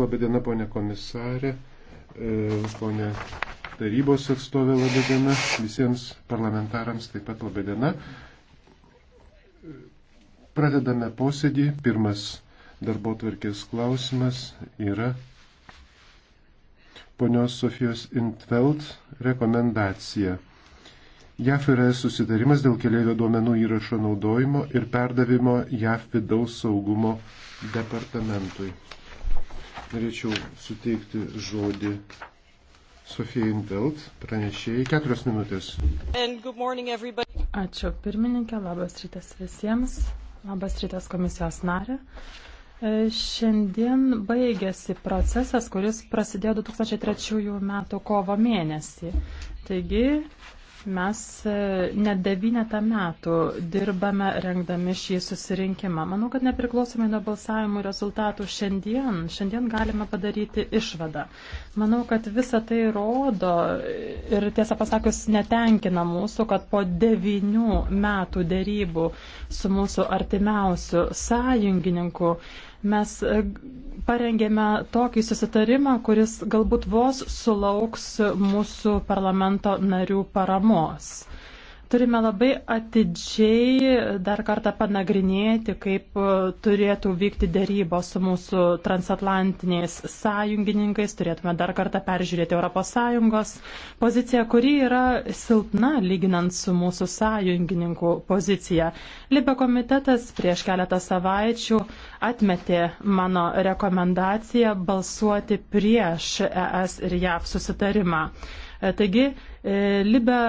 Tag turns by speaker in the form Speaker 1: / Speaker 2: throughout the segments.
Speaker 1: Labadiena, ponė komisarė, e, ponė tarybos atstovė, labadiena, visiems parlamentarams taip pat labadiena. Pradedame posėdį. Pirmas darbo tvarkės klausimas yra ponios Sofijos Intveld rekomendacija. JAF yra susitarimas dėl keliaivio duomenų įrašo naudojimo ir perdavimo JAF vidaus saugumo departamentui norėčiau suteikti žodį Sofijai Intelt, pranešėjai, keturios minutės.
Speaker 2: Ačiū pirmininkė, labas rytas visiems, labas rytas komisijos narė. E, šiandien baigėsi procesas, kuris prasidėjo 2003 m. kovo mėnesį. Taigi Mes e, net devynetą metų dirbame rengdami šį susirinkimą. Manau, kad nepriklausomai nuo balsavimų rezultatų šiandien, šiandien galime padaryti išvadą. Manau, kad visa tai rodo ir tiesą pasakius netenkina mūsų, kad po devynių metų dėrybų su mūsų artimiausiu sąjungininku Mes e, parengėme tokį susitarimą, kuris galbūt vos sulauks mūsų parlamento narių paramos. Turime labai atidžiai dar kartą panagrinėti, kaip e, turėtų vykti dėrybos su mūsų transatlantiniais sąjungininkais. Turėtume dar kartą peržiūrėti ES poziciją, kuri yra silpna lyginant su mūsų sąjungininkų pozicija. Libe komitetas prieš keletą savaičių atmetė mano rekomendaciją balsuoti prieš ES ir JAV susitarimą. E, taigi, e, Libe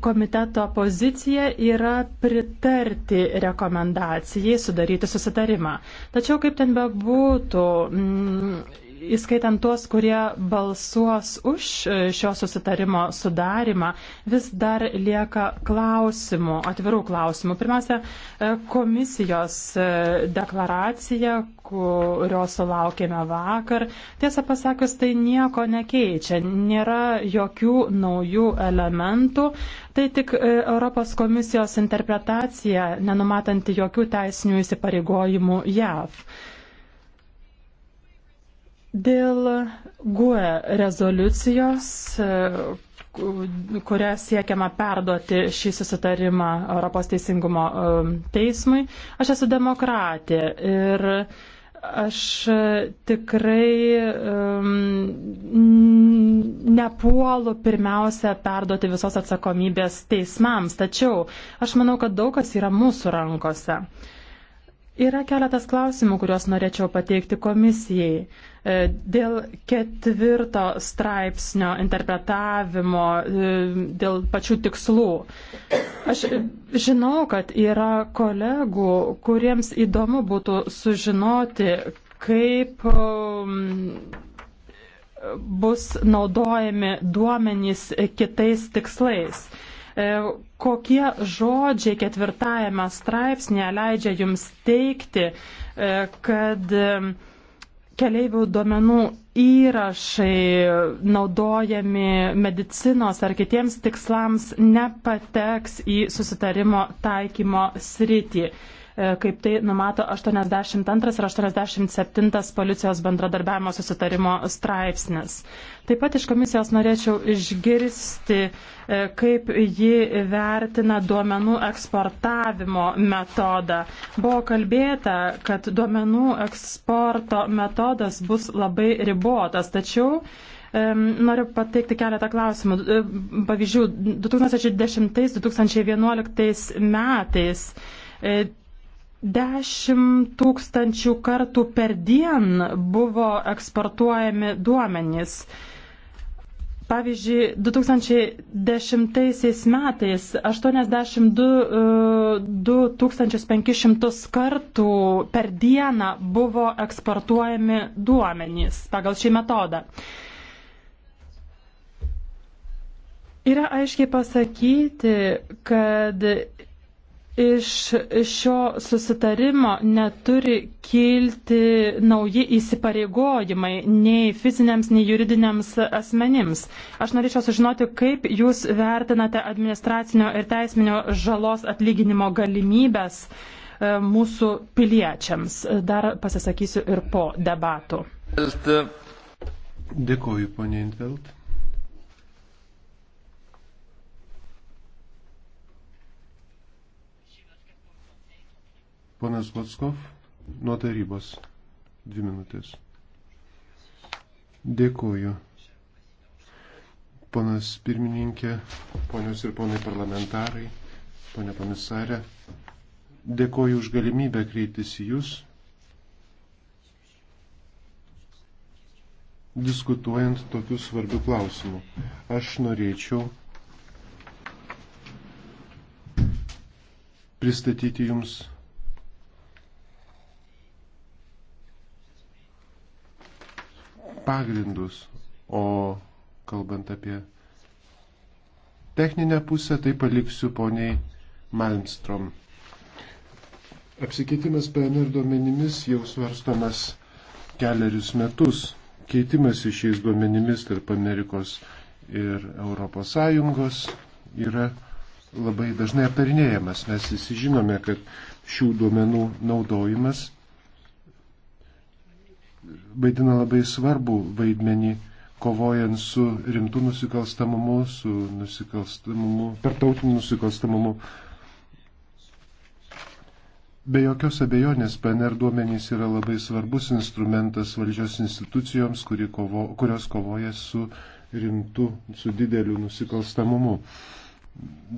Speaker 2: komiteto pozicija yra pritarti rekomendacijai sudaryti susitarimą. Tačiau kaip ten bebūtų, mm, įskaitant tuos, kurie balsuos už e, šio susitarimo sudarimą, vis dar lieka klausimų, atvirų klausimų. Pirmiausia, e, komisijos e, deklaracija, kurios sulaukėme vakar, tiesą pasakius, tai nieko nekeičia, nėra jokių naujų elementų, tai tik Europos komisijos interpretacija, nenumatanti jokių teisinių įsipareigojimų JAV. Dėl GUE rezoliucijos, e, kuria siekiama perduoti šį susitarimą Europos teisingumo e, teismui, aš esu demokratė ir aš tikrai um, nepuolu pirmiausia perduoti visos atsakomybės teismams, tačiau aš manau, kad daug kas yra mūsų rankose. Uh, Yra keletas klausimų, kuriuos norėčiau pateikti komisijai. E, dėl ketvirto straipsnio interpretavimo, e, dėl pačių tikslų. Aš žinau, kad yra kolegų, kuriems įdomu būtų sužinoti, kaip um, bus naudojami duomenys kitais tikslais. E, kokie žodžiai ketvirtajame straipsnėje leidžia jums teikti, e, kad e, keleivių duomenų įrašai naudojami medicinos ar kitiems tikslams nepateks į susitarimo taikymo sritį. E, kaip tai numato 82 ir 87 policijos bendradarbiavimo susitarimo straipsnis. Taip pat iš komisijos norėčiau išgirsti, e, kaip ji vertina duomenų eksportavimo metodą. Buvo kalbėta, kad duomenų eksporto metodas bus labai ribotas, tačiau Noriu pateikti keletą klausimų. E, pavyzdžių, 2010-2011 metais Dešimt tūkstančių kartų per dien buvo eksportuojami duomenys. Pavyzdžiui, 2010 metais 82 500 e, kartų per dieną buvo eksportuojami duomenys pagal šį metodą. Yra aiškiai pasakyti, kad iš šio susitarimo neturi kilti nauji įsipareigojimai nei fiziniams, nei juridiniams asmenims. Aš norėčiau sužinoti, kaip Jūs vertinate administracinio ir teisminio žalos atlyginimo galimybės e, mūsų piliečiams. Dar pasisakysiu ir po debatų.
Speaker 1: Dėkuoju, ponė Intvelt. Ponas Vatskov, nuo tarybos. Dvi minutės. Dėkuoju. Ponas pirmininkė, ponios ir ponai parlamentarai, ponė komisarė, dėkuoju už galimybę kreiptis į Jūs, diskutuojant tokių svarbių klausimų. Aš norėčiau pristatyti Jums pagrindus, o kalbant apie techninę pusę, tai paliksiu poniai Malmstrom. Apsikeitimas PNR duomenimis jau svarstomas keliarius metus. Keitimas iš šiais duomenimis tarp Amerikos ir ES yra labai dažnai aptarinėjamas. Mes visi žinome, kad šių duomenų naudojimas vaidina labai svarbų vaidmenį kovojant su rimtu nusikalstamumu, su nusikalstamumu, pertautiniu nusikalstamumu. Be jokios abejonės PNR duomenys yra labai svarbus instrumentas valdžios institucijoms, kuri kovo, kurios kovoja su rimtu, su dideliu nusikalstamumu.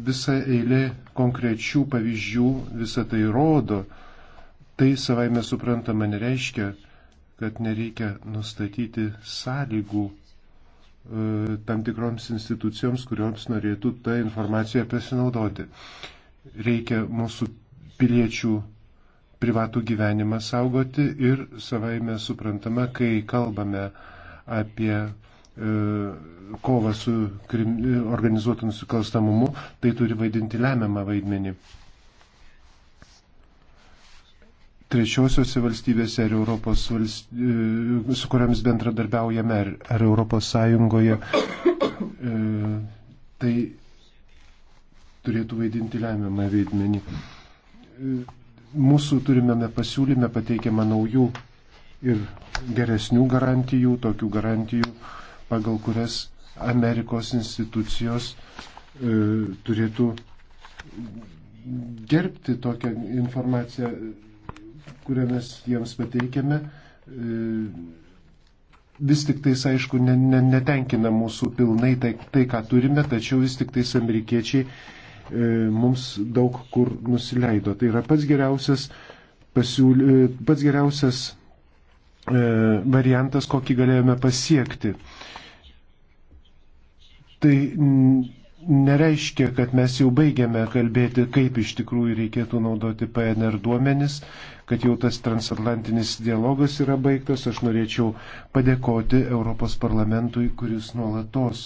Speaker 1: Visa eilė konkrečių pavyzdžių visą tai rodo. Tai savai mes suprantama nereiškia, kad nereikia nustatyti sąlygų e, tam tikroms institucijoms, kurioms norėtų tą informaciją pasinaudoti. Reikia mūsų piliečių privatų gyvenimą saugoti ir savai mes suprantame, kai kalbame apie e, kovą su krim, organizuotų nusikalstamumu, tai turi vaidinti lemiamą vaidmenį trečiosiuose valstybėse, ar Europos valstybėse, su kuriamis bendradarbiaujame, ar, ar Europos Sąjungoje, e, tai turėtų vaidinti lemiamą vaidmenį. E, mūsų turimėme pasiūlyme pateikiama naujų ir geresnių garantijų, tokių garantijų, pagal kurias Amerikos institucijos e, turėtų gerbti tokią informaciją kurią mes jiems pateikėme, e, vis tik tais, aišku, ne, ne, netenkina mūsų pilnai tai, tai, ką turime, tačiau vis tik tais amerikiečiai e, mums daug kur nusileido. Tai yra pats geriausias, pasiūly, e, pats geriausias variantas, kokį galėjome pasiekti. Tai nereiškia, kad mes jau baigėme kalbėti, kaip iš tikrųjų reikėtų naudoti PNR duomenis, kad jau tas transatlantinis dialogas yra baigtas. Aš norėčiau padėkoti Europos parlamentui, kuris nuolatos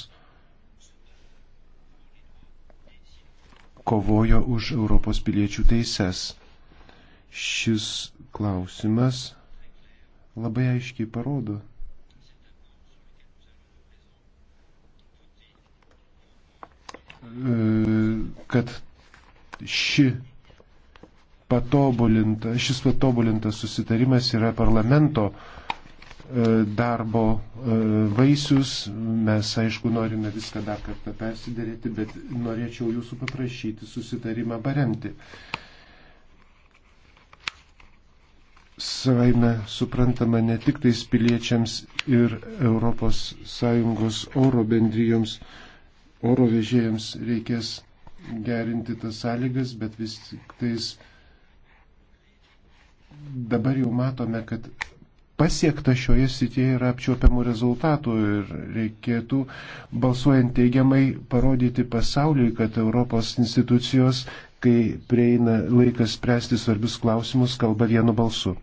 Speaker 1: kovojo už Europos piliečių teises. Šis klausimas labai aiškiai parodo E, kad ši patobulinta, šis patobulintas susitarimas yra parlamento e, darbo e, vaisius. Mes, aišku, norime viską dar kartą persidėrėti, bet norėčiau jūsų paprašyti susitarimą paremti. Savaime suprantama ne tik tais piliečiams ir ES oro bendrijoms oro vežėjams reikės gerinti tas sąlygas, bet vis tik tais dabar jau matome, kad pasiekta šioje srityje yra apčiopiamų rezultatų ir reikėtų balsuojant teigiamai parodyti pasauliui, kad Europos institucijos, kai prieina laikas spręsti svarbius klausimus, kalba vienu balsu.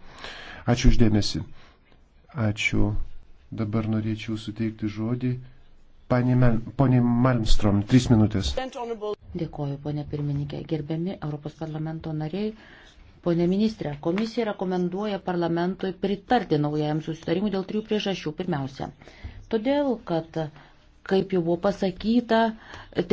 Speaker 1: Ačiū uždėmesi. Ačiū. Dabar norėčiau suteikti žodį Pone Malmstrom, trys minutės.
Speaker 3: Dėkoju, ponė pirmininkė. Gerbiami Europos parlamento nariai, ponė ministrė, komisija rekomenduoja parlamentui pritarti naujajam susitarimui dėl trijų priežasčių. Pirmiausia, todėl, kad kaip jau buvo pasakyta,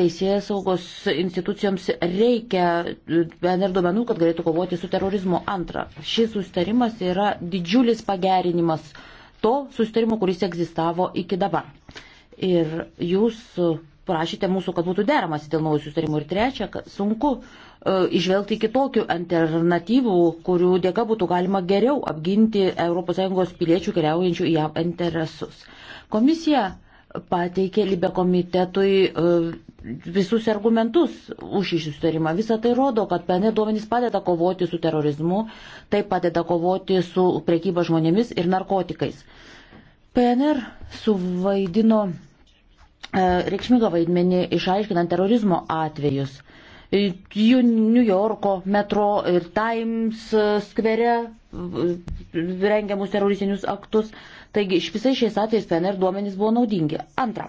Speaker 3: teisėjas saugos institucijoms reikia PNR e, duomenų, kad galėtų kovoti su terorizmu. Antra, šis sustarimas yra didžiulis pagerinimas to sustarimo, kuris egzistavo iki dabar. Ir jūs prašyte mūsų, kad būtų deramasi dėl naujų sustarimų. Ir trečia, kad sunku uh, išvelgti kitokių alternatyvų, kurių dėka būtų galima geriau apginti ES piliečių keliaujančių į ją interesus. Komisija pateikė Libe komitetui uh, visus argumentus už šį sustarimą. Visą tai rodo, kad PNR duomenys padeda kovoti su terorizmu, tai padeda kovoti su priekyba žmonėmis ir narkotikais. PNR suvaidino E, reikšmingą vaidmenį išaiškinant terorizmo atvejus. E, jų New Yorko metro ir Times skvere e, rengiamus teroristinius aktus. Taigi iš visais šiais atvejais PNR duomenys buvo naudingi. Antra.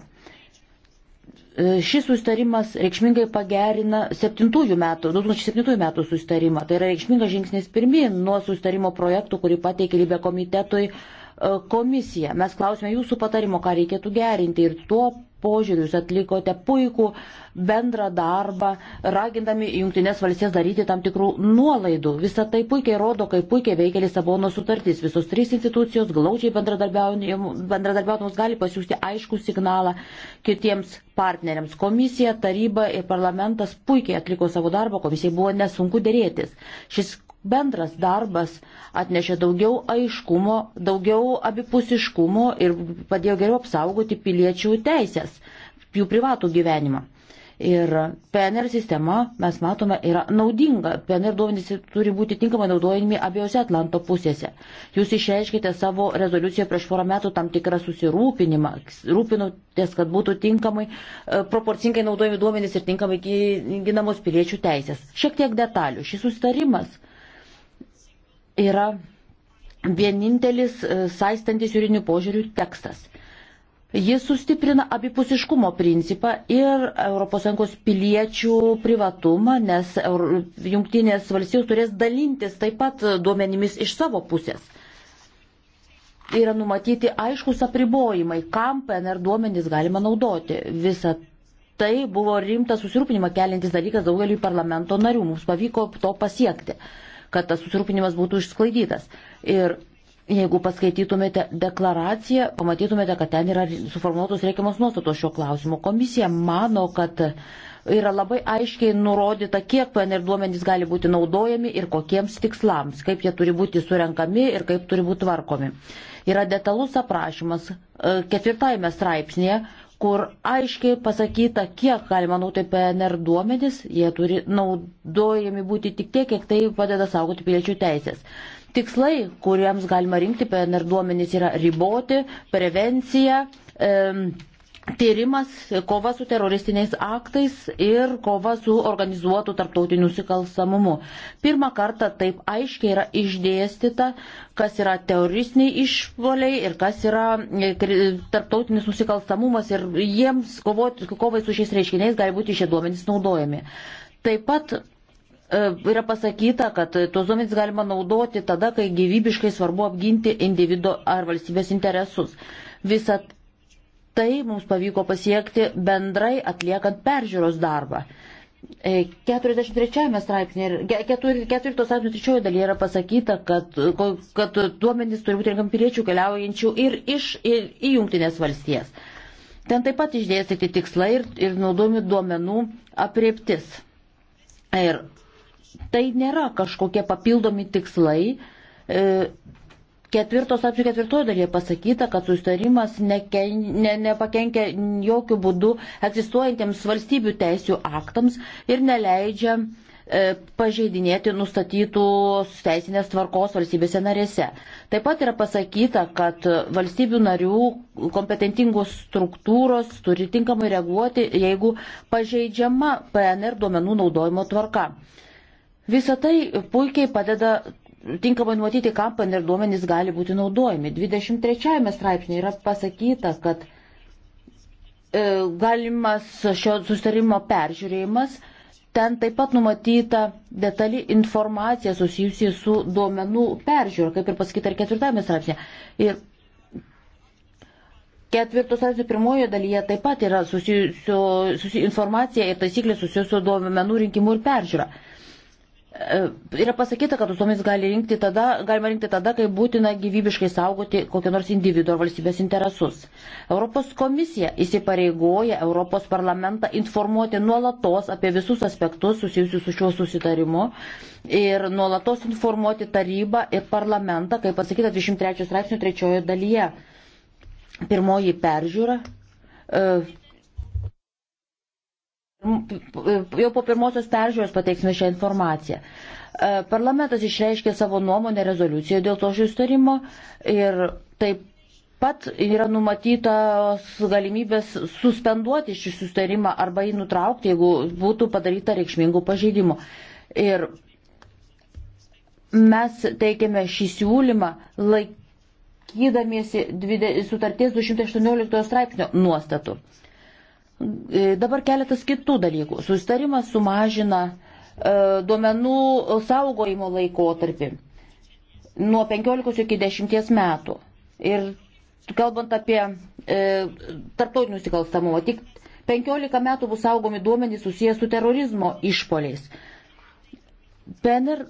Speaker 3: Šis sustarimas reikšmingai pagerina 7 metų, 2007 metų sustarimą. Tai yra reikšmingas žingsnis pirmin nuo sustarimo projektų, kurį pateikė Libė komitetui komisija. Mes klausime jūsų patarimo, ką reikėtų gerinti ir tuo požiūrius, atlikote puikų bendrą darbą, ragindami Junktinės valstijas daryti tam tikrų nuolaidų. Visą tai puikiai rodo, kaip puikiai veikia Lisabono sutartis. Visos trys institucijos glaučiai bendradarbiautamos gali pasiūsti aiškų signalą kitiems partneriams. Komisija, taryba ir parlamentas puikiai atliko savo darbą, komisijai buvo nesunku dėrėtis. Šis bendras darbas atnešė daugiau aiškumo, daugiau abipusiškumo ir padėjo geriau apsaugoti piliečių teisės, jų privatų gyvenimą. Ir PNR sistema, mes matome, yra naudinga. PNR duomenys turi būti tinkamai naudojami abiejose Atlanto pusėse. Jūs išreiškite savo rezoliuciją prieš porą metų tam tikrą susirūpinimą. Rūpinotės, kad būtų tinkamai, e, proporcingai naudojami duomenys ir tinkamai ginamos piliečių teisės. Šiek tiek detalių. Šis sustarimas yra vienintelis e, saistantis jūrinių požiūrių tekstas. Jis sustiprina abipusiškumo principą ir ES piliečių privatumą, nes jungtinės valstybės turės dalintis taip pat duomenimis iš savo pusės. Yra numatyti aiškus apribojimai, kam PNR duomenys galima naudoti. Visa tai buvo rimtas susirūpinimą kelintis dalykas daugeliu parlamento narių. Mums pavyko to pasiekti. Uh, kad tas susirūpinimas būtų išsklaidytas. Ir jeigu paskaitytumėte deklaraciją, pamatytumėte, kad ten yra suformuotos reikiamos nuostatos šio klausimo. Komisija mano, kad yra labai aiškiai nurodyta, kiek PNR duomenys gali būti naudojami ir kokiems tikslams, kaip jie turi būti surenkami ir kaip turi būti tvarkomi. Yra detalus aprašymas e, ketvirtajame straipsnėje, kur aiškiai pasakyta, kiek galima naudoti PNR duomenis, jie turi naudojami būti tik tiek, kiek tai padeda saugoti piliečių teisės. Tikslai, kuriems galima rinkti PNR duomenis, yra riboti, prevencija, e, tyrimas, kova su teroristiniais aktais ir kova su organizuotu tarptautiniu nusikalstamumu. Pirmą kartą taip aiškiai yra išdėstyta, kas yra teroristiniai išpoliai ir kas yra e, tarptautinis nusikalstamumas ir jiems kovoti, kovai su šiais reiškiniais gali būti šie duomenys naudojami. Taip pat e, yra pasakyta, kad tuos duomenys galima naudoti tada, kai gyvybiškai svarbu apginti individuo ar valstybės interesus. Visa Tai mums pavyko pasiekti bendrai atliekant peržiūros darbą. 43 e, straipsnėje, 4 straipsnio 3 dalyje yra pasakyta, kad, kad duomenys turi būti renkami piliečių keliaujančių ir iš ir į jungtinės valstijas. Ten taip pat išdėstyti tikslai ir, ir naudojami duomenų apriektis. E, ir tai nėra kažkokie papildomi tikslai, e, Ketvirtos apsių ketvirtojo dalyje pasakyta, kad sustarimas neken, ne, nepakenkia jokių būdų egzistuojantiems valstybių teisių aktams ir neleidžia e, pažeidinėti nustatytos teisinės tvarkos valstybėse narėse. Taip pat yra pasakyta, kad valstybių narių kompetentingos struktūros turi tinkamai reaguoti, jeigu pažeidžiama PNR duomenų naudojimo tvarka. Visą tai puikiai padeda tinkamai numatyti, kam PNR duomenys gali būti naudojami. 23 straipsnėje yra pasakyta, kad e, galimas šio sustarimo peržiūrėjimas, ten taip pat numatyta detali informacija susijusi su duomenų peržiūra, kaip ir pasakyta ir ketvirtame straipsnėje. Ir ketvirtos straipsnio pirmojo dalyje taip pat yra susijusi susi, informacija ir taisyklė susijusi su duomenų rinkimu ir peržiūra. E, yra pasakyta, kad visuomis gali rinkti tada, galima rinkti tada, kai būtina gyvybiškai saugoti kokio nors individuo ar valstybės interesus. Europos komisija įsipareigoja Europos parlamentą informuoti nuolatos apie visus aspektus susijusius su šiuo susitarimu ir nuolatos informuoti tarybą ir parlamentą, kaip pasakyta 23 straipsnių trečiojo dalyje. Pirmoji peržiūra. E, Jau po pirmosios peržiūros pateiksime šią informaciją. E, parlamentas išreiškė savo nuomonę rezoliuciją dėl to susitarimo ir taip pat yra numatytas galimybės suspenduoti šį susitarimą arba jį nutraukti, jeigu būtų padaryta reikšmingų pažeidimų. Ir mes teikėme šį siūlymą laikydamiesi sutarties 218 straipsnio nuostatų. E, dabar keletas kitų dalykų. Sustarimas sumažina e, duomenų saugojimo laikotarpį nuo 15 iki 10 metų. Ir kalbant apie e, tarptautinius įkalstamumą, tik 15 metų bus saugomi duomenys susijęs su terorizmo išpoliais. PNR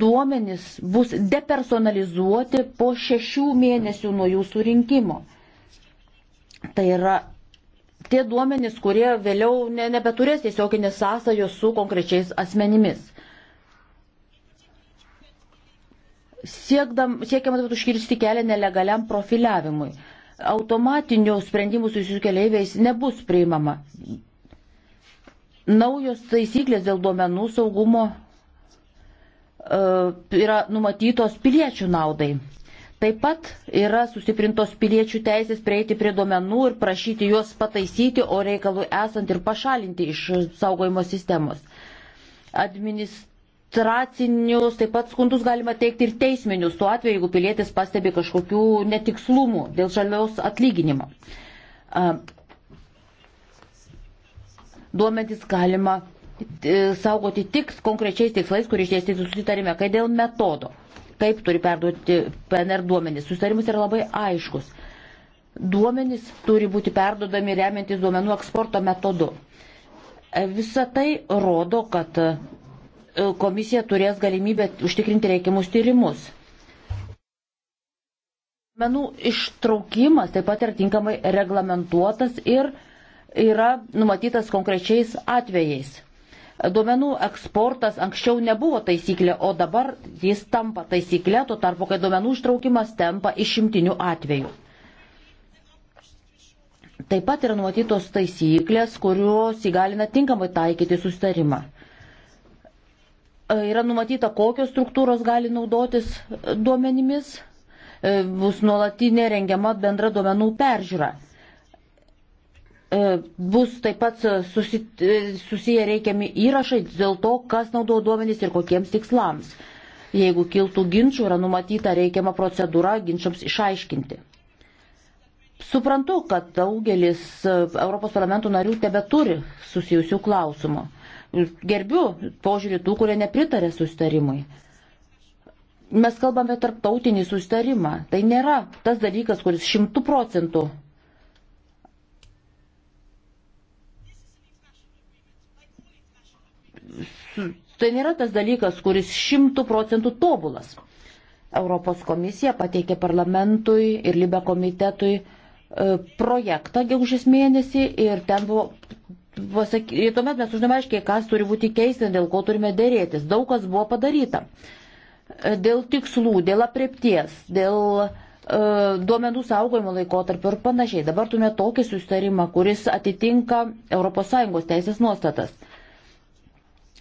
Speaker 3: duomenys bus depersonalizuoti po šešių mėnesių nuo jų surinkimo. Tai yra tie duomenys, kurie vėliau ne, nebeturės tiesioginės sąsajos su konkrečiais asmenimis. Siekdam, siekiam būtų užkirsti kelią nelegaliam profiliavimui. Automatinių sprendimų susijusių keliaiviais nebus priimama. Naujos taisyklės dėl duomenų saugumo uh, yra numatytos piliečių naudai. Taip pat yra sustiprintos piliečių teisės prieiti prie duomenų ir prašyti juos pataisyti, o reikalui esant ir pašalinti iš saugojimo sistemos. Administracinius taip pat skundus galima teikti ir teisminius, tuo atveju, jeigu pilietis pastebi kažkokių netikslumų dėl žaliaus atlyginimo. Duomenys galima e, saugoti tik konkrečiais tikslais, kur išdėstyti susitarime, kai dėl metodo kaip turi perduoti PNR duomenys. Sustarimus yra labai aiškus. Duomenys turi būti perdodami remiantis duomenų eksporto metodu. Visa tai rodo, kad e, komisija turės galimybę užtikrinti reikiamus tyrimus. Menų ištraukimas taip pat yra tinkamai reglamentuotas ir yra numatytas konkrečiais atvejais. Duomenų eksportas anksčiau nebuvo taisyklė, o dabar jis tampa taisyklė, tuo tarpu, kai duomenų ištraukimas tampa išimtiniu atveju. Taip pat yra numatytos taisyklės, kurios įgalina tinkamai taikyti sustarimą. Yra numatyta, kokios struktūros gali naudotis duomenimis, bus nuolatinė rengiama bendra duomenų peržiūra. E, bus taip pat e, susiję reikiami įrašai dėl to, kas naudoja duomenys ir kokiems tikslams. Jeigu kiltų ginčių, yra numatyta reikiama procedūra ginčiams išaiškinti. Suprantu, kad daugelis Europos parlamentų narių tebe turi susijusių klausimų. Gerbiu požiūrį tų, kurie nepritarė sustarimui. Mes kalbame tarptautinį sustarimą. Tai nėra tas dalykas, kuris šimtų procentų tai nėra tas dalykas, kuris šimtų procentų tobulas. Europos komisija pateikė parlamentui ir Libe komitetui e, projektą gegužės mėnesį ir ten buvo. Pasaky, ir tuomet mes užname aiškiai, kas turi būti keista, dėl ko turime dėrėtis. Daug kas buvo padaryta. E, dėl tikslų, dėl apriepties, dėl uh, duomenų saugojimo laikotarpio ir panašiai. Dabar turime tokį susitarimą, kuris atitinka ES teisės nuostatas.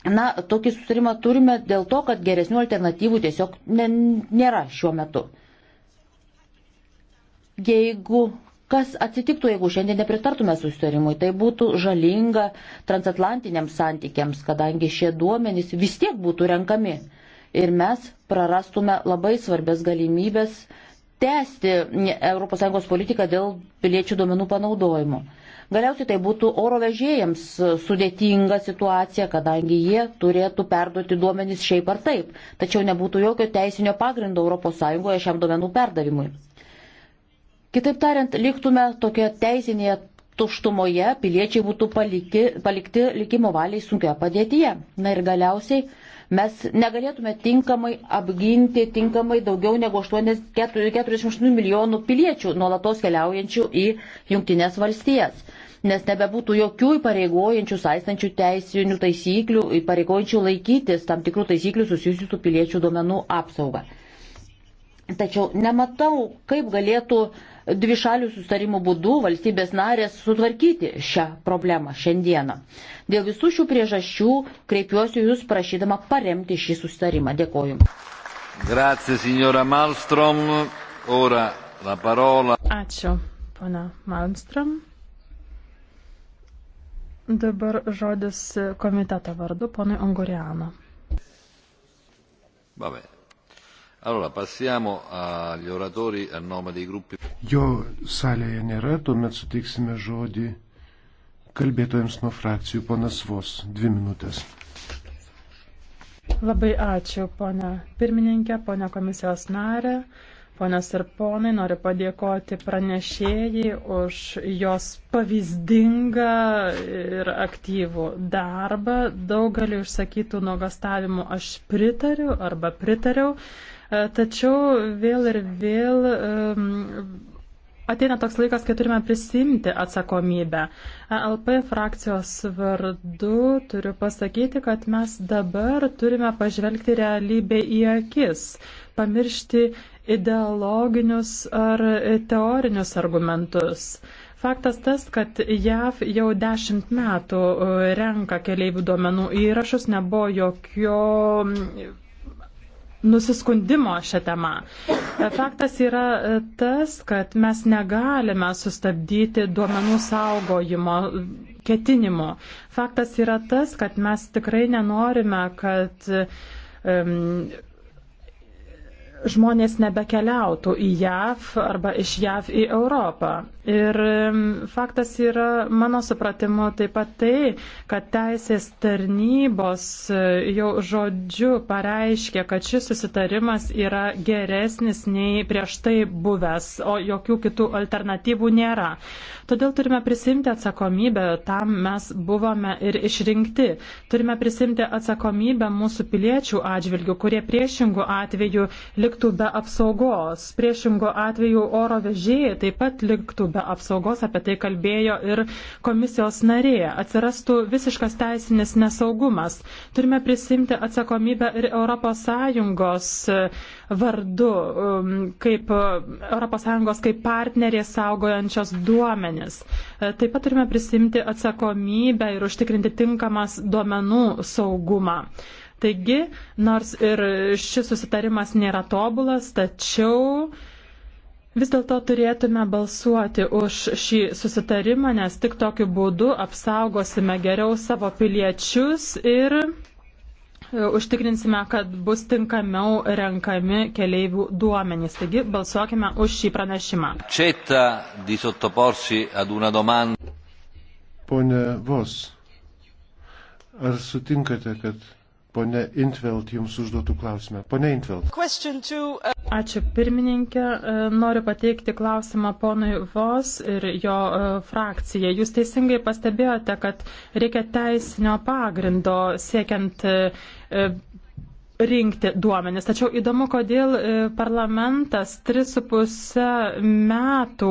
Speaker 3: Na, tokį susitarimą turime dėl to, kad geresnių alternatyvų tiesiog nėra šiuo metu. Jeigu kas atsitiktų, jeigu šiandien nepritartume susitarimui, tai būtų žalinga transatlantiniams santykiams, kadangi šie duomenys vis tiek būtų renkami ir mes prarastume labai svarbės galimybės tęsti ES politiką dėl piliečių duomenų panaudojimo. Galiausiai tai būtų oro vežėjams sudėtinga situacija, kadangi jie turėtų perduoti duomenys šiaip ar taip, tačiau nebūtų jokio teisinio pagrindo ES šiam duomenų perdavimui. Kitaip tariant, liktume tokioje teisinėje tuštumoje, piliečiai būtų paliki, palikti likimo valiai sunkioje padėtyje. Na ir galiausiai mes negalėtume tinkamai apginti tinkamai daugiau negu 48 milijonų piliečių nuolatos keliaujančių į Junktinės valstijas nes nebebūtų jokių įpareigojančių, saistančių teisinių taisyklių, įpareigojančių laikytis tam tikrų taisyklių susijusių su piliečių duomenų apsauga. Tačiau nematau, kaip galėtų dvišalių sustarimų būdų valstybės narės sutvarkyti šią problemą šiandieną. Dėl visų šių priežasčių kreipiuosi Jūs prašydama paremti šį sustarimą. Dėkoju.
Speaker 4: Grazie, signora Malmstrom. Ora la parola. Ačiū,
Speaker 2: pana Malmstrom. Dabar žodis komiteto vardu, ponui Unguriano.
Speaker 4: Vabbè. Allora, passiamo agli oratori a nome dei gruppi.
Speaker 1: Jo salėje nėra, tuomet suteiksime žodį kalbėtojams nuo frakcijų. Ponas Vos, dvi minutės.
Speaker 2: Labai ačiū, ponia pirmininkė, ponia komisijos narė. Ponios ir ponai, noriu padėkoti pranešėjai už jos pavyzdingą ir aktyvų darbą. Daugeliu išsakytų nuogastavimų aš pritariu arba pritariau, e, tačiau vėl ir vėl um, ateina toks laikas, kai turime prisimti atsakomybę. ELP frakcijos vardu turiu pasakyti, kad mes dabar turime pažvelgti realybę į akis, pamiršti ideologinius ar teorinius argumentus. Faktas tas, kad JAV jau dešimt metų e, renka keliaivių duomenų įrašus, nebuvo jokio nusiskundimo šią temą. E, faktas yra e, tas, kad mes negalime sustabdyti duomenų saugojimo ketinimo. Faktas yra tas, kad mes tikrai nenorime, kad um, žmonės nebekeliautų į JAV arba iš JAV į Europą. Ir faktas yra, mano supratimu, taip pat tai, kad teisės tarnybos e, jau žodžiu pareiškė, kad šis susitarimas yra geresnis nei prieš tai buvęs, o jokių kitų alternatyvų nėra. Todėl turime prisimti atsakomybę, tam mes buvome ir išrinkti. Turime prisimti atsakomybę mūsų piliečių atžvilgių, kurie priešingų atveju liko liktų be apsaugos. Priešingo atveju oro vežėjai taip pat liktų be apsaugos, apie tai kalbėjo ir komisijos narė. Atsirastų visiškas teisinis nesaugumas. Turime prisimti atsakomybę ir ES e, vardu, um, kaip ES kaip partnerės saugojančios duomenis. E, taip pat turime prisimti atsakomybę ir užtikrinti tinkamas duomenų saugumą. Taigi, nors ir šis susitarimas nėra tobulas, tačiau vis dėlto turėtume balsuoti už šį susitarimą, nes tik tokiu būdu apsaugosime geriau savo piliečius ir e, užtikrinsime, kad bus tinkamiau renkami keleivių duomenys. Taigi balsuokime už šį pranešimą.
Speaker 1: Pone Vos, ar sutinkate, kad Pone Intvelt jums užduotų klausimą. Pone Intvelt.
Speaker 2: Uh, Ačiū pirmininkė. E, noriu pateikti klausimą ponui Vos ir jo e, frakcijai. Jūs teisingai pastebėjote, kad reikia teisinio pagrindo siekiant e, rinkti duomenis. Tačiau įdomu, kodėl e, parlamentas 3,5 metų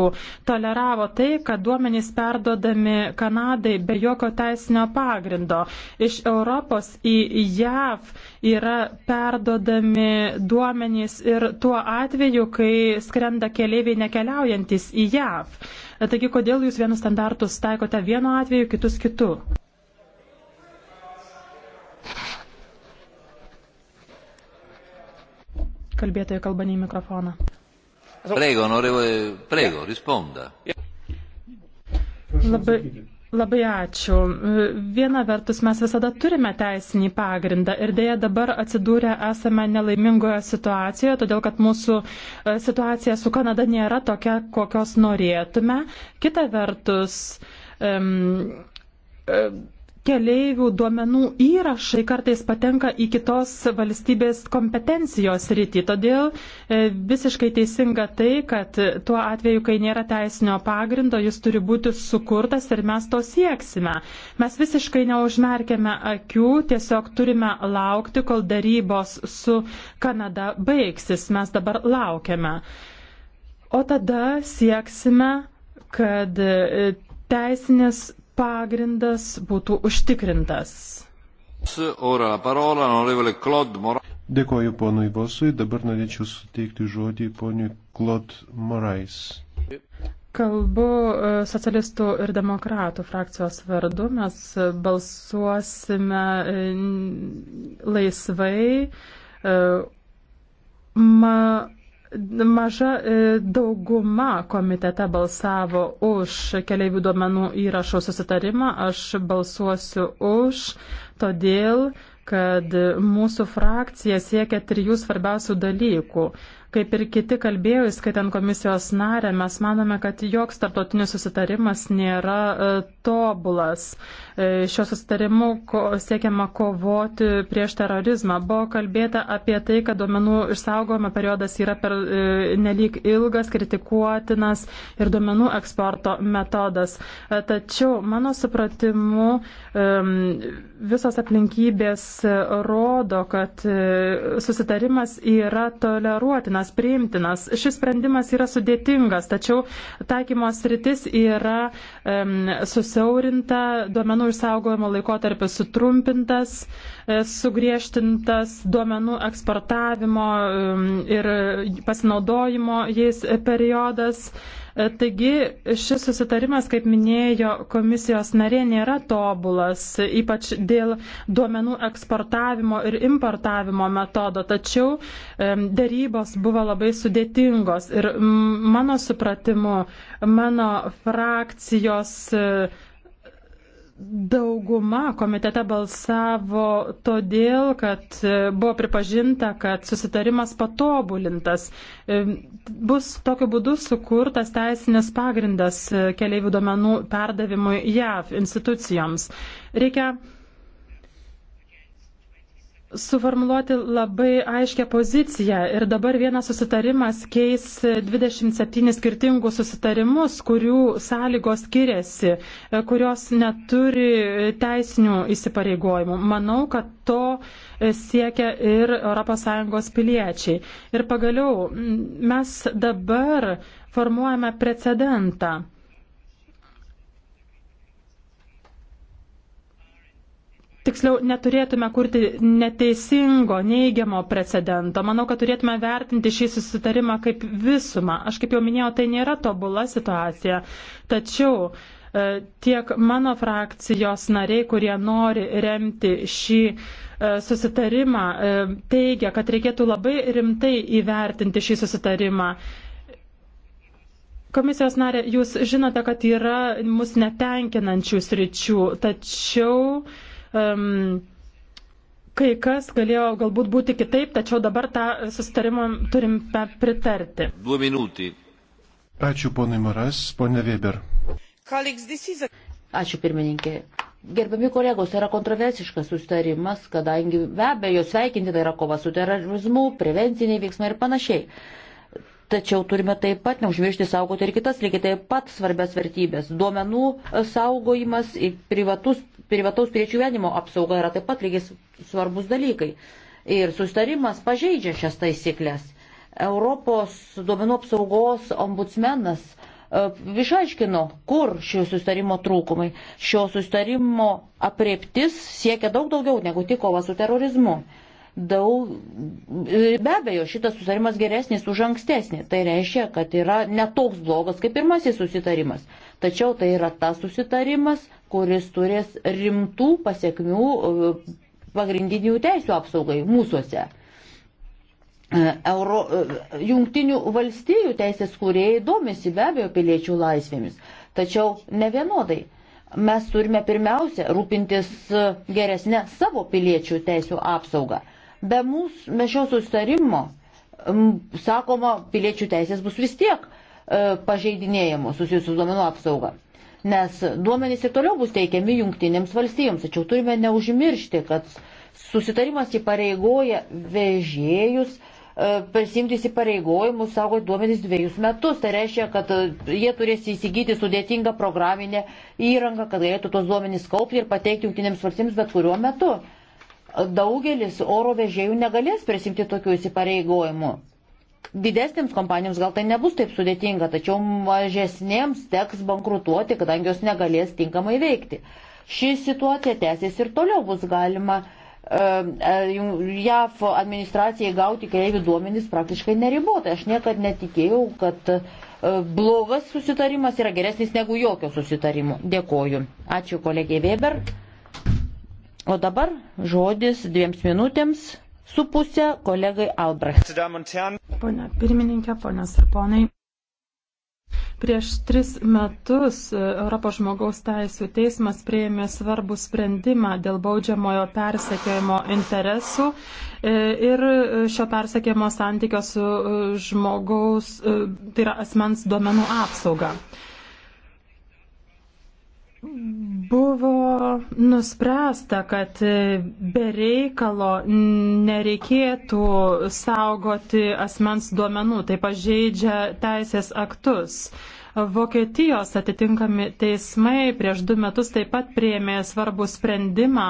Speaker 2: toleravo tai, kad duomenys perdodami Kanadai be jokio teisinio pagrindo. Iš Europos į JAV yra perdodami duomenys ir tuo atveju, kai skrenda keliaiviai nekeliaujantis į JAV. Taigi, kodėl jūs vienus standartus taikote vienu atveju, kitus kitu? Kalbėtojo kalba ne į mikrofoną.
Speaker 4: Prego, norėjau, prego, responda.
Speaker 2: Labai, labai ačiū. Viena vertus mes visada turime teisinį pagrindą ir dėja dabar atsidūrę esame nelaimingoje situacijoje, todėl kad mūsų e, situacija su Kanada nėra tokia, kokios norėtume. Kita vertus. Um, um, keleivių duomenų įrašai kartais patenka į kitos valstybės kompetencijos rytį. Todėl e, visiškai teisinga tai, kad tuo atveju, kai nėra teisinio pagrindo, jis turi būti sukurtas ir mes to sieksime. Mes visiškai neužmerkėme akių, tiesiog turime laukti, kol darybos su Kanada baigsis. Mes dabar laukiame. O tada sieksime, kad e, teisinės pagrindas būtų užtikrintas.
Speaker 1: Dėkoju ponui Vosui, dabar norėčiau suteikti žodį poniui Klod Morais. Kalbu
Speaker 2: e, socialistų ir demokratų frakcijos vardu. Mes balsuosime e, laisvai. E, ma, Maža e, dauguma komitete balsavo už keliaivių duomenų įrašo susitarimą. Aš balsuosiu už, todėl, kad mūsų frakcija siekia trijų svarbiausių dalykų. Kaip ir kiti kalbėjo, įskaitant komisijos narę, mes manome, kad joks tartotinis susitarimas nėra e, tobulas. E, šiuo susitarimu siekiama kovoti prieš terorizmą. Buvo kalbėta apie tai, kad duomenų išsaugojimo periodas yra per e, nelik ilgas, kritikuotinas ir duomenų eksporto metodas. Tačiau, mano supratimu, visos aplinkybės rodo, kad susitarimas yra toleruotinas laikytinas, priimtinas. Šis sprendimas yra sudėtingas, tačiau taikymos rytis yra um, susiaurinta, duomenų išsaugojimo laikotarpis sutrumpintas, e, sugriežtintas duomenų eksportavimo um, ir pasinaudojimo jais periodas. Um, E, taigi šis susitarimas, kaip minėjo komisijos narė, nėra tobulas, ypač dėl duomenų eksportavimo ir importavimo metodo, tačiau e, darybos buvo labai sudėtingos ir mano supratimu, mano frakcijos e, Dauguma komitete balsavo todėl, kad e, buvo pripažinta, kad susitarimas patobulintas. E, bus tokiu būdu sukurtas teisinis pagrindas e, keliaivių duomenų perdavimui JAV institucijoms. Reikia suformuluoti labai aiškę poziciją ir dabar vienas susitarimas keis 27 skirtingus susitarimus, kurių sąlygos skiriasi, kurios neturi teisinių įsipareigojimų. Manau, kad to siekia ir ES piliečiai. Ir pagaliau mes dabar formuojame precedentą. tiksliau, neturėtume kurti neteisingo, neigiamo precedento. Manau, kad turėtume vertinti šį susitarimą kaip visumą. Aš kaip jau minėjau, tai nėra tobula situacija. Tačiau e, tiek mano frakcijos nariai, kurie nori remti šį e, susitarimą, e, teigia, kad reikėtų labai rimtai įvertinti šį susitarimą. Komisijos narė, jūs žinote, kad yra mus netenkinančių sričių, tačiau uh, um, kai kas galėjo galbūt būti kitaip, tačiau dabar tą sustarimą
Speaker 3: turime pritarti.
Speaker 4: Du minutį.
Speaker 1: Ačiū ponai Maras, ponė Weber.
Speaker 3: Ačiū pirmininkė. Gerbiami kolegos, tai yra kontroversiškas sustarimas, kadangi be abejo sveikintina yra kova su terorizmu, prevenciniai veiksmai ir panašiai. Tačiau turime taip pat neužmiršti saugoti ir kitas lygiai taip pat svarbias vertybės. Duomenų saugojimas ir privatus, privataus priečių gyvenimo apsauga yra taip pat lygiai svarbus dalykai. Ir sustarimas pažeidžia šias taisyklės. Europos duomenų apsaugos ombudsmenas e, išaiškino, kur šio sustarimo trūkumai. Šio sustarimo apreptis siekia daug daugiau negu tik kova su terorizmu daug, e, be abejo, šitas susitarimas geresnis už ankstesnį. Tai reiškia, kad yra netoks blogas kaip pirmasis susitarimas. Tačiau tai yra tas susitarimas, kuris turės rimtų pasiekmių e, pagrindinių teisų apsaugai mūsųse. E, Euro, jungtinių valstybių teisės kūrėjai domisi be abejo piliečių laisvėmis, tačiau ne vienodai mes turime pirmiausia rūpintis geresnė savo piliečių teisų apsauga. Be mūsų, be šio sustarimo, sakoma, piliečių teisės bus vis tiek e, pažeidinėjamos susijusius duomenų apsaugą. Nes duomenys ir toliau bus teikiami jungtinėms valstijoms, tačiau turime neužmiršti, kad susitarimas įpareigoja vežėjus e, prisimti įsipareigojimus saugoti duomenys dviejus metus. Tai reiškia, kad e, jie turės įsigyti sudėtingą programinę įrangą, kad galėtų tos duomenys kaupti ir pateikti jungtinėms valstybėms bet kuriuo metu daugelis oro vežėjų negalės prisimti tokių įsipareigojimų. Didesnėms kompanijoms gal tai nebus taip sudėtinga, tačiau mažesnėms teks bankrutuoti, kadangi jos negalės tinkamai veikti. Ši situacija tęsis ir toliau bus galima e, e, JAF administracijai gauti kreivių duomenys praktiškai neribotai. Aš niekad netikėjau, kad e, blogas susitarimas yra geresnis negu jokio susitarimo. Dėkoju. Ačiū kolegiai Weber. O dabar žodis dviems minutėms su pusė kolegai Albrecht.
Speaker 2: Pone pirmininkė, ponios ir ponai. Prieš tris metus Europos žmogaus teisų teismas prieėmė svarbų sprendimą dėl baudžiamojo persekiojimo interesų e, ir šio persekiojimo santykio su e, žmogaus, e, tai yra asmens duomenų apsauga. Buvo nuspręsta, kad be reikalo nereikėtų saugoti asmens duomenų, tai pažeidžia teisės aktus. Vokietijos atitinkami teismai prieš du metus taip pat prieėmė svarbų sprendimą,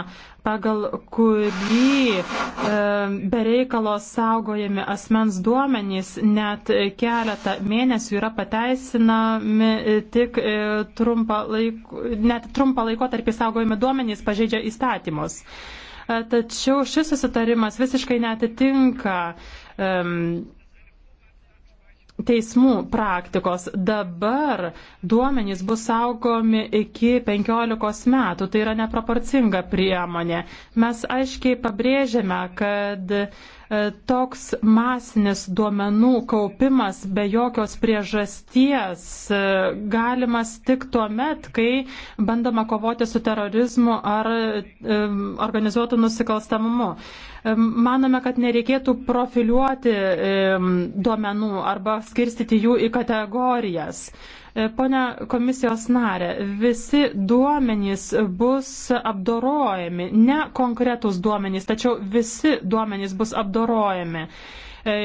Speaker 2: pagal kurį e, bereikalo saugojami asmens duomenys net keletą mėnesių yra pateisinami e, tik e, trumpą laiko, net trumpą laikotarpį saugojami duomenys pažeidžia įstatymus. E, tačiau šis susitarimas visiškai netitinka. E, teismų praktikos. Dabar duomenys bus saugomi iki 15 metų. Tai yra neproporcinga priemonė. Mes aiškiai pabrėžiame, kad E, toks masinis duomenų kaupimas be jokios priežasties e, galimas tik tuo met, kai bandoma kovoti su terorizmu ar e, organizuotų nusikalstamumu. Manome, kad nereikėtų profiliuoti duomenų arba skirstyti jų į kategorijas. E, Pone komisijos narė, visi duomenys bus apdorojami, ne konkretus duomenys, tačiau visi duomenys bus apdorojami, e,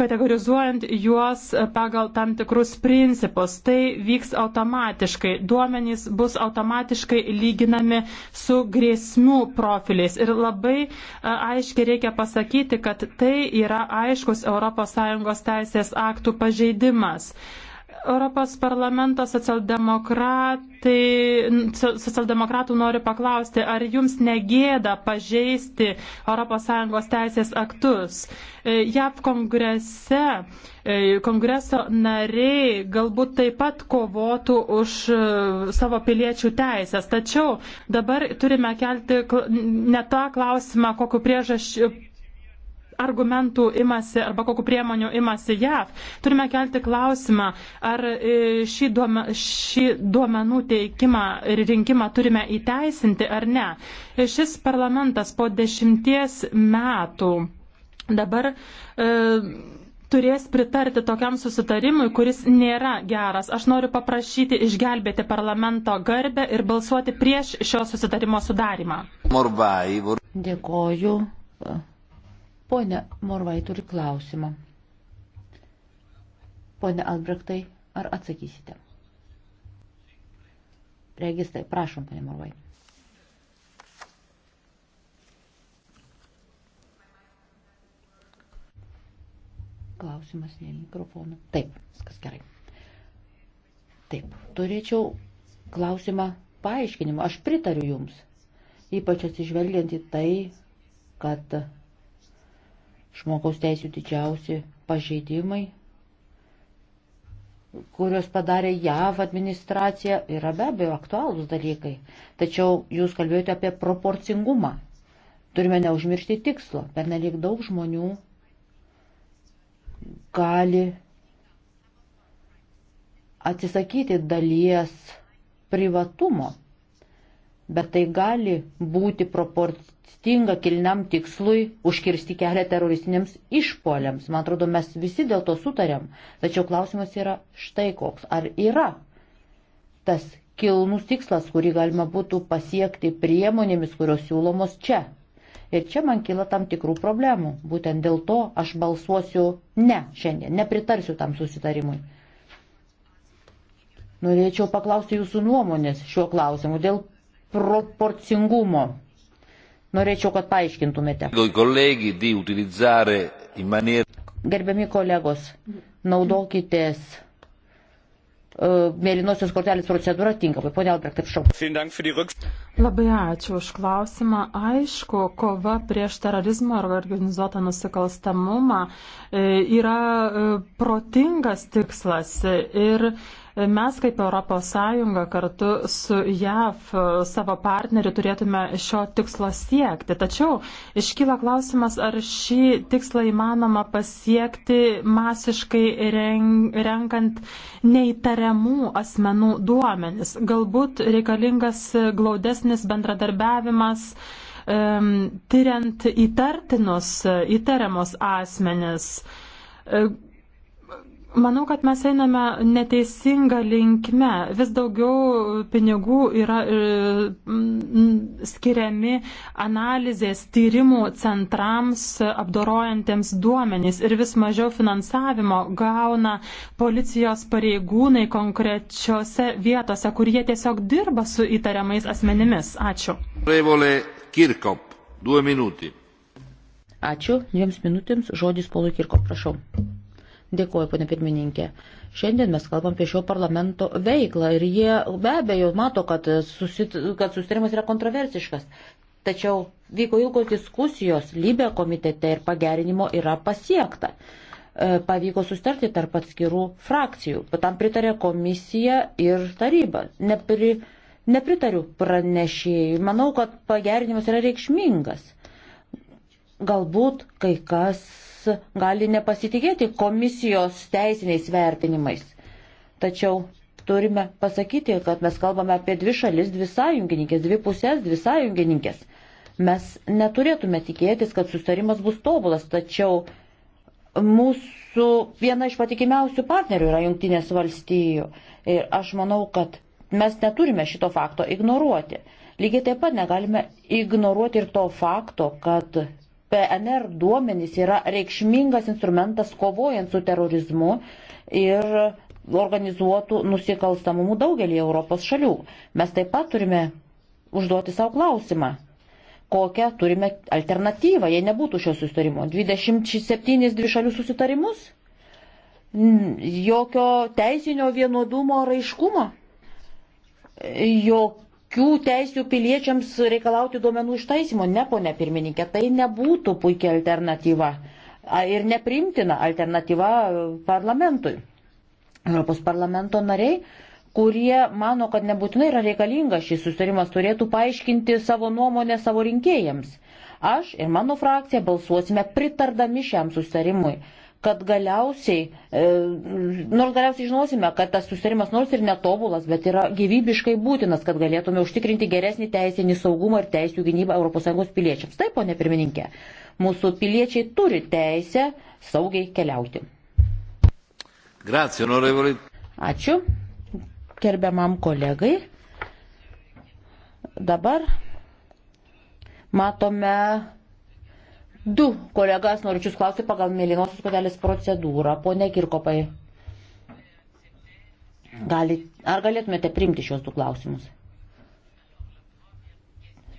Speaker 2: kategorizuojant juos pagal tam tikrus principus. Tai vyks automatiškai. Duomenys bus automatiškai lyginami su grėsmių profiliais. Ir labai e, aiškiai reikia pasakyti, kad tai yra aiškus ES teisės aktų pažeidimas. Europos parlamento socialdemokratai, socialdemokratų noriu paklausti, ar jums negėda pažeisti ES teisės aktus? E, JAV kongrese, e, kongreso nariai galbūt taip pat kovotų už e, savo piliečių teisės, tačiau dabar turime kelti ne tą klausimą, kokiu priežasčiu argumentų imasi arba kokiu priemonių imasi JAV. Turime kelti klausimą, ar e, šį, duome, šį duomenų teikimą ir rinkimą turime įteisinti ar ne. E, šis parlamentas po dešimties metų dabar. E, turės pritarti tokiam susitarimui, kuris nėra geras. Aš noriu paprašyti išgelbėti parlamento garbę ir balsuoti prieš šio susitarimo sudarimą.
Speaker 3: Dėkoju. Pone Morvai turi klausimą. Pone Albrektai, ar atsakysite? Registrai, prašom, pane Morvai. Klausimas ne mikrofonu. Taip, viskas gerai. Taip, turėčiau klausimą paaiškinimą. Aš pritariu Jums, ypač atsižvelgiant į tai, kad žmogaus teisų didžiausi pažeidimai, kurios padarė JAV administracija, yra be abejo aktualūs dalykai. Tačiau jūs kalbėjote apie proporcingumą. Turime neužmiršti tikslo. Per nelik daug žmonių gali atsisakyti dalies privatumo, bet tai gali būti proporcingumas stinga kilniam tikslui užkirsti kelią teroristiniams išpoliams. Man atrodo, mes visi dėl to sutarėm. Tačiau klausimas yra štai koks. Ar yra tas kilnus tikslas, kurį galima būtų pasiekti priemonėmis, kurios siūlomos čia? Ir čia man kyla tam tikrų problemų. Būtent dėl to aš balsuosiu ne šiandien, nepritarsiu tam susitarimui. Norėčiau paklausti jūsų nuomonės šiuo klausimu dėl proporcingumo Norėčiau, kad paaiškintumėte. Gerbiami kolegos, naudokitės uh, mėlynosios kortelės procedūrą tinkamai. Pone Albrecht, prašau. Labai ačiū už klausimą.
Speaker 2: Aišku, kova prieš terorizmą ir organizuotą nusikalstamumą e, yra e, protingas tikslas ir Mes kaip ES kartu su JAV e, savo partneriu turėtume šio tikslo siekti. Tačiau iškyla klausimas, ar šį tikslą įmanoma pasiekti masiškai renkant neįtariamų asmenų duomenis. Galbūt reikalingas glaudesnis bendradarbiavimas tyriant įtartinus, įtariamus asmenis e, Manau, kad mes einame neteisinga linkme. Vis daugiau pinigų yra e, skiriami analizės tyrimų centrams apdorojantiems duomenys ir vis mažiau finansavimo gauna policijos pareigūnai konkrečiose vietose, kur jie tiesiog dirba su įtariamais asmenimis. Ačiū.
Speaker 4: Kirkop,
Speaker 3: Ačiū. Dviems minutėms žodis Polui Kirkop, prašau. Dėkuoju, ponė pirmininkė. Šiandien mes kalbam apie šio parlamento veiklą ir jie be abejo mato, kad, susit, kad susitarimas yra kontroversiškas. Tačiau vyko ilgos diskusijos lybė komitete ir pagerinimo yra pasiekta. E, pavyko sustarti tarp atskirų frakcijų. Tam pritarė komisija ir taryba. Nepri, nepritariu pranešėjai. Manau, kad pagerinimas yra reikšmingas. Galbūt kai kas gali nepasitikėti komisijos teisiniais vertinimais. Tačiau turime pasakyti, kad mes kalbame apie dvi šalis, dvi sąjungininkės, dvi pusės, dvi sąjungininkės. Mes neturėtume tikėtis, kad sustarimas bus tobulas, tačiau mūsų viena iš patikimiausių partnerių yra Junktinės valstijų. Ir aš manau, kad mes neturime šito fakto ignoruoti. Lygiai taip pat negalime ignoruoti ir to fakto, kad PNR duomenys yra reikšmingas instrumentas kovojant su terorizmu ir organizuotų nusikalstamumų daugelį Europos šalių. Mes taip pat turime užduoti savo klausimą, kokią turime alternatyvą, jei nebūtų šio susitarimo. 27 dvišalių susitarimus? Jokio teisinio vienodumo raiškumo? Jokio kokių teisių piliečiams reikalauti duomenų ištaisimo. Ne, ponė pirmininkė, tai nebūtų puikia alternatyva ir neprimtina alternatyva e, parlamentui. Europos parlamento nariai, kurie mano, kad nebūtinai yra reikalingas šis sustarimas, turėtų paaiškinti savo nuomonę savo rinkėjams. Aš ir mano frakcija balsuosime pritardami šiam sustarimui kad galiausiai, e, nors galiausiai žinosime, kad tas susitarimas nors ir netobulas, bet yra gyvybiškai būtinas, kad galėtume užtikrinti geresnį teisinį saugumą ir teisų gynybą ES piliečiams. Taip, ponė pirmininkė, mūsų piliečiai turi teisę saugiai keliauti.
Speaker 4: Grazie, onorevoli.
Speaker 3: Ačiū, gerbiamam kolegai. Dabar matome Du kolegas norėčiau klausyti pagal mėlynosios kortelės procedūrą. Pone Kirkopai, galit, ar galėtumėte priimti šios du klausimus?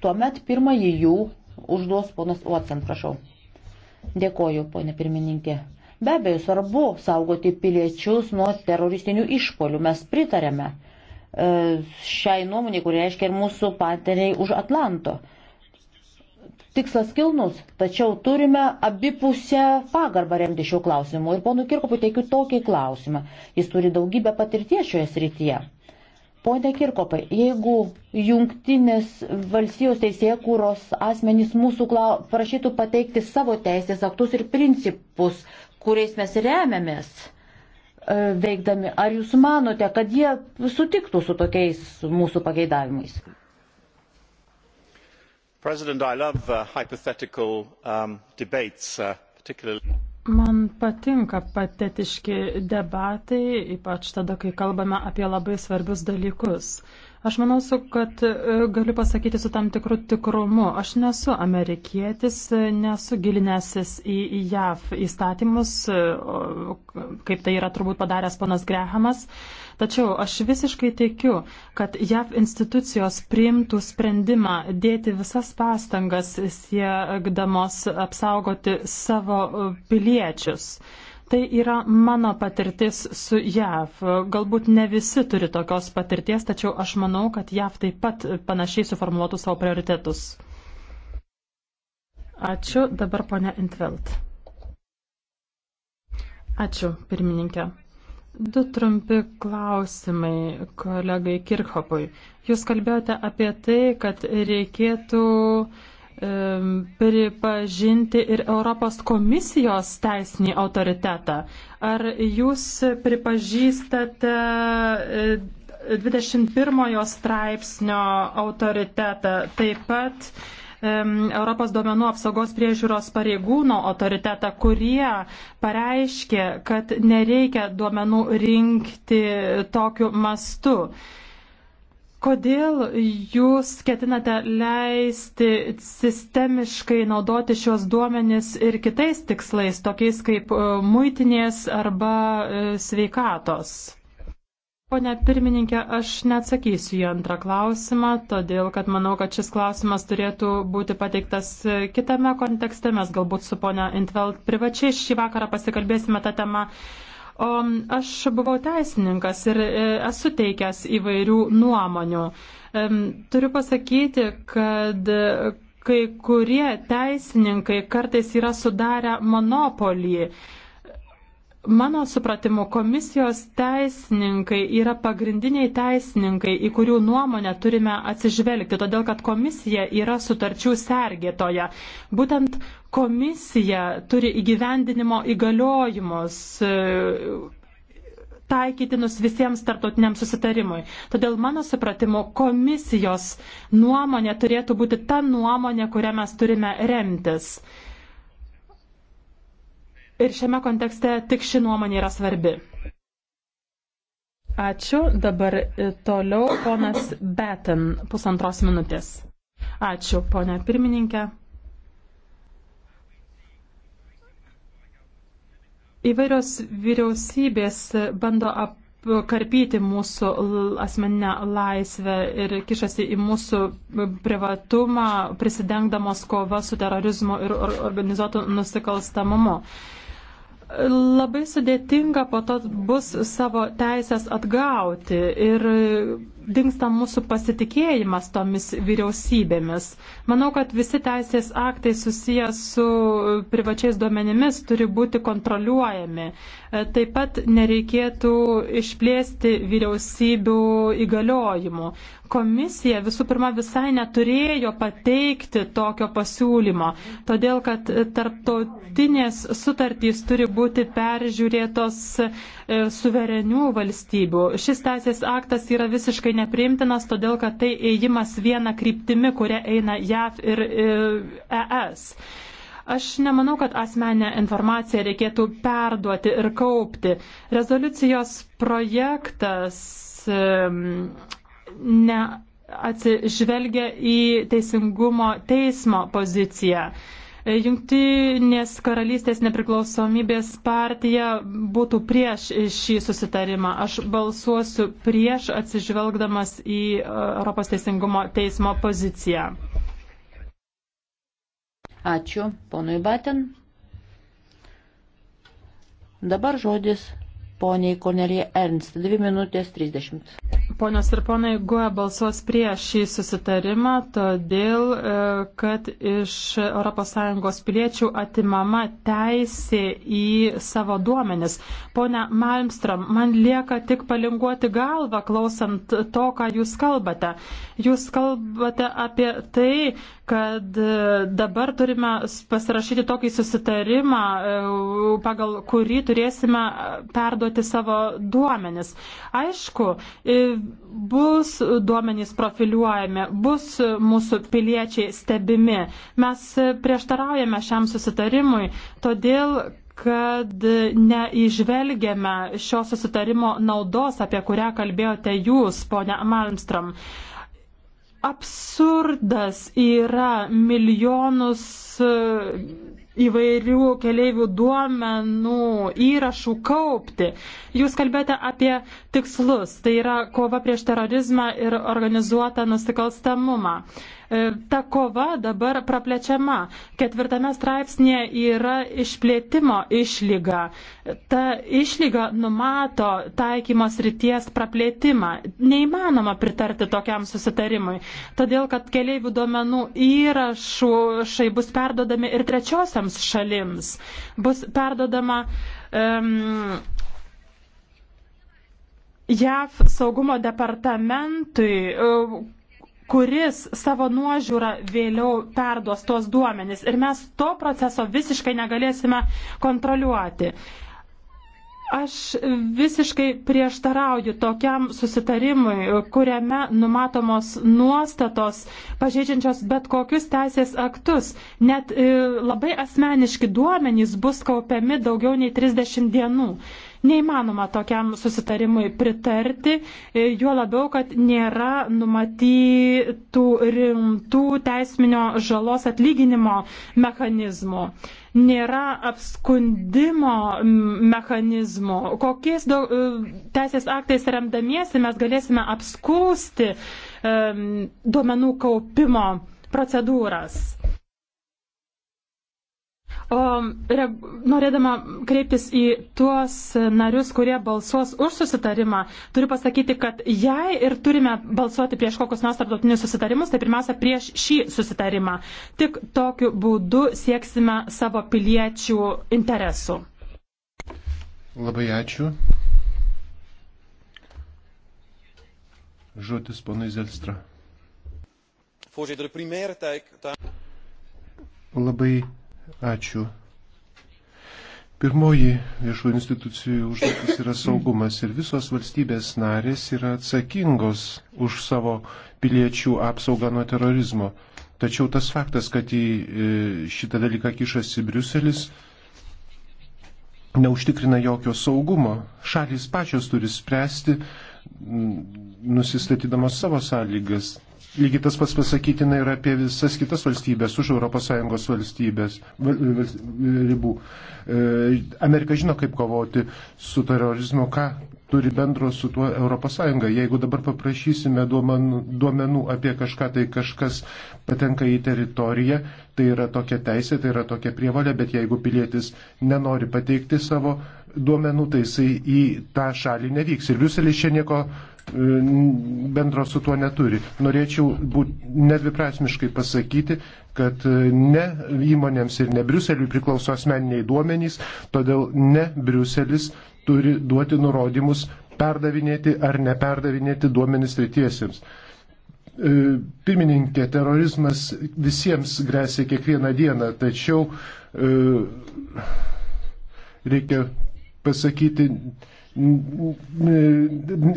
Speaker 3: Tuomet pirmąjį jų užduos ponas Watson, prašau. Dėkoju, ponė pirmininkė. Be abejo, svarbu saugoti piliečius nuo teroristinių išpolių. Mes pritarėme e, šiai nuomonė, kurį reiškia ir mūsų partneriai už Atlanto. Tikslas kilnus, tačiau turime abipusę pagarbą remti šiuo klausimu. Ir ponui Kirkopui teikiu tokį klausimą. Jis turi daugybę patirties šioje srityje. Pone Kirkopai, jeigu jungtinės valstijos teisėje kūros asmenys mūsų klau... prašytų pateikti savo teisės aktus ir principus, kuriais mes remiamės e, veikdami, ar jūs manote, kad jie sutiktų su tokiais mūsų pageidavimais?
Speaker 2: President, I love uh, hypothetical um, debates, uh, particularly.
Speaker 3: Man patinka
Speaker 2: patetiški debatai, ypač tada, kai kalbame apie labai svarbius dalykus. Aš manau, su, kad e, galiu pasakyti su tam tikru tikrumu. Aš nesu amerikietis, nesu gilinęsis į, į JAV įstatymus, kaip tai yra turbūt padaręs ponas Grehamas, Tačiau aš visiškai teikiu, kad JAV institucijos priimtų sprendimą dėti visas pastangas siekdamos apsaugoti savo piliečius. Tai yra mano patirtis su JAV. Galbūt ne visi turi tokios patirties, tačiau aš manau, kad JAV taip pat panašiai suformuotų savo prioritetus. Ačiū. Dabar ponia Intvelt. Ačiū, pirmininkė. Du trumpi klausimai kolegai Kirchhopui. Jūs kalbėjote apie tai, kad reikėtų um, pripažinti ir Europos komisijos teisinį autoritetą. Ar jūs pripažįstate 21 e, straipsnio autoritetą taip pat? Europos duomenų apsaugos priežiūros pareigūno autoritetą, kurie pareiškė, kad nereikia duomenų rinkti tokiu mastu. Kodėl jūs ketinate leisti sistemiškai naudoti šios duomenis ir kitais tikslais, tokiais kaip e, muitinės arba e, sveikatos? Pone pirmininkė, aš neatsakysiu į antrą klausimą, todėl kad manau, kad šis klausimas turėtų būti pateiktas kitame kontekste. Mes galbūt su ponia Intveld privačiai šį vakarą pasikalbėsime tą temą. O aš buvau teisininkas ir e, esu teikęs įvairių nuomonių. Turiu pasakyti, kad kai kurie teisininkai kartais yra sudarę monopolį Mano supratimu, komisijos teisininkai yra pagrindiniai teisininkai, į kurių nuomonę turime atsižvelgti, todėl kad komisija yra sutarčių sergėtoja. Būtent komisija turi įgyvendinimo įgaliojimus e, taikytinus visiems tarptautiniam susitarimui. Todėl mano supratimu, komisijos nuomonė turėtų būti ta nuomonė, kurią mes turime remtis. Ir šiame kontekste tik ši nuomonė yra svarbi. Ačiū. Dabar toliau ponas Beten, pusantros minutės. Ačiū, ponė pirmininkė. Įvairios vyriausybės bando apkarpyti mūsų asmeninę laisvę ir kišasi į mūsų privatumą, prisidengdamos kova su terorizmu ir organizuotų nusikalstamumu labai sudėtinga po to bus savo teisės atgauti ir dinksta mūsų pasitikėjimas tomis vyriausybėmis. Manau, kad visi teisės aktai susijęs su privačiais duomenimis turi būti kontroliuojami. E, taip pat nereikėtų išplėsti vyriausybių įgaliojimų. Komisija visų pirma visai neturėjo pateikti tokio pasiūlymo, todėl kad tarptautinės sutartys turi būti peržiūrėtos e, suverenių valstybių. Šis teisės aktas yra visiškai visiškai nepriimtinas, todėl kad tai ėjimas viena kryptimi, kuria eina JAV ir, ir e, ES. Aš nemanau, kad asmenę informaciją reikėtų perduoti ir kaupti. Rezoliucijos projektas e, neatsižvelgia į teisingumo teismo poziciją. Jungtinės karalystės nepriklausomybės partija būtų prieš šį susitarimą. Aš balsuosiu prieš atsižvelgdamas į e, Europos teisingumo teismo poziciją.
Speaker 3: Ačiū, ponui Batin. Dabar žodis poniai Kornelija Ernst. 2 minutės 30. Ponios ir
Speaker 2: ponai, GUE balsuos prieš šį susitarimą, todėl, e, kad iš ES piliečių atimama teisė į savo duomenis. Pone Malmstrom, man lieka tik palinguoti galvą, klausant to, ką jūs kalbate. Jūs kalbate apie tai, kad e, dabar turime pasirašyti tokį susitarimą, e, pagal kurį turėsime e, perduoti savo duomenis. Aišku, bus duomenys profiliuojami, bus mūsų piliečiai stebimi. Mes prieštaraujame šiam susitarimui, todėl, kad neižvelgiame šio susitarimo naudos, apie kurią kalbėjote jūs, ponia Malmstrom. Uh, absurdas yra milijonus e, įvairių keleivių duomenų įrašų kaupti. Jūs kalbėjote apie tikslus, tai yra kova prieš terorizmą ir organizuotą nusikalstamumą. Uh, E, ta kova dabar praplečiama. Ketvirtame straipsnėje yra išplėtimo išlyga. Ta išlyga numato taikymos ryties praplėtimą. Neįmanoma pritarti tokiam susitarimui, todėl kad keliaivių duomenų įrašų šai bus perdodami ir trečiosiams šalims. Bus perdodama um, JAV saugumo departamentui, kuris savo nuožiūrą vėliau perduos tos duomenys. Ir mes to proceso visiškai negalėsime kontroliuoti. Aš visiškai prieštarauju tokiam susitarimui, kuriame numatomos nuostatos, pažeidžiančios bet kokius teisės aktus. Net e, labai asmeniški duomenys bus kaupiami daugiau nei 30 dienų. Neįmanoma tokiam susitarimui pritarti, e, juo labiau, kad nėra numatytų rimtų teisminio žalos atlyginimo mechanizmų. Nėra apskundimo mechanizmų. Kokiais daug, e, teisės aktais remdamiesi mes galėsime apskūsti um, duomenų kaupimo procedūras. O norėdama kreiptis į tuos narius, kurie balsuos už susitarimą, turiu pasakyti, kad jei ir turime balsuoti prieš kokius nors tarptautinius susitarimus, tai pirmiausia prieš šį susitarimą. Tik tokiu būdu sieksime savo piliečių interesų.
Speaker 1: Labai ačiū. Žodis ponai Zelstra. Labai Ačiū. Pirmoji viešų institucijų užduotis yra saugumas ir visos valstybės narės yra atsakingos už savo piliečių apsaugą nuo terorizmo. Tačiau tas faktas, kad į e, šitą dalyką kišasi Briuselis, neužtikrina jokio saugumo. Šalis pačios turi spręsti, nusistatydamos savo sąlygas. Lygiai tas pats pasakytina ir apie visas kitas valstybės už ES valstybės val, val, ribų. E, Amerika žino, kaip kovoti su terorizmu, ką turi bendro su tuo ES. Jeigu dabar paprašysime duomenų, duomenų apie kažką, tai kažkas patenka į teritoriją, tai yra tokia teisė, tai yra tokia prievalė, bet jeigu pilietis nenori pateikti savo duomenų, tai jisai į tą šalį nevyks. Ir Briuselis čia nieko bendro su tuo neturi. Norėčiau būti nedviprasmiškai pasakyti, kad e, ne įmonėms ir ne Briuseliui priklauso asmeniniai duomenys, todėl ne Briuselis turi duoti nurodymus perdavinėti ar neperdavinėti duomenys rytiesiems. E, pirmininkė, terorizmas visiems grėsia kiekvieną dieną, tačiau e, reikia pasakyti,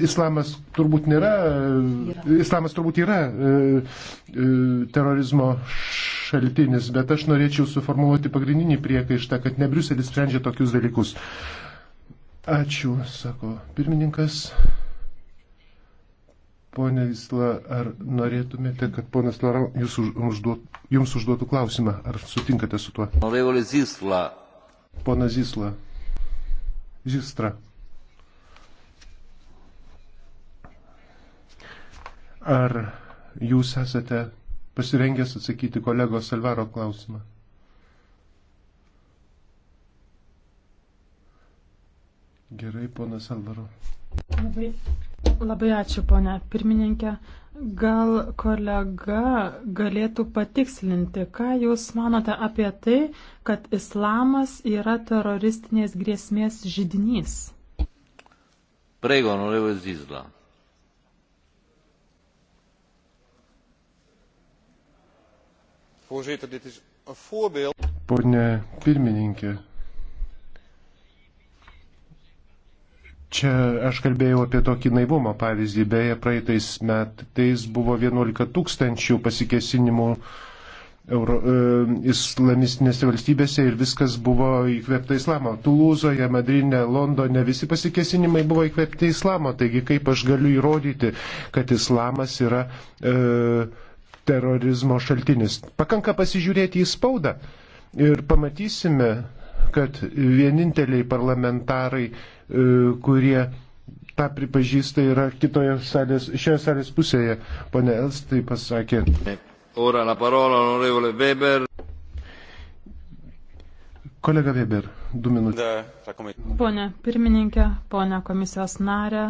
Speaker 1: Islamas turbūt nėra, yra. islamas turbūt yra e, e, terorizmo šaltinis, bet aš norėčiau suformuoluoti pagrindinį priekaištą, kad ne Briuselis sprendžia tokius dalykus. Ačiū, sako pirmininkas. Pone Isla, ar norėtumėte, kad ponas Laura jūs užduot, jums užduotų klausimą? Ar sutinkate su tuo?
Speaker 4: Ponas Isla.
Speaker 1: Ponas Isla. Žistra. Ar jūs esate pasirengęs atsakyti kolegos Alvaro klausimą? Gerai, ponas Alvaro.
Speaker 2: Labai, labai ačiū, ponė pirmininkė. Gal kolega galėtų patikslinti, ką Jūs manote apie tai, kad islamas yra teroristinės grėsmės žydinys?
Speaker 4: Prego, norėjau Zizla. Voorzitter, dit is een
Speaker 1: voorbeeld. Pone pirmininkė, Čia aš kalbėjau apie tokį naivumo pavyzdį, beje, praeitais metais buvo 11 tūkstančių pasikesinimų Euro, e, islamistinėse valstybėse ir viskas buvo įkvėpta islamo. Tulūzoje, Madrinė, Londone visi pasikesinimai buvo įkvėpti islamo. Taigi kaip aš galiu įrodyti, kad islamas yra. E, terorizmo šaltinis. Pakanka pasižiūrėti į spaudą ir pamatysime, kad vieninteliai parlamentarai, e, kurie tą pripažįsta, yra kitoje salės, šioje salės pusėje. Pone Els tai pasakė.
Speaker 4: Ora la parola onorevole Weber.
Speaker 1: Kolega Weber, du minutės.
Speaker 2: Pone pirmininkė, pone komisijos narė.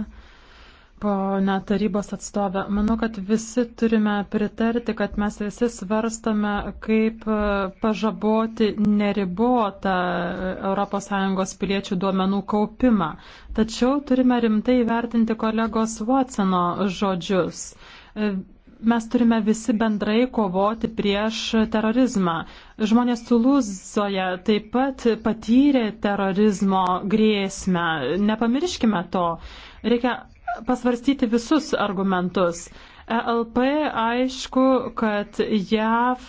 Speaker 2: Pone tarybos atstovė, manau, kad visi turime pritarti, kad mes visi svarstame, kaip e, pažaboti neribotą ES piliečių duomenų kaupimą. Tačiau turime rimtai vertinti kolegos Watsono žodžius. E, mes turime visi bendrai kovoti prieš terorizmą. Žmonės Tulūzoje taip pat patyrė terorizmo grėsmę. Nepamirškime to. Reikia pasvarstyti visus argumentus. ELP aišku, kad JAV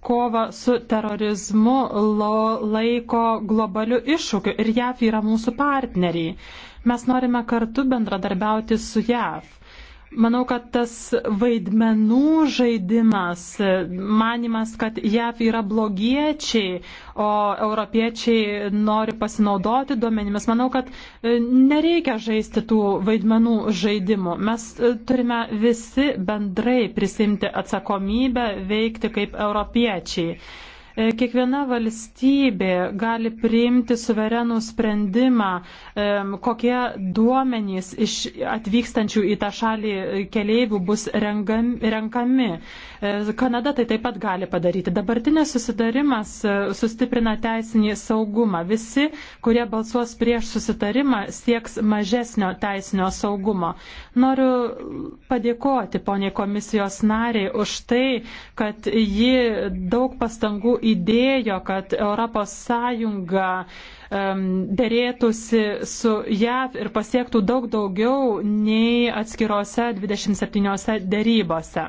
Speaker 2: kova su terorizmu laiko globaliu iššūkiu ir JAV yra mūsų partneriai. Mes norime kartu bendradarbiauti su JAV. Manau, kad tas vaidmenų žaidimas, manimas, kad JAV yra blogiečiai, o europiečiai nori pasinaudoti duomenimis, manau, kad e, nereikia žaisti tų vaidmenų žaidimų. Mes e, turime visi bendrai prisimti atsakomybę veikti kaip europiečiai. E, kiekviena valstybė gali priimti suverenų sprendimą, e, kokie duomenys iš atvykstančių į tą šalį keleivių bus renkami. E, Kanada tai taip pat gali padaryti. Dabartinės susidarimas sustiprina teisinį saugumą. Visi, kurie balsuos prieš susitarimą, sieks mažesnio teisinio saugumo. Noriu padėkoti poniai komisijos nariai už tai, kad ji daug pastangų idėjo, kad ES dėrėtųsi su JAV ir pasiektų daug daugiau nei atskirose 27 dėrybose.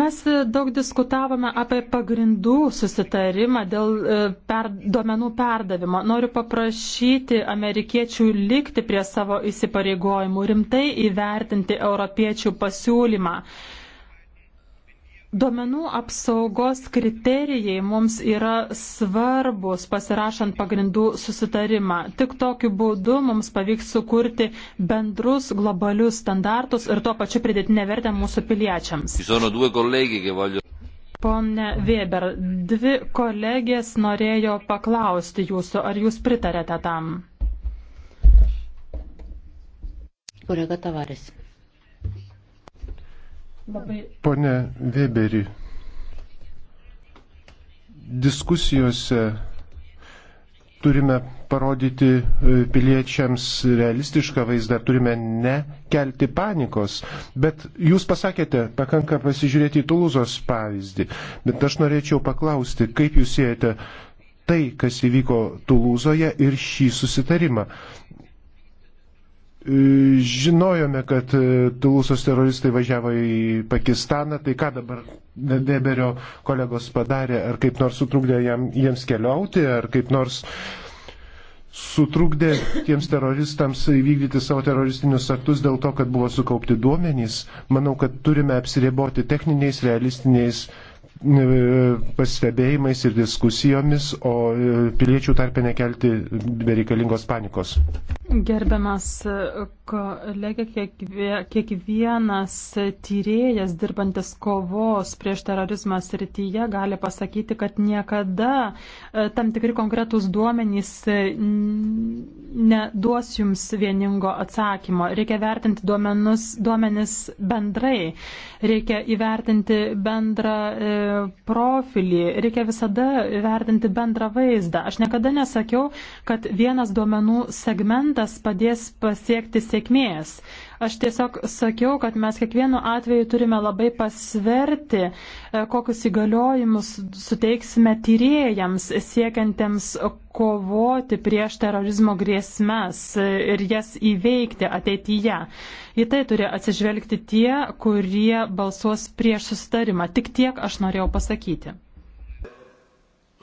Speaker 2: Mes daug diskutavome apie pagrindų susitarimą dėl e, per, duomenų perdavimo. Noriu paprašyti amerikiečių likti prie savo įsipareigojimų, rimtai įvertinti europiečių pasiūlymą. Duomenų apsaugos kriterijai mums yra svarbus pasirašant pagrindų susitarimą. Tik tokiu būdu mums pavyks sukurti bendrus globalius standartus ir tuo pačiu pridėtinę vertę mūsų piliečiams. Pone Weber, dvi kolegės norėjo paklausti jūsų, ar jūs pritarėte tam? Kolega
Speaker 3: Tavares labai.
Speaker 1: Pone Weberi, diskusijose turime parodyti e, piliečiams realistišką vaizdą, turime nekelti panikos. Bet jūs pasakėte, pakanka pasižiūrėti į Tulūzos pavyzdį. Bet aš norėčiau paklausti, kaip jūs siejate tai, kas įvyko Tulūzoje ir šį susitarimą. Žinojome, kad e, Tulusos teroristai važiavo į Pakistaną, tai ką dabar Weberio kolegos padarė, ar kaip nors sutrukdė jam, jiems keliauti, ar kaip nors sutrukdė tiems teroristams įvykdyti savo teroristinius aktus dėl to, kad buvo sukaupti duomenys. Manau, kad turime apsiriboti techniniais, realistiniais uh, pastebėjimais ir diskusijomis, o e, piliečių tarpe nekelti bereikalingos panikos.
Speaker 2: Gerbiamas e, kolegė, kiekvienas tyrėjas dirbantis kovos prieš terorizmą srityje gali pasakyti, kad niekada e, tam tikri konkretūs duomenys neduos jums vieningo atsakymo. Reikia vertinti duomenus, duomenis bendrai, reikia įvertinti bendrą profilį, reikia visada vertinti bendrą vaizdą. Aš niekada nesakiau, kad vienas duomenų segmentas padės pasiekti sėkmės. Aš tiesiog sakiau, kad mes kiekvienu atveju turime labai pasverti, e, kokius įgaliojimus suteiksime tyrėjams siekiantiems kovoti prieš terorizmo grėsmes ir jas įveikti ateityje. Į tai turi atsižvelgti tie, kurie balsuos prieš susitarimą. Tik tiek aš norėjau pasakyti.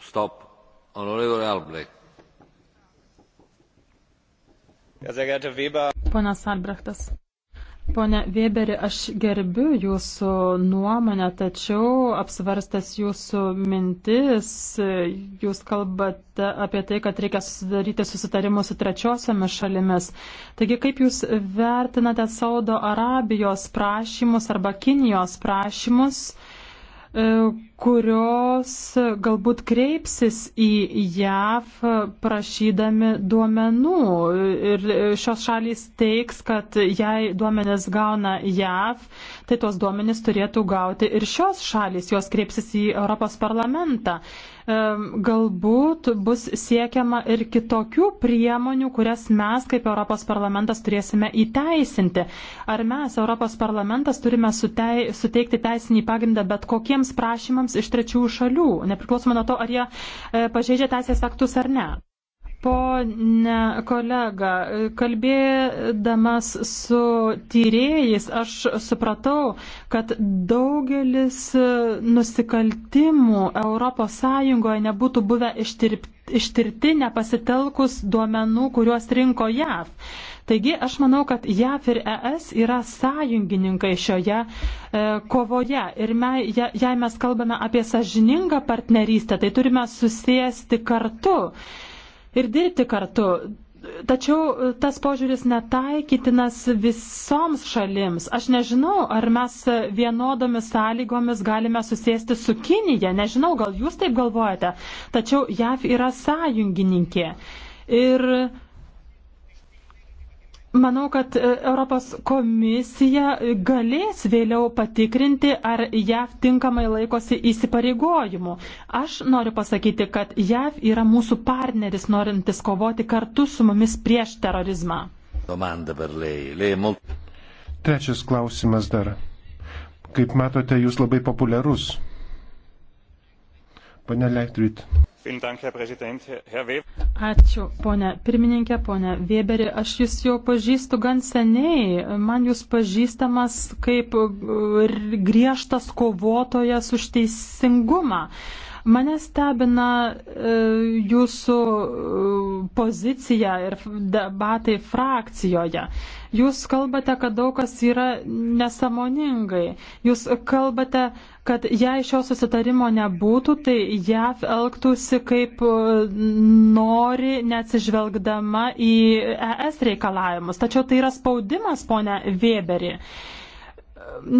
Speaker 4: Stop. Honorable Albrecht.
Speaker 2: Ponas Albrechtas. Pone Weberi, aš gerbiu jūsų nuomonę, tačiau apsvarstas jūsų mintis, jūs kalbate apie tai, kad reikia susidaryti susitarimus su trečiosiomis šalimis. Taigi, kaip jūs vertinate Saudo Arabijos prašymus arba Kinijos prašymus? E, kurios galbūt kreipsis į JAV prašydami duomenų. Ir šios šalys teiks, kad jei duomenis gauna JAV, tai tos duomenis turėtų gauti ir šios šalys, jos kreipsis į Europos parlamentą galbūt bus siekiama ir kitokių priemonių, kurias mes kaip Europos parlamentas turėsime įteisinti. Ar mes, Europos parlamentas, turime sutei, suteikti teisinį pagrindą bet kokiems prašymams iš trečiųjų šalių, nepriklausomai nuo to, ar jie e, pažeidžia teisės aktus ar ne. Pone kolega, kalbėdamas su tyrėjais, aš supratau, kad daugelis nusikaltimų ES nebūtų buvę ištirpti, ištirti nepasitelkus duomenų, kuriuos rinko JAV. Taigi aš manau, kad JAV ir ES yra sąjungininkai šioje e, kovoje. Ir me, je, jei mes kalbame apie sažiningą partnerystę, tai turime susėsti kartu. E, ir dirbti kartu. Tačiau tas požiūris netaikytinas visoms šalims. Aš nežinau, ar mes vienodomis sąlygomis galime susėsti su Kinija. Nežinau, gal jūs taip galvojate. Tačiau JAV yra sąjungininkė. Ir Manau, kad e, Europos komisija galės vėliau patikrinti, ar JAV tinkamai laikosi įsipareigojimų. Aš noriu pasakyti, kad JAV yra mūsų partneris, norintis kovoti kartu su mumis prieš terorizmą.
Speaker 1: Trečias klausimas dar. Kaip matote, jūs labai populiarus. Pane Lektrit.
Speaker 2: Ačiū, ponė pirmininkė, ponė Weberi. Aš jūs jau pažįstu gan seniai. Man jūs pažįstamas kaip e, griežtas kovotojas už teisingumą. Uh, Mane stebina e, jūsų e, pozicija ir debatai frakcijoje. Jūs kalbate, kad daug kas yra nesamoningai. Jūs kalbate, kad jei šio susitarimo nebūtų, tai JAV elgtųsi kaip e, nori, neatsižvelgdama į ES reikalavimus. Tačiau tai yra spaudimas, ponia Weberi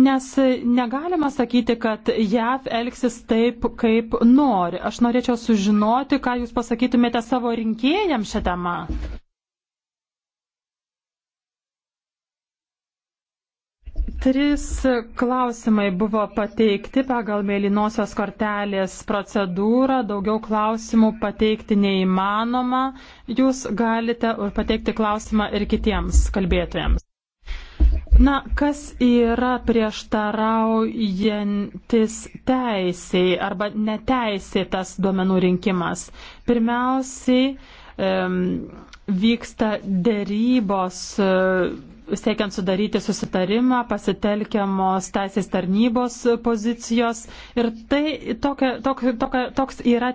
Speaker 2: nes negalima sakyti, kad JAV elgsis taip, kaip nori. Aš norėčiau sužinoti, ką jūs pasakytumėte savo rinkėjam šią temą. Tris klausimai buvo pateikti pagal mėlynosios kortelės procedūrą. Daugiau klausimų pateikti neįmanoma. Jūs galite pateikti klausimą ir kitiems kalbėtojams. Na, kas yra prieštaraujantis teisiai arba neteisėtas duomenų rinkimas? Pirmiausiai um, vyksta dėrybos. Uh, siekiant sudaryti susitarimą, pasitelkiamos teisės tarnybos pozicijos. Ir tai tokia, tokia, tokia, toks yra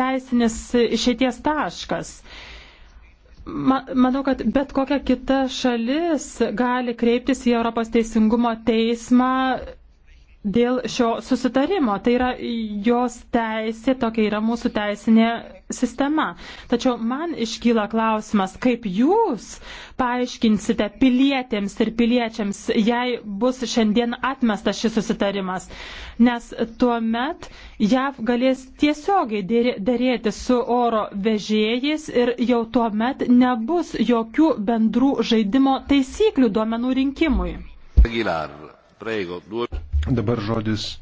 Speaker 2: teisinis išeities taškas. Uh, Manau, kad bet kokia kita šalis gali kreiptis į Europos teisingumo teismą dėl šio susitarimo. Tai yra jos teisė, tokia yra mūsų teisinė sistema. Tačiau man iškyla klausimas, kaip jūs paaiškinsite pilietėms ir piliečiams, jei bus šiandien atmestas šis susitarimas. Nes tuomet JAV galės tiesiogiai dėrėti su oro vežėjais ir jau tuomet nebus jokių bendrų žaidimo taisyklių duomenų rinkimui.
Speaker 1: Aguilar, prego, duo... Dabar žodis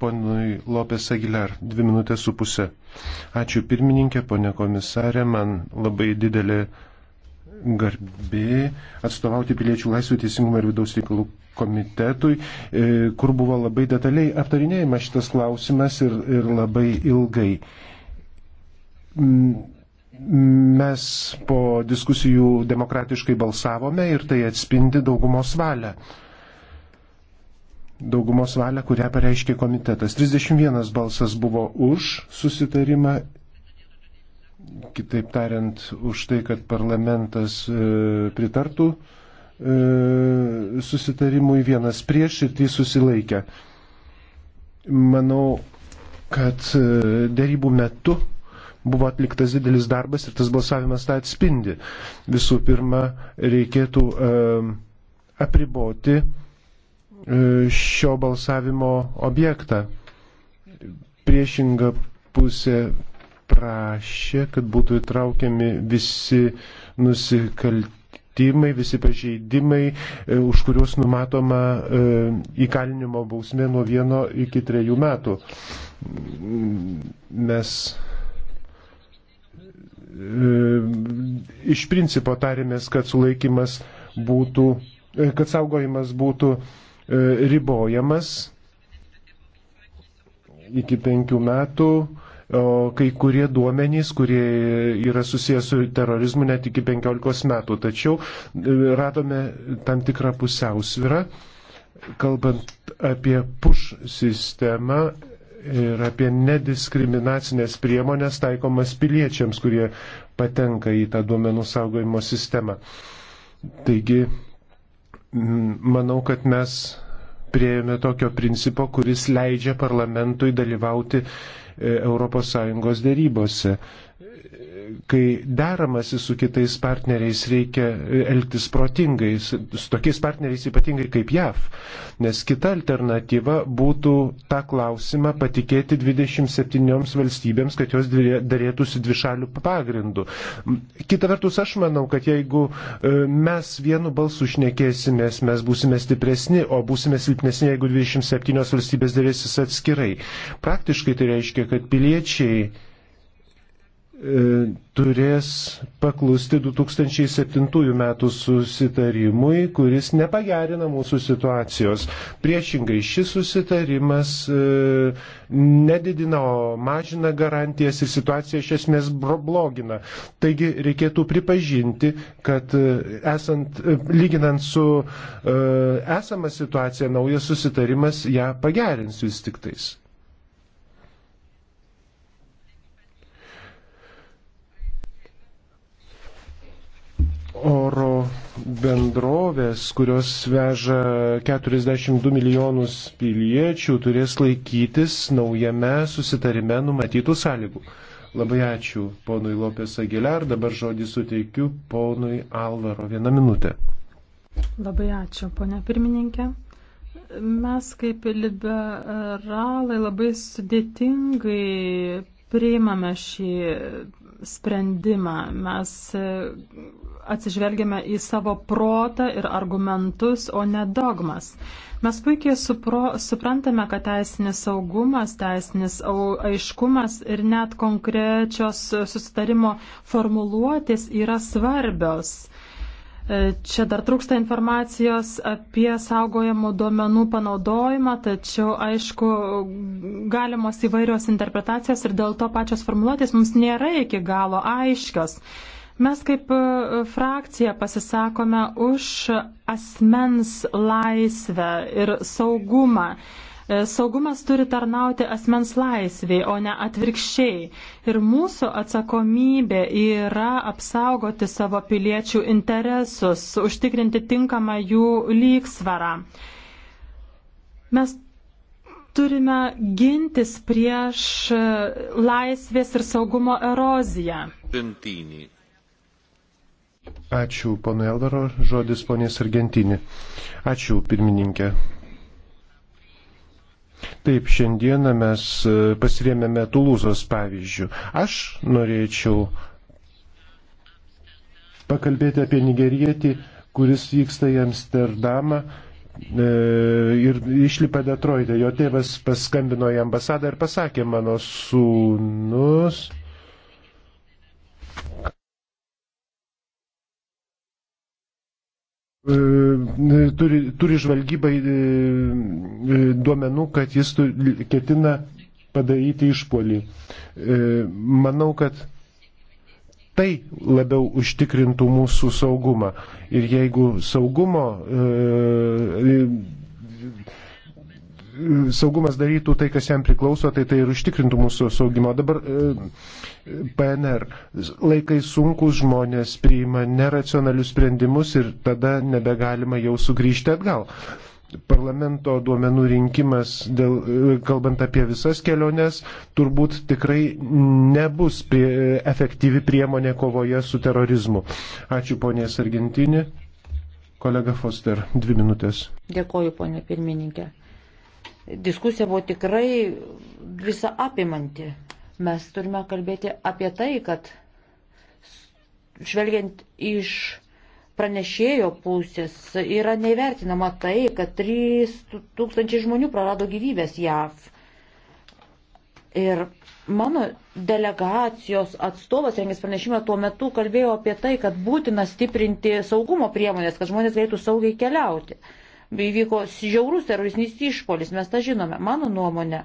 Speaker 1: ponui Lopes Aguilar, dvi minutės su pusė. Ačiū pirmininkė, ponė komisarė, man labai didelė garbė atstovauti piliečių laisvių teisingumo ir vidaus reikalų komitetui, e, kur buvo labai detaliai aptarinėjama šitas klausimas ir, ir labai ilgai. Mes po diskusijų demokratiškai balsavome ir tai atspindi daugumos valią daugumos valią, kurią pareiškė komitetas. 31 balsas buvo už susitarimą, kitaip tariant, už tai, kad parlamentas e, pritartų e, susitarimui, vienas prieš ir tai susilaikė. Manau, kad e, dėrybų metu buvo atliktas didelis darbas ir tas balsavimas tą atspindi. Visų pirma, reikėtų e, apriboti E, šio balsavimo objektą. Priešinga pusė prašė, kad būtų įtraukiami visi nusikaltimai, visi pažeidimai, e, už kuriuos numatoma e, įkalinimo bausmė nuo vieno iki trejų metų. Mes iš principo tarėmės, kad sulaikimas būtų, kad saugojimas būtų E, ribojamas iki penkių metų, o kai kurie duomenys, kurie yra susijęs su terorizmu, net iki penkiolikos metų. Tačiau e, radome tam tikrą pusiausvyrą, kalbant apie push sistemą ir apie nediskriminacinės priemonės taikomas piliečiams, kurie patenka į tą duomenų saugojimo sistemą. Taigi Mm, manau, kad mes prieėmė tokio principo, kuris leidžia parlamentui dalyvauti ES dėrybose kai deramasi su kitais partneriais, reikia e, elgtis protingai, su tokiais partneriais ypatingai kaip JAV, nes kita alternatyva būtų tą klausimą patikėti 27 valstybėms, kad jos darėtųsi dvišalių pagrindų. Kita vertus, aš manau, kad jeigu e, mes vienu balsu šnekėsimės, mes būsime stipresni, o būsime silpnesni, jeigu 27 valstybės darėsis atskirai. Praktiškai tai reiškia, kad piliečiai E, turės paklusti 2007 metų susitarimui, kuris nepagerina mūsų situacijos. Priešingai, šis susitarimas e, nedidina, o mažina garantijas ir situaciją iš esmės blogina. Taigi reikėtų pripažinti, kad e, esant, lyginant su esama situacija, naujas susitarimas ją pagerins vis tik tais. oro bendrovės, kurios veža 42 milijonus piliečių, turės laikytis naujame susitarime numatytų sąlygų. Labai ačiū ponui Lopės Agiliar, dabar žodį suteikiu ponui Alvaro vieną minutę.
Speaker 2: Labai ačiū, ponia pirmininkė. Mes kaip liberalai labai sudėtingai priimame šį sprendimą. Mes atsižvelgiame į savo protą ir argumentus, o ne dogmas. Mes puikiai supro, suprantame, kad teisinis saugumas, teisinis aiškumas ir net konkrečios susitarimo formuluotės yra svarbios. E, čia dar trūksta informacijos apie saugojamų duomenų panaudojimą, tačiau, aišku, galimos įvairios interpretacijos ir dėl to pačios formuluotės mums nėra iki galo aiškios. Mes kaip e, frakcija pasisakome už asmens laisvę ir saugumą. E, saugumas turi tarnauti asmens laisviai, o ne atvirkščiai. Ir mūsų atsakomybė yra apsaugoti savo piliečių interesus, užtikrinti tinkamą jų lygsvarą. Mes turime gintis prieš e, laisvės ir saugumo eroziją.
Speaker 4: Gentinį.
Speaker 1: Ačiū, ponui Elvaro. Žodis ponės Argentinė. Ačiū, pirmininkė. Taip, šiandieną mes e, pasirėmėme Tulūzos pavyzdžių. Aš norėčiau pakalbėti apie nigerietį, kuris vyksta į Amsterdamą e, ir išlipa Detroitą. Jo tėvas paskambino į ambasadą ir pasakė, mano sūnus E, turi, turi žvalgybai e, e, duomenų, kad jis ketina padaryti išpolį. Manau, kad tai labiau užtikrintų mūsų saugumą. Ir jeigu saugumo e, saugumas darytų tai, kas jam priklauso, tai tai ir užtikrintų mūsų saugimo. Dabar e, PNR. Laikai sunkus žmonės priima neracionalius sprendimus ir tada nebegalima jau sugrįžti atgal. Parlamento duomenų rinkimas, dėl, e, kalbant apie visas keliones, turbūt tikrai nebus prie, efektyvi priemonė kovoje su terorizmu. Ačiū ponės Argentini. Kolega Foster, dvi minutės.
Speaker 3: Dėkoju, ponė pirmininkė diskusija buvo tikrai visa apimanti. Mes turime kalbėti apie tai, kad žvelgiant iš pranešėjo pusės yra neįvertinama tai, kad 3000 žmonių prarado gyvybės JAV. Ir mano delegacijos atstovas rengęs pranešimą tuo metu kalbėjo apie tai, kad būtina stiprinti saugumo priemonės, kad žmonės galėtų saugiai keliauti. Uh, bei vyko žiaurus teroristinis išpolis, mes tą žinome. Mano nuomonė,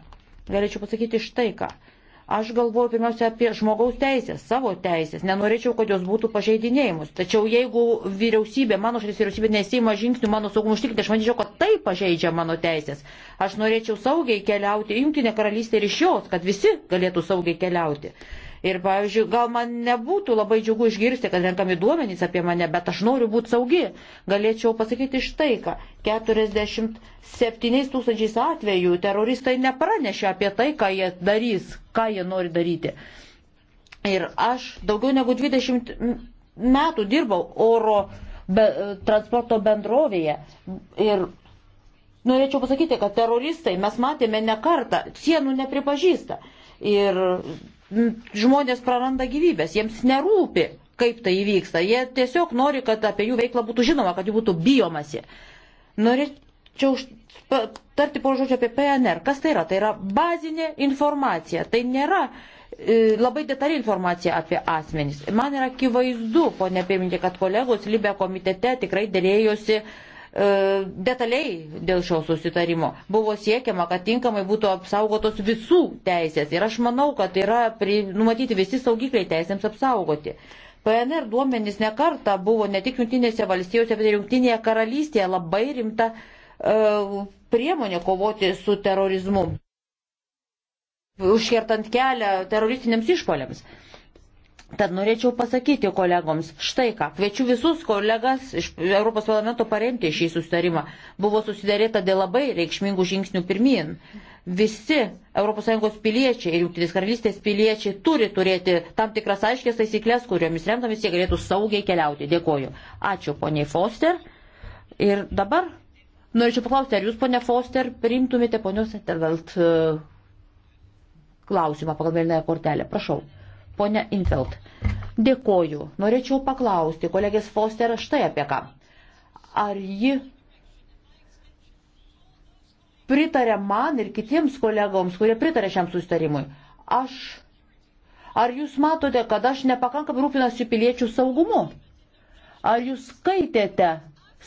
Speaker 3: galėčiau pasakyti štai ką. Aš galvoju pirmiausia apie žmogaus teisės, savo teisės. Nenorėčiau, kad jos būtų pažeidinėjimus. Tačiau jeigu vyriausybė, mano šalis vyriausybė nesima žingsnių mano saugumų užtikrinti, aš manyčiau, kad tai pažeidžia mano teisės. Aš norėčiau saugiai keliauti į Junktinę karalystę ir iš jos, kad visi galėtų saugiai keliauti. Ir, pavyzdžiui, gal man nebūtų labai džiugu išgirsti, kad renkami duomenys apie mane, bet aš noriu būti saugi. Galėčiau pasakyti štai ką. 47 tūkstančiais atvejų teroristai nepranešė apie tai, ką jie darys, ką jie nori daryti. Ir aš daugiau negu 20 metų dirbau oro be, transporto bendrovėje. Ir norėčiau pasakyti, kad teroristai, mes matėme ne kartą, sienų nepripažįsta. Ir žmonės praranda gyvybės, jiems nerūpi, kaip tai įvyksta. Jie tiesiog nori, kad apie jų veiklą būtų žinoma, kad jų būtų bijomasi. Norėčiau tarti požodžiu apie PNR. Kas tai yra? Tai yra bazinė informacija. Tai nėra e, labai detali informacija apie asmenys. Man yra akivaizdu, ponė pirmininkė, kad kolegos Libė komitete tikrai dėrėjosi uh, E, detaliai dėl šio susitarimo. Buvo siekiama, kad tinkamai būtų apsaugotos visų teisės ir aš manau, kad yra pri, numatyti visi saugikliai teisėms apsaugoti. PNR duomenys nekarta buvo ne tik Junktinėse valstijose, bet ir Junktinėje karalystėje labai rimta e, priemonė kovoti su terorizmu, užkertant kelią teroristiniams išpoliams. E, Tad norėčiau pasakyti kolegoms, štai ką, kviečiu visus kolegas iš Europos parlamento paremti šį sustarimą. Buvo susidarėta dėl labai reikšmingų žingsnių pirmin. Visi ES piliečiai ir Junktinės karalystės piliečiai turi turėti tam tikras aiškės taisyklės, kuriomis remdamis jie galėtų saugiai keliauti. Dėkoju. Ačiū poniai Foster. Ir dabar norėčiau paklausti, ar jūs, ponia Foster, priimtumėte ponios Etervelt e, klausimą pagal vėlinąją kortelę. Prašau. Pone Infeld, dėkoju. Norėčiau paklausti kolegės Foster štai apie ką. Ar ji pritarė man ir kitiems kolegoms, kurie pritarė šiam sustarimui? Aš. Ar jūs matote, kad aš nepakankamai rūpinasi piliečių saugumu? Ar jūs skaitėte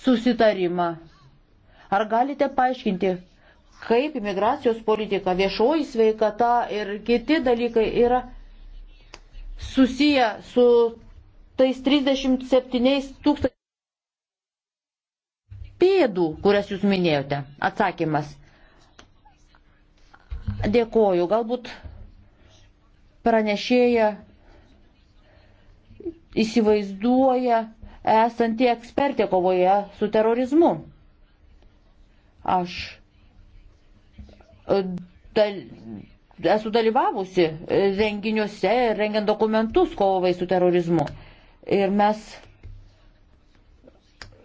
Speaker 3: susitarimą? Ar galite paaiškinti, kaip imigracijos politika, viešoji sveikata ir kiti dalykai yra susiję su tais 37 tūkstančiais pėdų, kurias jūs minėjote? Atsakymas. Dėkoju. Galbūt pranešėja įsivaizduoja esanti ekspertė kovoje su terorizmu. Aš e, dal, esu dalyvavusi e, renginiuose, rengiant dokumentus kovai su terorizmu. Ir mes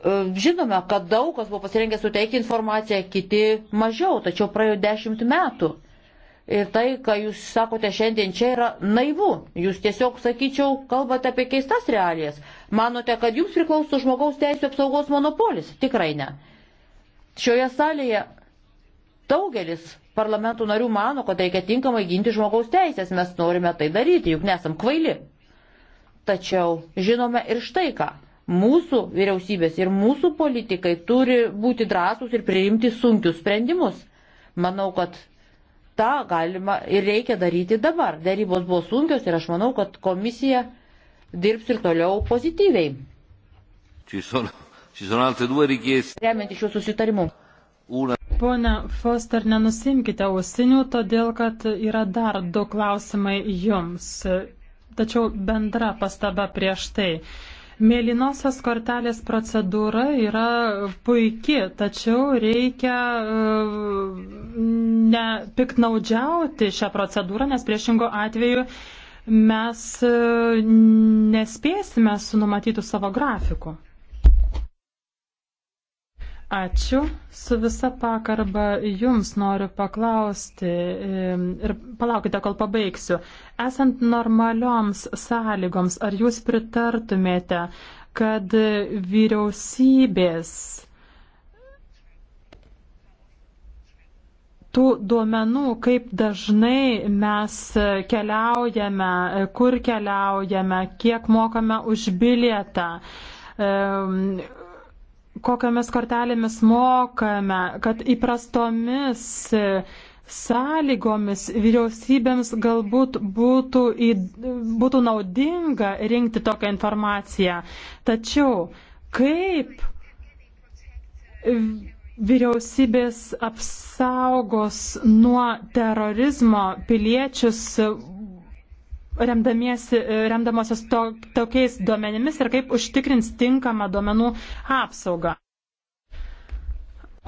Speaker 3: e, žinome, kad daug kas buvo pasirengę suteikti informaciją, kiti mažiau, tačiau praėjo dešimt metų. Ir tai, ką jūs sakote šiandien čia, yra naivu. Jūs tiesiog, sakyčiau, kalbate apie keistas realijas. Manote, kad jums priklauso žmogaus teisų apsaugos monopolis? Tikrai ne. Šioje salėje daugelis parlamentų narių mano, kad reikia tinkamai ginti žmogaus teisės, mes norime tai daryti, juk nesam kvaili. Tačiau žinome ir štai ką. Mūsų vyriausybės ir mūsų politikai turi būti drąsūs ir priimti sunkius sprendimus. Manau, kad tą galima ir reikia daryti dabar. Darybos buvo sunkios ir aš manau, kad komisija dirbs ir toliau pozityviai. Remiant iš šių susitarimų.
Speaker 2: Una... Pone Foster, nenusimkite ausinių, todėl kad yra dar du klausimai jums. Tačiau bendra pastaba prieš tai. Mėlynosios kortelės procedūra yra puiki, tačiau reikia e, nepiknaudžiauti šią procedūrą, nes priešingo atveju mes e, nespėsime su numatytų savo grafiku. Ačiū. Su visa pakarba jums noriu paklausti ir palaukite, kol pabaigsiu. Esant normalioms sąlygoms, ar jūs pritartumėte, kad vyriausybės tų duomenų, kaip dažnai mes keliaujame, kur keliaujame, kiek mokame už bilietą, kokiamis kortelėmis mokame, kad įprastomis sąlygomis vyriausybėms galbūt būtų, į, būtų naudinga rinkti tokią informaciją. Tačiau kaip vyriausybės apsaugos nuo terorizmo piliečius E, remdamosios to, tokiais duomenimis ir kaip užtikrins tinkamą duomenų apsaugą.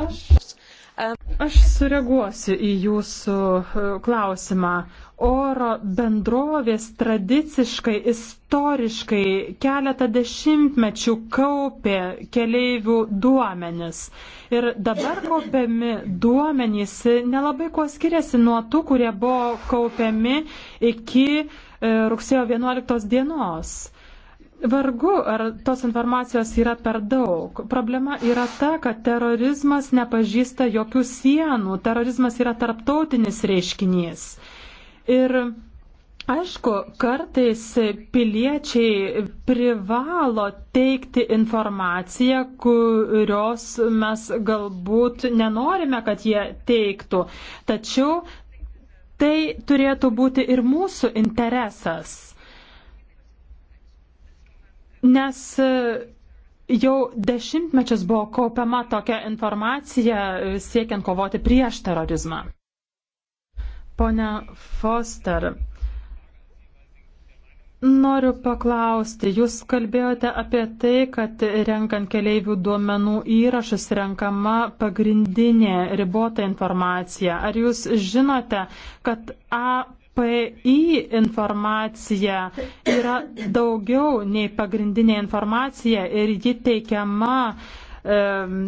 Speaker 2: Aš, aš sureaguosiu į jūsų e, klausimą. Oro bendrovės tradiciškai, istoriškai keletą dešimtmečių kaupė keleivių duomenis. Ir dabar kaupiami duomenys nelabai kuo skiriasi nuo tų, kurie buvo kaupiami iki uh, E, rugsėjo 11 dienos. Vargu, ar tos informacijos yra per daug. Problema yra ta, kad terorizmas nepažįsta jokių sienų. Terorizmas yra tarptautinis reiškinys. Ir Aišku, kartais piliečiai privalo teikti informaciją, kurios mes galbūt nenorime, kad jie teiktų. Tačiau Tai turėtų būti ir mūsų interesas. Nes e, jau dešimtmečius buvo kaupiama tokia informacija e, siekiant kovoti prieš terorizmą. Pone Foster, Noriu paklausti, jūs kalbėjote apie tai, kad renkant keleivių duomenų įrašus renkama pagrindinė ribota informacija. Ar jūs žinote, kad API informacija yra daugiau nei pagrindinė informacija ir ji teikiama um,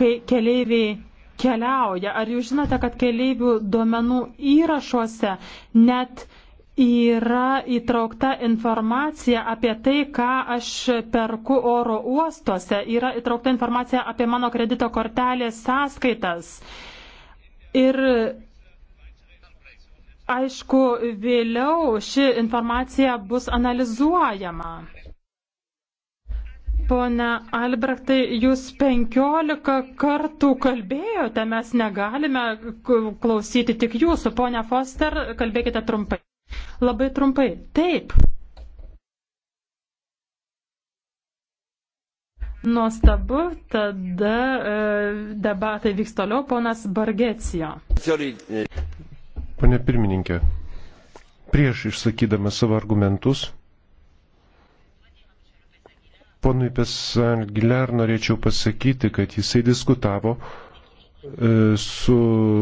Speaker 2: kai keleiviai keliauja. Ar jūs žinote, kad keleivių duomenų įrašuose net yra įtraukta informacija apie tai, ką aš perku oro uostuose, yra įtraukta informacija apie mano kredito kortelės sąskaitas. Ir aišku, vėliau ši informacija bus analizuojama. Pone Albrechtai, jūs penkiolika kartų kalbėjote, mes negalime klausyti tik jūsų. Pone Foster, kalbėkite trumpai. Labai trumpai. Taip. Nuostabu, tada e, debatai vyks toliau, ponas Bargecijo.
Speaker 1: Pone pirmininkė, prieš išsakydamas savo argumentus, Ponui Pesangiler norėčiau pasakyti, kad jisai diskutavo e, su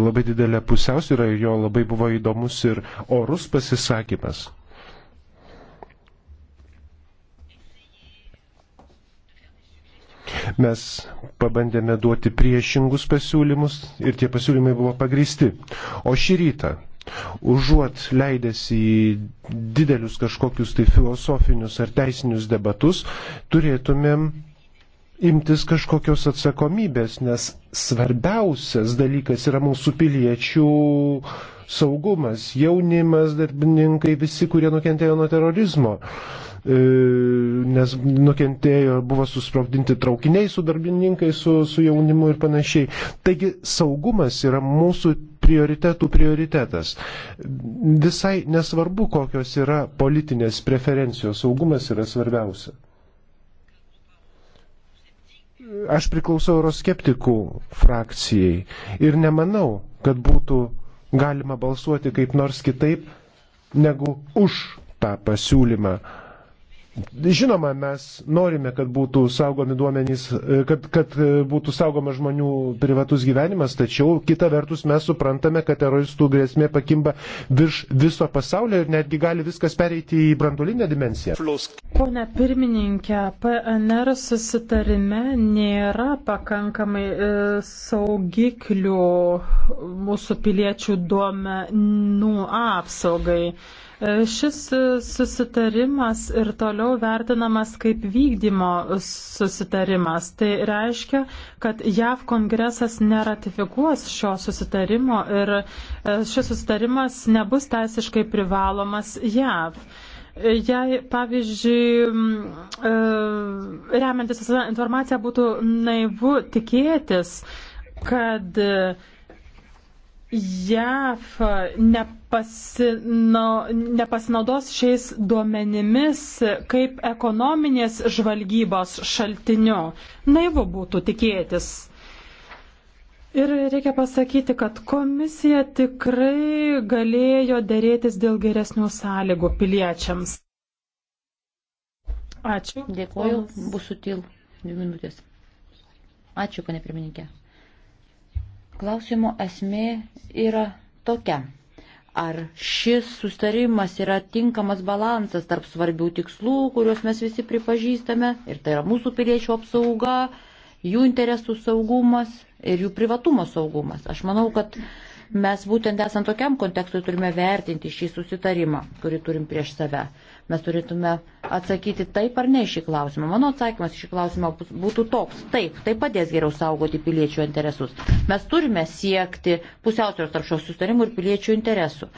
Speaker 1: labai didelė pusiausvyrą ir jo labai buvo įdomus ir orus pasisakymas. Mes pabandėme duoti priešingus pasiūlymus ir tie pasiūlymai buvo pagristi. O šį rytą Užuot leidęs į didelius kažkokius tai filosofinius ar teisinius debatus, turėtumėm imtis kažkokios atsakomybės, nes svarbiausias dalykas yra mūsų piliečių saugumas, jaunimas, darbininkai, visi, kurie nukentėjo nuo terorizmo, e, nes nukentėjo, buvo susprogdinti traukiniai su darbininkai, su, su jaunimu ir panašiai. Taigi saugumas yra mūsų prioritetų prioritetas. Visai nesvarbu, kokios yra politinės preferencijos, saugumas yra svarbiausia aš priklausau euroskeptikų frakcijai ir nemanau, kad būtų galima balsuoti kaip nors kitaip negu už tą pasiūlymą. Žinoma, mes norime, kad būtų saugomi duomenys, e, kad, kad e, būtų saugoma žmonių privatus gyvenimas, tačiau kita vertus mes suprantame, kad teroristų grėsmė pakimba virš viso pasaulio ir netgi gali viskas pereiti į brandulinę dimensiją.
Speaker 2: Pone pirmininkė, PNR susitarime nėra pakankamai e, saugiklių mūsų piliečių duomenų apsaugai. Šis susitarimas ir toliau vertinamas kaip vykdymo susitarimas. Tai reiškia, kad JAV kongresas neratifikuos šio susitarimo ir e, šis susitarimas nebus teisiškai privalomas JAV. Jei, pavyzdžiui, e, remiantis visą informaciją būtų naivu tikėtis, kad uh, JAF nepasino, nepasinaudos šiais duomenimis kaip ekonominės žvalgybos šaltiniu. Naivu būtų tikėtis. Ir reikia pasakyti, kad komisija tikrai galėjo dėrėtis dėl geresnių sąlygų piliečiams.
Speaker 3: Ačiū. Dėkuoju, bus sutil. Dvi minutės. Ačiū, pane pirmininkė. Klausimo esmė yra tokia. Ar šis sustarimas yra tinkamas balansas tarp svarbių tikslų, kuriuos mes visi pripažįstame, ir tai yra mūsų piliečių apsauga, jų interesų saugumas ir jų privatumo saugumas. Aš manau, kad mes būtent esant tokiam kontekstui turime vertinti šį susitarimą, kurį turim prieš save. Mes turėtume atsakyti taip ar ne šį klausimą. Mano atsakymas šį klausimą būtų toks. Taip, tai padės geriau saugoti piliečių interesus. Mes turime siekti pusiausvėros tarp šios sustarimų ir piliečių interesų.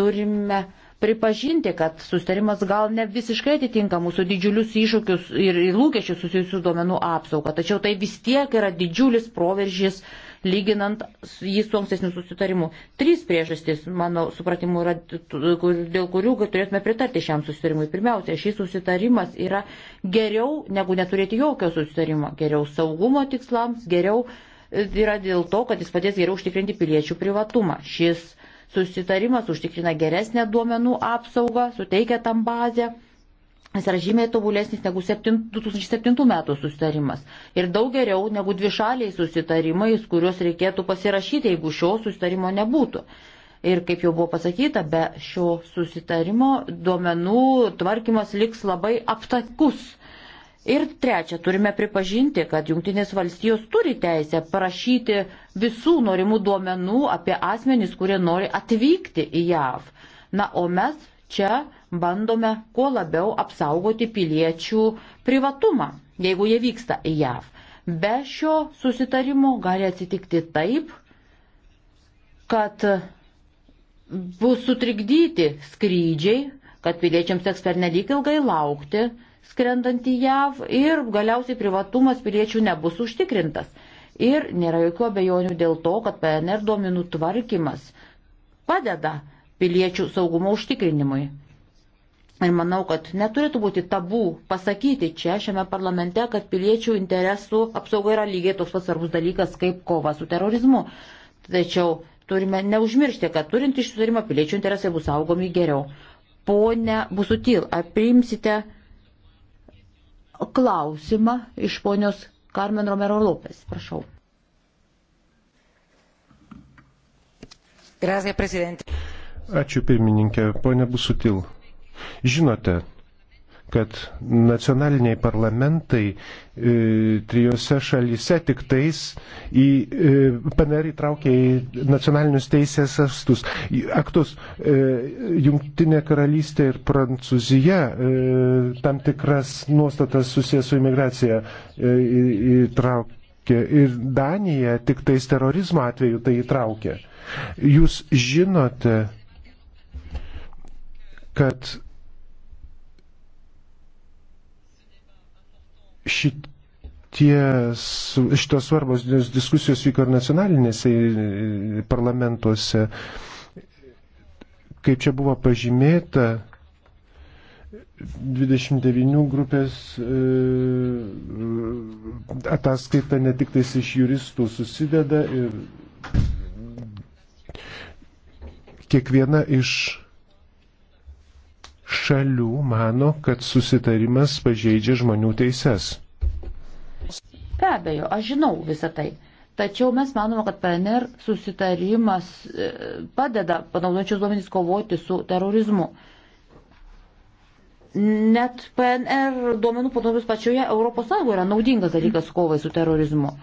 Speaker 3: Turime pripažinti, kad sustarimas gal ne visiškai atitinka mūsų didžiulius iššūkius ir lūkesčius susijusius duomenų apsaugą, tačiau tai vis tiek yra didžiulis proveržys uh, lyginant jį su ankstesniu susitarimu. Trys priežastys, mano supratimu, yra, dėl kurių turėtume pritarti šiam susitarimui. Pirmiausia, šis susitarimas yra geriau negu neturėti jokio susitarimo. Geriau saugumo tikslams, geriau e, yra dėl to, kad jis padės geriau užtikrinti piliečių privatumą. Šis susitarimas užtikrina geresnę duomenų apsaugą, suteikia tam bazę Jis yra žymiai tobulesnis negu 2007 metų susitarimas ir daug geriau negu dvišaliai susitarimai, kuriuos reikėtų pasirašyti, jeigu šio susitarimo nebūtų. Ir kaip jau buvo pasakyta, be šio susitarimo duomenų tvarkymas liks labai aptakus. Ir trečia, turime pripažinti, kad Junktinės valstijos turi teisę prašyti visų norimų duomenų apie asmenys, kurie nori atvykti į JAV. Na, o mes čia bandome kuo labiau apsaugoti piliečių privatumą, jeigu jie vyksta į JAV. Be šio susitarimo gali atsitikti taip, kad bus sutrikdyti skrydžiai, kad piliečiams teks per nelik ilgai laukti, skrendant į JAV ir galiausiai privatumas piliečių nebus užtikrintas. Ir nėra jokių abejonių dėl to, kad PNR duomenų tvarkymas padeda piliečių saugumo užtikrinimui. Ir manau, kad neturėtų būti tabų pasakyti čia šiame parlamente, kad piliečių interesų apsauga yra lygiai toks pats svarbus dalykas kaip kova su terorizmu. Tačiau turime neužmiršti, kad turint išsutarimą piliečių interesai bus saugomi geriau. Pone Busutil, apimsite klausimą iš ponios Carmen Romero Lopes. Prašau. Grazie,
Speaker 1: Ačiū pirmininkė. Pone Busutil. Žinote, kad nacionaliniai parlamentai e, trijose šalyse tik tais į e, PNR įtraukė į nacionalinius teisės astus, aktus. E, Jungtinė karalystė ir Prancūzija e, tam tikras nuostatas susijęs su imigracija e, įtraukė. Ir Danija tik tais terorizmo atveju tai įtraukė. Jūs žinote, kad šitie, šitos svarbos diskusijos vyko ir nacionalinėse e, parlamentuose. Kaip čia buvo pažymėta, 29 grupės e, ataskaita ne tik tais iš juristų susideda ir kiekviena iš šalių mano, kad susitarimas pažeidžia žmonių teises.
Speaker 3: Be abejo, aš žinau visą tai. Tačiau mes manome, kad PNR susitarimas e, padeda panaudojančius duomenys kovoti su terorizmu. Net PNR duomenų panaudojimas pačioje ES yra naudingas dalykas kovai su terorizmu.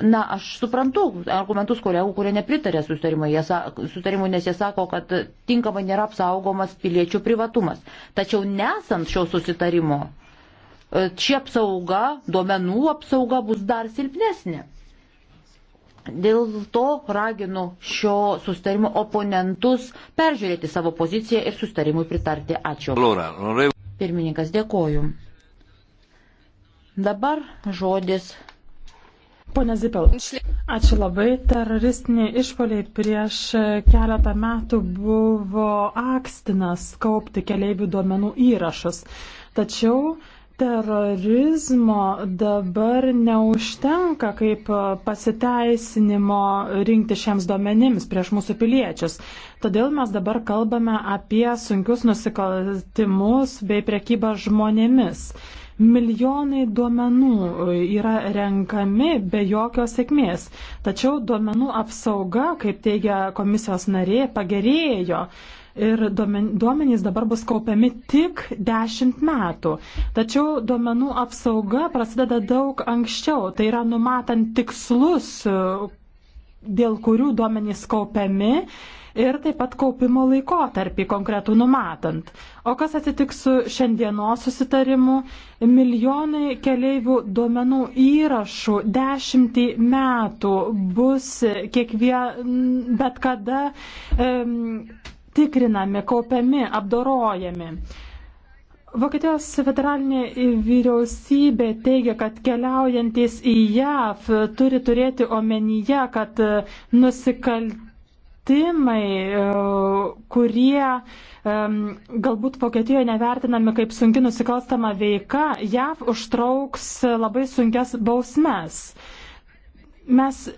Speaker 3: Na, aš suprantu argumentus kolegų, kurie nepritarė sutarimui, sutarimu, nes jie sako, kad tinkamai nėra apsaugomas piliečių privatumas. Tačiau nesant šio susitarimo, e, ši apsauga, duomenų apsauga bus dar silpnesnė. Dėl to raginu šio sustarimo oponentus peržiūrėti savo poziciją ir sustarimui pritarti. Ačiū. Pirmininkas, dėkoju. Dabar
Speaker 2: žodis Pone Zipel, ačiū labai. Teroristiniai išpoliai prieš keletą metų buvo akstinas kaupti keliaivių duomenų įrašus. Tačiau terorizmo dabar neužtenka kaip pasiteisinimo rinkti šiems duomenims prieš mūsų piliečius. Todėl mes dabar kalbame apie sunkius nusikaltimus bei prekybą žmonėmis. Milijonai duomenų e, yra renkami be jokios sėkmės. Tačiau duomenų apsauga, kaip teigia komisijos narė, pagerėjo. Ir duomenys dabar bus kaupiami tik 10 metų. Tačiau duomenų apsauga prasideda daug anksčiau. Tai yra numatant tikslus, e, dėl kurių duomenys kaupiami ir taip pat kaupimo laikotarpį konkretų numatant. O kas atsitiks su šiandienos susitarimu? Milijonai keleivių duomenų įrašų dešimtį metų bus kiekvien, bet kada um, e, tikrinami, kaupiami, apdorojami. Vokietijos federalinė vyriausybė teigia, kad keliaujantis į JAV turi turėti omenyje, kad nusikalt nusikaltimai, e, kurie e, galbūt Vokietijoje nevertinami kaip sunki nusikalstama veika, JAV užtrauks labai sunkias bausmes. Mes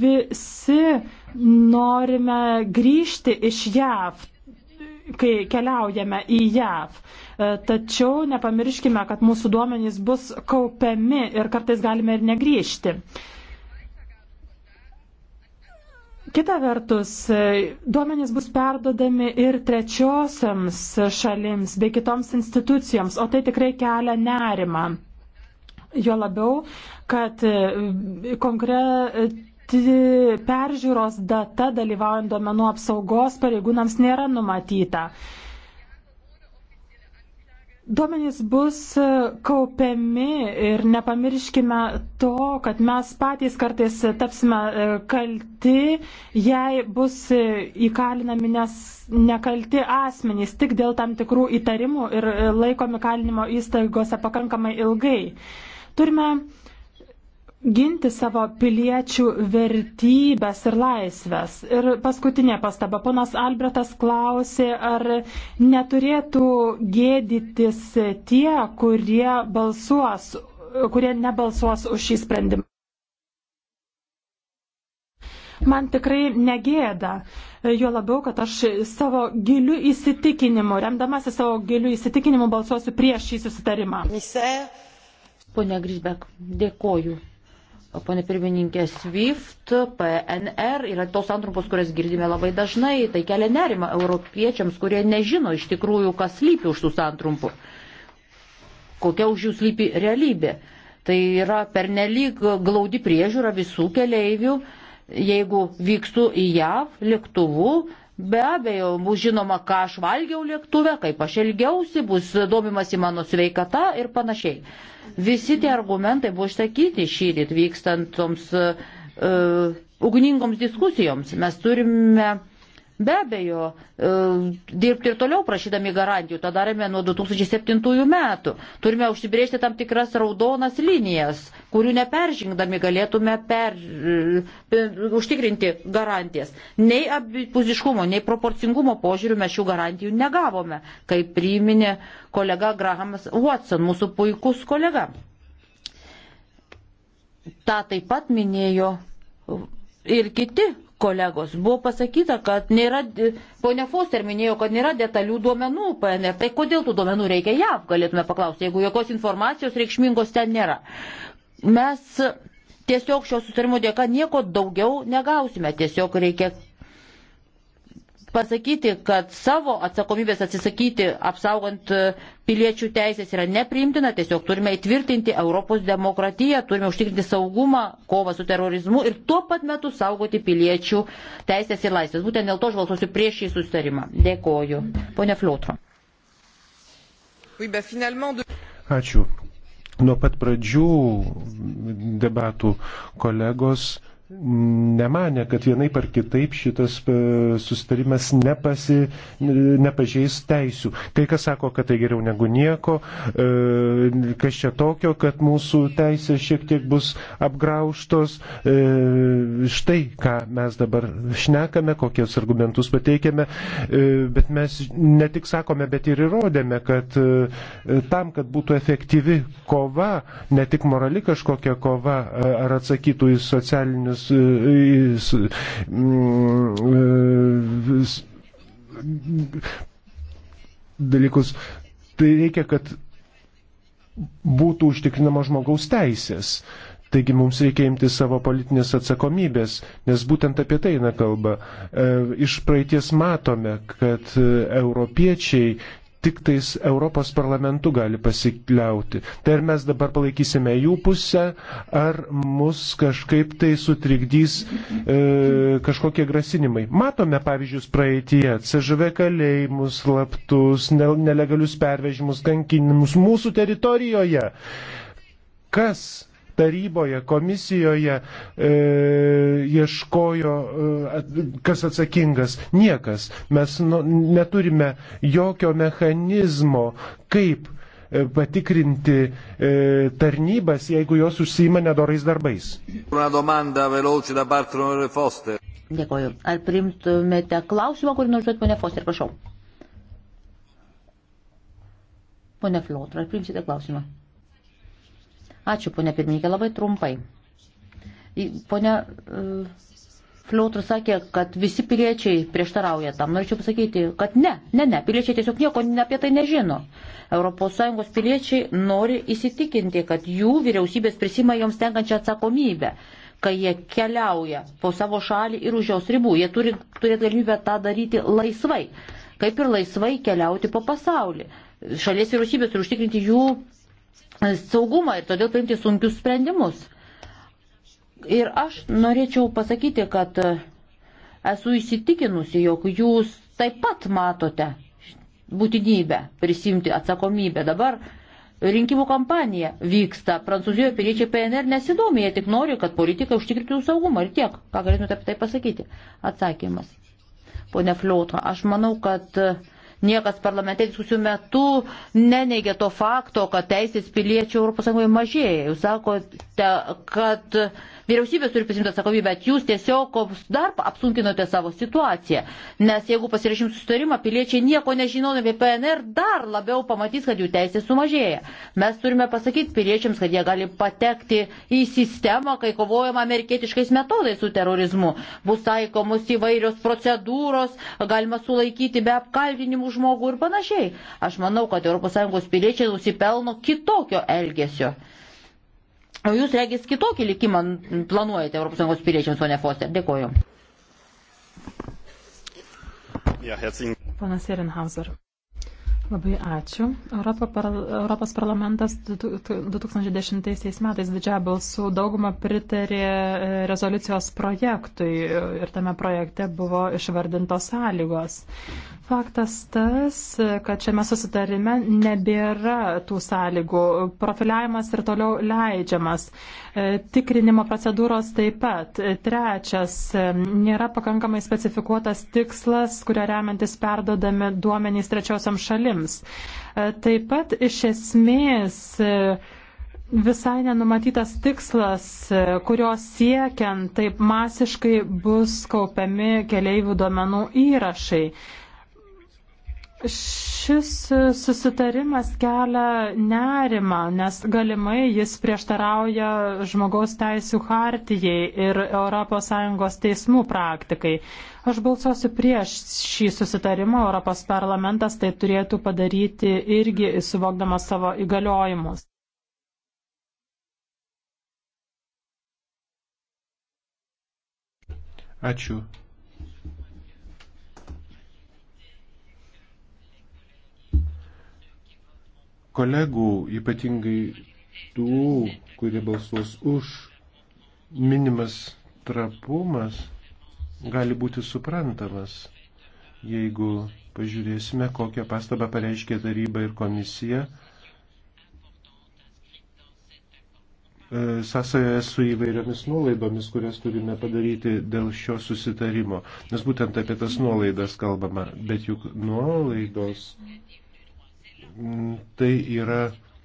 Speaker 2: visi norime grįžti iš JAV, kai keliaujame į JAV. E, tačiau nepamirškime, kad mūsų duomenys bus kaupiami ir kartais galime ir negrįžti. Uh, Kita vertus, e, duomenys bus perdodami ir trečiosiams šalims bei kitoms institucijoms, o tai tikrai kelia nerimą. Jo labiau, kad e, konkreti peržiūros data dalyvaujant duomenų apsaugos pareigūnams nėra numatyta. Duomenys bus e, kaupiami ir nepamirškime to, kad mes patys kartais tapsime e, kalti, jei bus e, įkalinami nes nekalti asmenys tik dėl tam tikrų įtarimų ir laikomi kalinimo įstaigose pakankamai ilgai. Turime ginti savo piliečių vertybės ir laisvės. Ir paskutinė pastaba. Ponas Albretas klausė, ar neturėtų gėdytis tie, kurie, balsuos, kurie nebalsuos už šį sprendimą. Man tikrai negėda, jo labiau, kad aš savo giliu įsitikinimu, remdamasi savo giliu įsitikinimu,
Speaker 3: balsuosiu prieš šį susitarimą. Pone Grisbek, dėkoju. Pone pirmininkė, SWIFT, PNR yra tos antrumpos, kurias girdime labai dažnai, tai kelia nerima europiečiams, kurie nežino iš tikrųjų, kas lypi už tų antrumpų, kokia už jų lypi realybė. Tai yra pernelyg glaudi priežiūra visų keleivių, jeigu vykstų į JAV lėktuvu, Be abejo, bus žinoma, ką aš valgiau lėktuve, kaip aš elgiausi, bus domimasi mano sveikata ir panašiai. Visi tie argumentai buvo išsakyti šį rytį vykstant toms uh, ugningoms diskusijoms. Mes turime uh, Be abejo, e, dirbti ir toliau prašydami garantijų, tą darėme nuo 2007 metų. Turime užsibriežti tam tikras raudonas linijas, kurių neperžingdami galėtume per, e, per, užtikrinti garantijas. Nei abipuziškumo, nei proporcingumo požiūrių mes šių garantijų negavome, kaip priminė kolega Grahamas Watson, mūsų puikus kolega. Ta taip pat minėjo ir kiti kolegos. Buvo pasakyta, kad nėra, ponia Foster minėjo, kad nėra detalių duomenų PNR. Tai kodėl tų duomenų reikia JAV, galėtume paklausti, jeigu jokios informacijos reikšmingos ten nėra. Mes tiesiog šio sutarimo dėka nieko daugiau negausime, tiesiog reikia pasakyti, kad savo atsakomybės atsisakyti apsaugant e, piliečių teisės yra nepriimtina, tiesiog turime įtvirtinti Europos demokratiją, turime užtikrinti saugumą, kovą su terorizmu ir tuo pat metu saugoti piliečių teisės ir laisvės. Būtent dėl to aš balsuosiu prieš šį sustarimą. Dėkoju. Pone Fliutro.
Speaker 1: Ačiū. Nuo pat pradžių debatų kolegos nemanė, kad vienai par kitaip šitas e, sustarimas nepasi, nepažeis teisių. Kai kas sako, kad tai geriau negu nieko, e, kas čia tokio, kad mūsų teisės šiek tiek bus apgrauštos. E, štai, ką mes dabar šnekame, kokius argumentus pateikėme, bet mes ne tik sakome, bet ir įrodėme, kad tam, kad būtų efektyvi kova, ne tik morali kažkokia kova ar atsakytų į socialinius žmonės e, mm, e, dalykus. Tai reikia, kad būtų užtikrinama žmogaus teisės. Taigi mums reikia imti savo politinės atsakomybės, nes būtent apie tai eina kalba. E, iš praeities matome, kad europiečiai tik tais Europos parlamentu gali pasikliauti. Tai ar mes dabar palaikysime jų pusę, ar mus kažkaip tai sutrikdys e, kažkokie grasinimai. Matome pavyzdžius praeitie, CŽV kalėjimus, laptus, ne, nelegalius pervežimus, kankinimus mūsų teritorijoje. Kas taryboje, komisijoje e, ieškojo, e, kas atsakingas. Niekas. Mes nu, neturime jokio mechanizmo, kaip e, patikrinti e, tarnybas, jeigu jos užsima nedorais darbais. Dėkoju. Ar
Speaker 3: primtumėte klausimą, kurį nors duot, ponė Foster, prašau. Pone Flotra, ar primsite klausimą? Ačiū, ponia pirmininkė, labai trumpai. Ponia e, Fliautrų sakė, kad visi piliečiai prieštarauja tam. Norėčiau pasakyti, kad ne, ne, ne, piliečiai tiesiog nieko apie tai nežino. ES piliečiai nori įsitikinti, kad jų vyriausybės prisima joms tenkančią atsakomybę, kai jie keliauja po savo šalį ir už jos ribų. Jie turi turėti galimybę tą daryti laisvai, kaip ir laisvai keliauti po pasaulį. Šalies vyriausybės turi užtikrinti jų saugumą ir todėl priimti sunkius sprendimus. Ir aš norėčiau pasakyti, kad e, esu įsitikinusi, jog jūs taip pat matote būtinybę prisimti atsakomybę. Dabar rinkimų kampanija vyksta, Prancūzijoje piliečiai PNR nesidomi, jie tik nori, kad politikai užtikrintų saugumą ir tiek. Ką galėtumėte apie tai pasakyti? Atsakymas. Pone Fliotra, aš manau, kad uh, Niekas parlamente diskusijų metu neneigia to fakto, kad teisės piliečių ES mažėja. Jūs sakote, kad Vyriausybės turi prisimti atsakomybę, bet jūs tiesiog dar apsunkinote savo situaciją. Nes jeigu pasirašym sustarimą, piliečiai nieko nežinodami apie PNR dar labiau pamatys, kad jų teisės sumažėja. Mes turime pasakyti piliečiams, kad jie gali patekti į sistemą, kai kovojama amerikietiškais metodais su terorizmu. Bus taikomus įvairios procedūros, galima sulaikyti be apkaltinimų žmogų ir panašiai. Aš manau, kad ES piliečiai nusipelno kitokio elgesio. O jūs, regis, kitokį likimą planuojate ES piliečiams, o ne Foster. Dėkoju. Ja, Ponas Ehrenhauser. Labai ačiū.
Speaker 2: Europo par, Europos parlamentas 2010 metais didžiąją balsų daugumą pritarė e, rezoliucijos projektui ir tame projekte buvo išvardintos sąlygos. Faktas tas, kad šiame susitarime nebėra tų sąlygų. Profiliavimas ir toliau leidžiamas. E, tikrinimo procedūros taip pat. Trečias, e, nėra pakankamai specifikuotas tikslas, kurio remiantis perdodami duomenys trečiosiam šalims. E, taip pat iš esmės visai nenumatytas tikslas, kurio siekiant taip masiškai bus kaupiami keleivių duomenų įrašai. Šis susitarimas kelia nerimą, nes galimai jis prieštarauja žmogaus teisų hartijai ir ES teismų praktikai. Aš balsuosiu prieš šį susitarimą, Europos parlamentas tai turėtų padaryti irgi suvokdamas savo įgaliojimus.
Speaker 1: Ačiū kolegų, ypatingai tų, kurie balsuos už minimas trapumas, gali būti suprantamas, jeigu pažiūrėsime, kokią pastabą pareiškė taryba ir komisija e, sąsajoje su įvairiomis nuolaidomis, kurias turime padaryti dėl šio susitarimo. Nes būtent apie tas nuolaidas kalbama, bet juk nuolaidos Mm, tai yra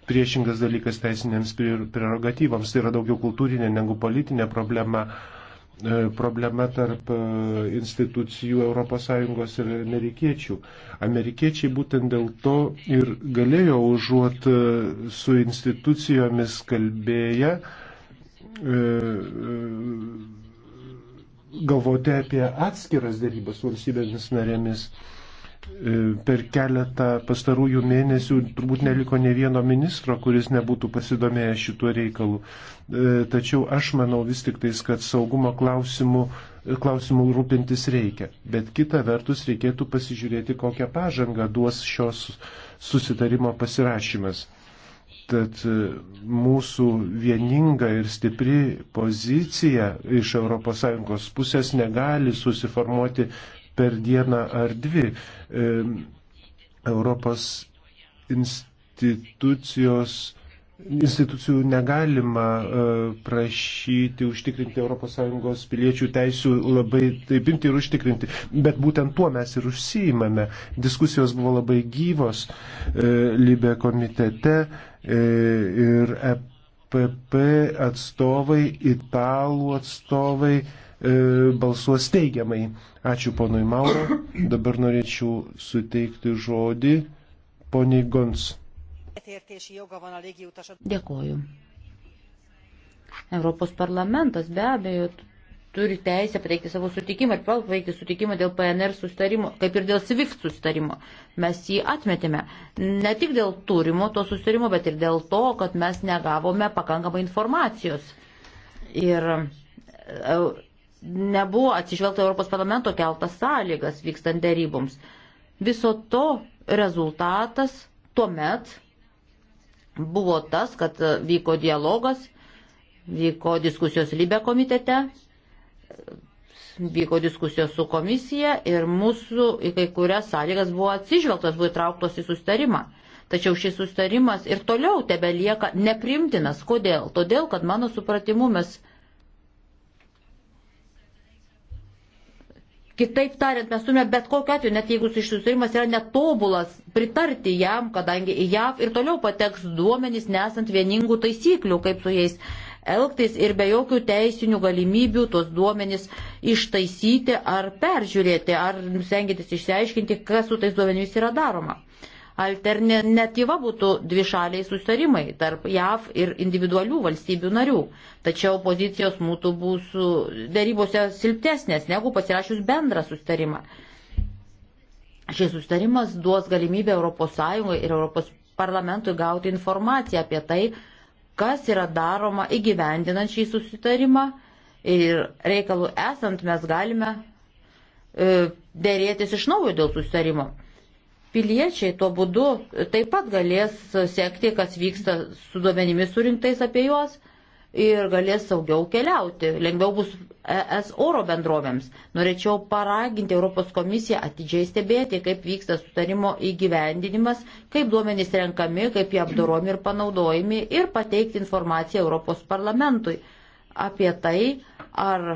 Speaker 1: priešingas dalykas teisinėms prerogatyvams. Tai yra daugiau kultūrinė negu politinė problema. E, problema tarp e, institucijų ES ir amerikiečių. Amerikiečiai būtent dėl to ir galėjo užuot e, su institucijomis kalbėję galvoti apie atskiras dėrybas valstybėmis narėmis. E, per keletą pastarųjų mėnesių turbūt neliko ne vieno ministro, kuris nebūtų pasidomėjęs šituo reikalu. E, tačiau aš manau vis tik tais, kad saugumo klausimų, e, klausimų rūpintis reikia. Bet kita vertus reikėtų pasižiūrėti, kokią pažangą duos šios susitarimo pasirašymas. Tad mūsų vieninga ir stipri pozicija iš ES pusės negali susiformuoti per dieną ar dvi. E, Europos institucijos institucijų negalima e, prašyti užtikrinti ES piliečių teisų labai taip imti ir užtikrinti. Bet būtent tuo mes ir užsijimame. Diskusijos buvo labai gyvos e, Libė komitete ir EPP atstovai, italų atstovai E, balsuos teigiamai. Ačiū ponui Mauro. Dabar norėčiau suteikti žodį poniai Gons.
Speaker 3: Dėkoju. Europos parlamentas be abejo turi teisę pateikti savo sutikimą ir pateikti sutikimą dėl PNR sustarimo, kaip ir dėl SWIFT sustarimo. Mes jį atmetėme. Ne tik dėl turimo to sustarimo, bet ir dėl to, kad mes negavome pakankamai informacijos. Ir e, nebuvo atsižvelgta Europos parlamento keltas sąlygas vykstant deryboms. Viso to rezultatas tuo met buvo tas, kad vyko dialogas, vyko diskusijos Libė komitete, vyko diskusijos su komisija ir mūsų į kai kurias sąlygas buvo atsižvelgtos, buvo įtrauktos į sustarimą. Tačiau šis sustarimas ir toliau tebe lieka neprimtinas. Kodėl? Todėl, kad mano supratimu mes Kitaip tariant, mes turime bet kokiu atveju, net jeigu susitarimas yra netobulas, pritarti jam, kadangi į JAV ir toliau pateks duomenys, nesant vieningų taisyklių, kaip su jais elgtis ir be jokių teisinių galimybių tuos duomenys ištaisyti ar peržiūrėti, ar stengiantis išsiaiškinti, kas su tais duomenimis yra daroma. Alternatyva būtų dvišaliai sustarimai tarp JAV ir individualių valstybių narių, tačiau pozicijos mūsų būsų darybose silpnesnės negu pasirašius bendrą sustarimą. Šis sustarimas duos galimybę ES ir ES parlamentui gauti informaciją apie tai, kas yra daroma įgyvendinant šį susitarimą ir reikalų esant mes galime e, dėrėtis iš naujo dėl susitarimo piliečiai tuo būdu taip pat galės sekti, kas vyksta su duomenimis surinktais apie juos ir galės saugiau keliauti. Lengviau bus ES oro bendrovėms. Norėčiau paraginti Europos komisiją atidžiai stebėti, kaip vyksta sutarimo įgyvendinimas, kaip duomenys renkami, kaip jie apdoromi ir panaudojami ir pateikti informaciją Europos parlamentui apie tai, ar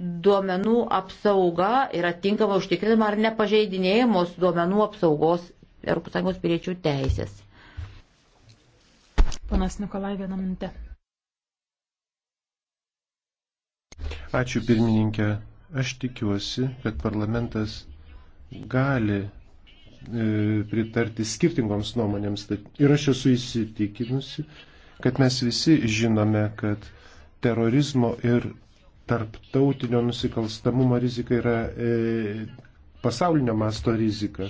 Speaker 3: duomenų apsauga yra tinkama užtikrinama ar nepažeidinėjamos duomenų apsaugos ES piliečių
Speaker 1: teisės.
Speaker 2: Panas Nikolai, vieną minutę.
Speaker 1: Ačiū pirmininkė. Aš tikiuosi, kad parlamentas gali e, pritarti skirtingoms nuomonėms. Ir aš esu įsitikinusi, kad mes visi žinome, kad terorizmo ir tarptautinio nusikalstamumo rizika yra e, pasaulinio masto rizika.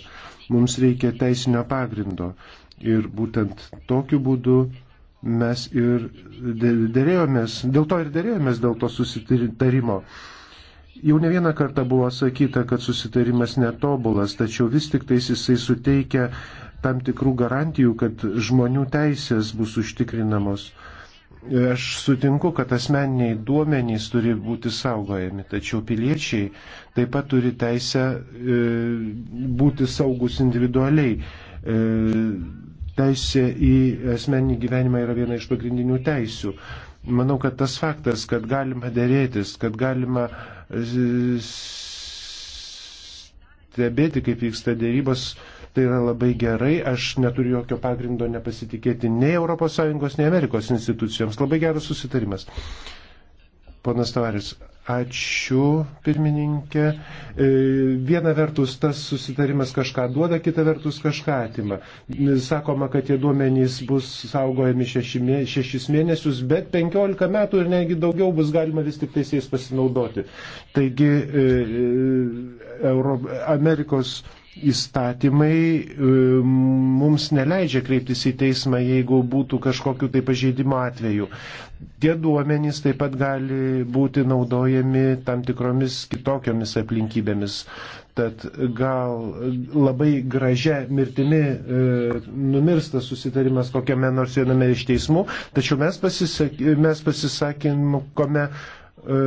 Speaker 1: Mums reikia teisinio pagrindo. Ir būtent tokiu būdu mes ir dėrėjomės, dėl to ir dėrėjomės dėl to susitarimo. Jau ne vieną kartą buvo sakyta, kad susitarimas netobulas, tačiau vis tik tais jisai suteikia tam tikrų garantijų, kad žmonių teisės bus užtikrinamos. Aš sutinku, kad asmeniniai duomenys turi būti saugojami, tačiau piliečiai taip pat turi teisę e, būti saugus individualiai. E, teisė į asmeninį gyvenimą yra viena iš pagrindinių teisių. Manau, kad tas faktas, kad galima dėrėtis, kad galima e, stebėti, kaip vyksta dėrybos, e, Tai yra labai gerai. Aš neturiu jokio pagrindo nepasitikėti nei ES, nei Amerikos institucijoms. Labai geras susitarimas. Ponas Tavaris, ačiū pirmininkė. E, viena vertus tas susitarimas kažką duoda, kita vertus kažką atima. Sakoma, kad tie duomenys bus saugojami šešis mėnesius, bet penkiolika metų ir negi daugiau bus galima vis tik tais jais pasinaudoti. Taigi e, e, Euro, Amerikos įstatymai e, mums neleidžia kreiptis į teismą, jeigu būtų kažkokiu tai pažeidimo atveju. Tie duomenys taip pat gali būti naudojami tam tikromis kitokiomis aplinkybėmis. Tad gal labai gražia mirtimi e, numirsta susitarimas kokiame nors viename iš teismų, tačiau mes, pasisak, mes pasisakėme e,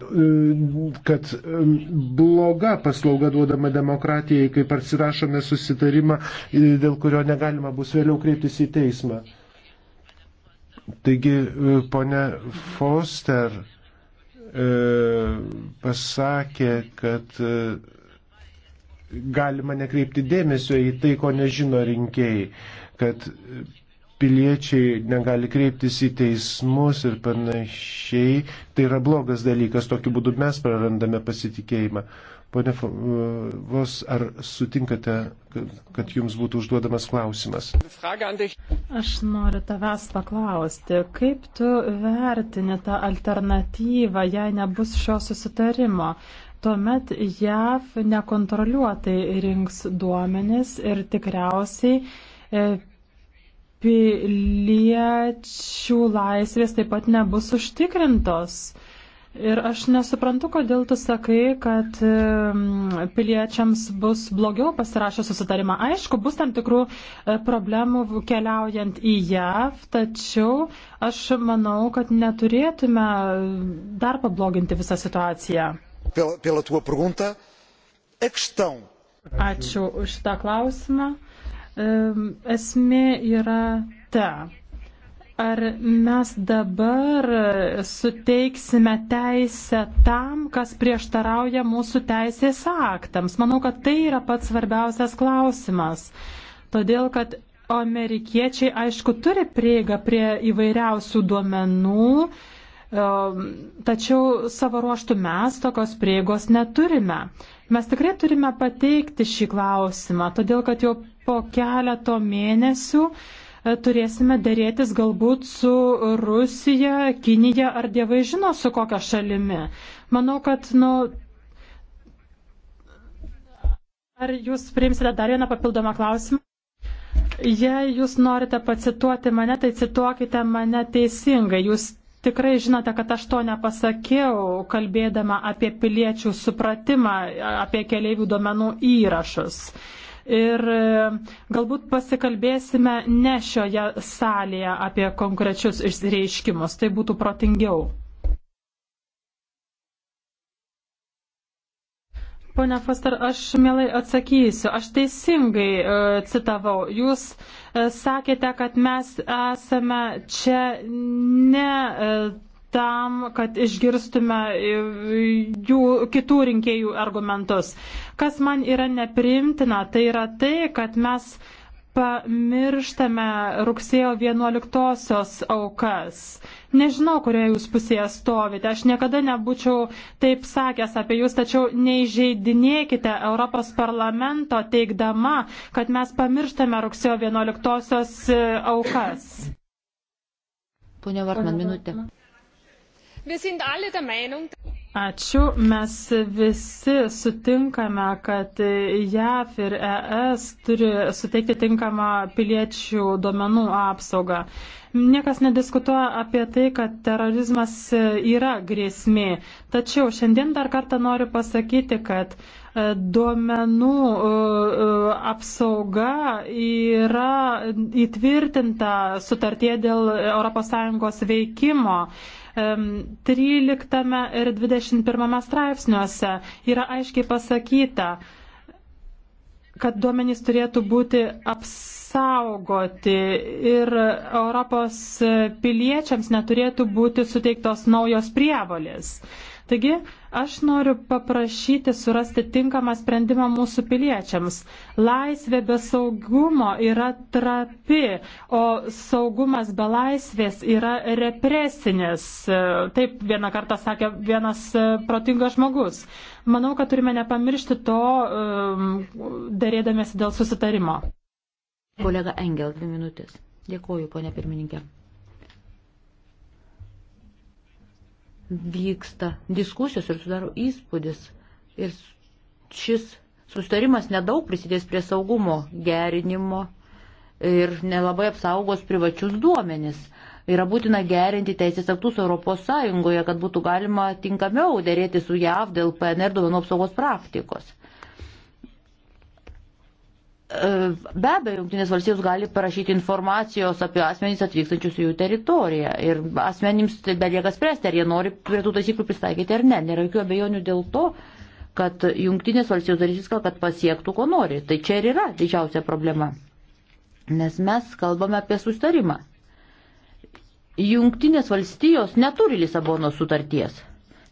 Speaker 1: E, kad bloga paslauga duodama demokratijai, kai pasirašome susitarimą, e, dėl kurio negalima bus vėliau kreiptis į teismą. Taigi, e, ponė Foster pasakė, kad galima nekreipti dėmesio į tai, ko nežino rinkėjai, kad piliečiai negali kreiptis į teismus ir panašiai. Tai yra blogas dalykas, tokiu būdu mes prarandame pasitikėjimą. Pone Vos, ar sutinkate, kad jums būtų užduodamas klausimas?
Speaker 2: Aš noriu tavęs paklausti, kaip tu vertini tą alternatyvą, jei nebus šio susitarimo? Tuomet JAV nekontroliuotai rinks duomenis ir tikriausiai e, piliečių laisvės taip pat nebus užtikrintos. Ir aš nesuprantu, kodėl tu sakai, kad piliečiams bus blogiau pasirašę susitarimą. Aišku, bus tam tikrų e, problemų keliaujant į JAV, tačiau aš manau, kad neturėtume e, dar pabloginti visą situaciją. Ačiū už šitą klausimą esmė yra ta, ar mes dabar suteiksime teisę tam, kas prieštarauja mūsų teisės aktams. Manau, kad tai yra pats svarbiausias klausimas. Todėl, kad amerikiečiai, aišku, turi prieigą prie įvairiausių duomenų, tačiau savo ruoštų mes tokios prieigos neturime. Mes tikrai turime pateikti šį klausimą, todėl kad jau po keleto mėnesių e, turėsime dėrėtis galbūt su Rusija, Kinija ar dievai žino su kokia šalimi. Manau, kad, nu, ar jūs priimsite dar vieną papildomą klausimą? Jei jūs norite pacituoti mane, tai cituokite mane teisingai. Jūs tikrai žinote, kad aš to nepasakiau, kalbėdama apie piliečių supratimą, apie keliaivių duomenų įrašus. Uh, ir e, galbūt pasikalbėsime ne šioje salėje apie konkrečius išreiškimus. Tai būtų protingiau. Pone Foster, aš mielai atsakysiu. Aš teisingai e, citavau. Jūs e, sakėte, kad mes esame čia ne. E, tam, kad išgirstume jų kitų rinkėjų argumentus. Kas man yra neprimtina, tai yra tai, kad mes pamirštame rugsėjo 11-osios aukas. Nežinau, kurioje jūs pusėje stovite. Aš niekada nebūčiau taip sakęs apie jūs, tačiau neižeidinėkite Europos parlamento teikdama, kad mes pamirštame rugsėjo 11-osios aukas. Pone Vartman, minutė. Ačiū. Mes visi sutinkame, kad JAF ir ES turi suteikti tinkamą piliečių duomenų apsaugą. Niekas nediskutuoja apie tai, kad terorizmas yra grėsmė. Tačiau šiandien dar kartą noriu pasakyti, kad e, duomenų e, e, apsauga yra įtvirtinta sutartie dėl ES veikimo. 13 ir 21 straipsniuose yra aiškiai pasakyta, kad duomenys turėtų būti apsaugoti ir Europos piliečiams neturėtų būti suteiktos naujos prievolės. Taigi, aš noriu paprašyti surasti tinkamą sprendimą mūsų piliečiams. Laisvė be saugumo yra trapi, o saugumas be laisvės yra represinis. Taip vieną kartą sakė vienas e, protingas žmogus. Manau, kad turime nepamiršti to, e, dėrėdamėsi dėl susitarimo.
Speaker 3: Kolega Engel, dvi minutės. Dėkuoju, ponė pirmininkė. vyksta diskusijos ir sudaro įspūdis. Ir šis sustarimas nedaug prisidės prie saugumo gerinimo ir nelabai apsaugos privačius duomenis. Yra būtina gerinti teisės aktus ES, kad būtų galima tinkamiau dėrėti su JAV dėl PNR duomenų apsaugos praktikos. Be abejo, Junktinės valstijos gali parašyti informacijos apie asmenys atvykstančius į jų teritoriją ir asmenims tai belieka spręsti, ar jie nori prie tų taisyklių pristaikyti ar ne. Nėra jokių abejonių dėl to, kad Junktinės valstijos darys viską, kad pasiektų, ko nori. Tai čia ir yra didžiausia problema. Nes mes kalbame apie sustarimą. Junktinės valstijos neturi Lisabono sutarties.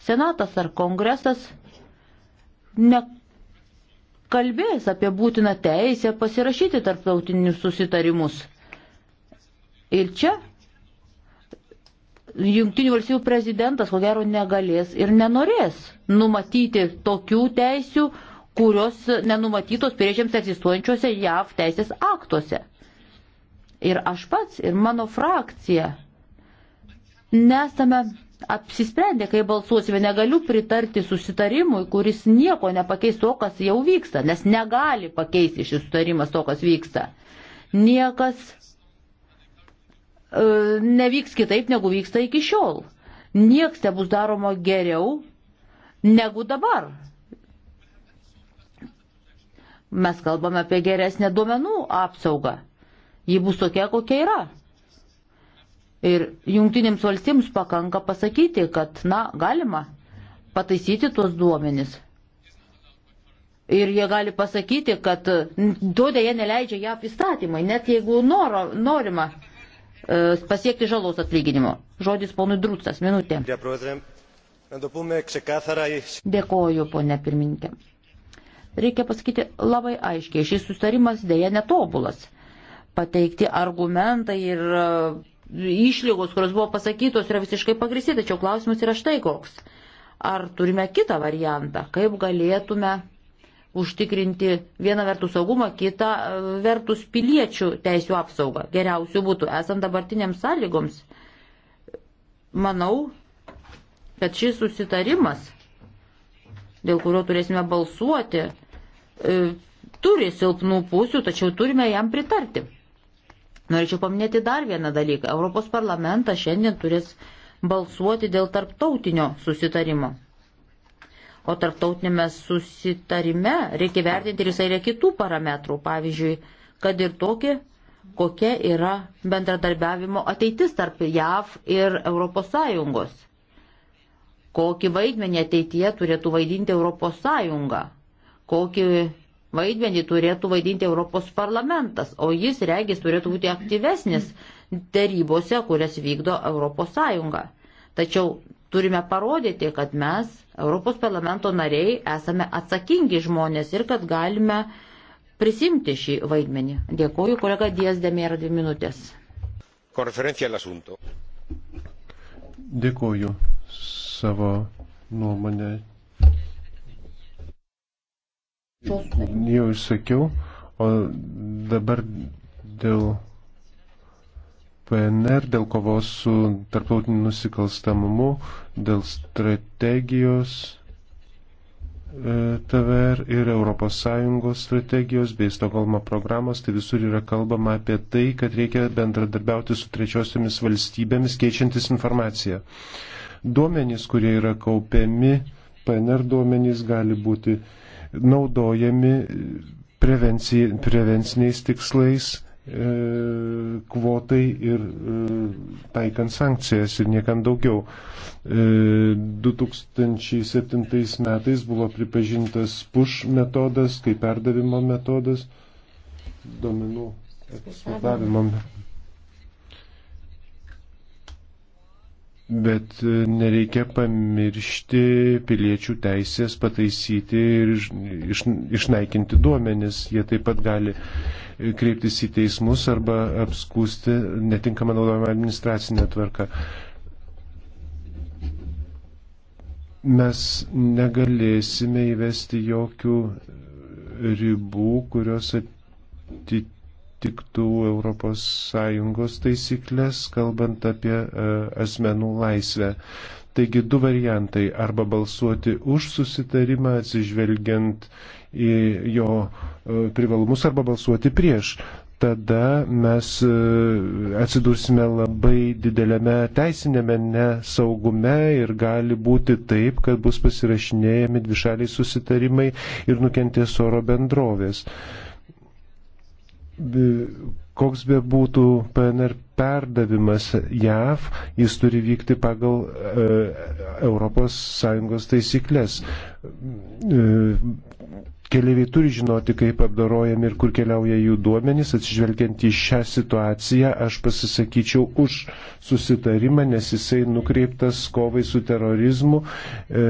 Speaker 3: Senatas ar kongresas ne kalbės apie būtiną teisę pasirašyti tarptautinius susitarimus. Ir čia Junktinių valstybių prezidentas, ko gero, negalės ir nenorės numatyti tokių teisių, kurios nenumatytos priežiams egzistuojančiuose JAV teisės aktuose. Ir aš pats, ir mano frakcija nesame apsisprendę, kai balsuosime, negaliu pritarti susitarimui, kuris nieko nepakeis to, kas jau vyksta, nes negali pakeisti šis susitarimas to, kas vyksta. Niekas e, nevyks kitaip, negu vyksta iki šiol. Niekas nebus daroma geriau negu dabar. Mes kalbame apie geresnę duomenų apsaugą. Ji bus tokia, kokia yra Ir jungtinėms valstybėms pakanka pasakyti, kad, na, galima pataisyti tuos duomenis. Ir jie gali pasakyti, kad to dėje neleidžia JAV įstatymai, net jeigu noro, norima e, pasiekti žalos atlyginimo. Žodis ponui Drūcas, minutė. Dėkoju, ponė pirmininkė. Reikia pasakyti labai aiškiai, šis sustarimas dėje netobulas. Pateikti argumentai ir išlygos, kurios buvo pasakytos, yra visiškai pagristi, tačiau klausimas yra štai koks. Ar turime kitą variantą, kaip galėtume užtikrinti vieną vertus saugumą, kitą e, vertus piliečių teisų apsaugą. Geriausių būtų, esant dabartiniams sąlygoms, manau, kad šis susitarimas, dėl kurio turėsime balsuoti, e, turi silpnų pusių, tačiau turime jam pritarti. Norėčiau paminėti dar vieną dalyką. Europos parlamentas šiandien turės balsuoti dėl tarptautinio susitarimo. O tarptautinėme susitarime reikia vertinti ir visai yra kitų parametrų. Pavyzdžiui, kad ir tokį, kokia yra bendradarbiavimo ateitis tarp JAV ir ES. Kokį vaidmenį ateityje turėtų vaidinti ES. Kokį vaidmenį turėtų vaidinti Europos parlamentas, o jis regis turėtų būti aktyvesnis dėrybose, kurias vykdo Europos Sąjunga. Tačiau turime parodyti, kad mes, Europos parlamento nariai, esame atsakingi žmonės ir kad galime prisimti šį vaidmenį. Dėkuoju, kolega Dijas Demėra, dvi minutės.
Speaker 1: Dėkuoju savo nuomonę Jau išsakiau, o dabar dėl PNR, dėl kovos su tarptautiniu nusikalstamumu, dėl strategijos e, TVR ir ES strategijos bei Stokholmo programos, tai visur yra kalbama apie tai, kad reikia bendradarbiauti su trečiosiamis valstybėmis, keičiantis informaciją. Duomenys, kurie yra kaupiami, PNR duomenys gali būti uh, naudojami prevenci, prevenciniais tikslais e, kvotai ir e, taikant sankcijas ir niekam daugiau. 2007 e, metais buvo pripažintas push metodas kaip perdavimo metodas, domenų eksportavimo metodas. Bet e, nereikia pamiršti piliečių teisės pataisyti ir iš, išnaikinti duomenis. Jie taip pat gali e, kreiptis į teismus arba apskūsti netinkamą naudojimą administracinę tvarką. Mes negalėsime įvesti jokių ribų, kurios atitinka atitiktų ES taisyklės, kalbant apie e, asmenų laisvę. Taigi du variantai - arba balsuoti už susitarimą atsižvelgiant į jo e, privalumus, arba balsuoti prieš tada mes e, atsidursime labai didelėme teisinėme nesaugume ir gali būti taip, kad bus pasirašinėjami dvišaliai susitarimai ir nukentės oro bendrovės koks be būtų PNR perdavimas JAV, jis turi vykti pagal ES taisyklės. E, Keliaiviai turi žinoti, kaip apdarojami ir kur keliauja jų duomenys. Atsižvelgiant į šią situaciją, aš pasisakyčiau už susitarimą, nes jisai nukreiptas kovai su terorizmu. E,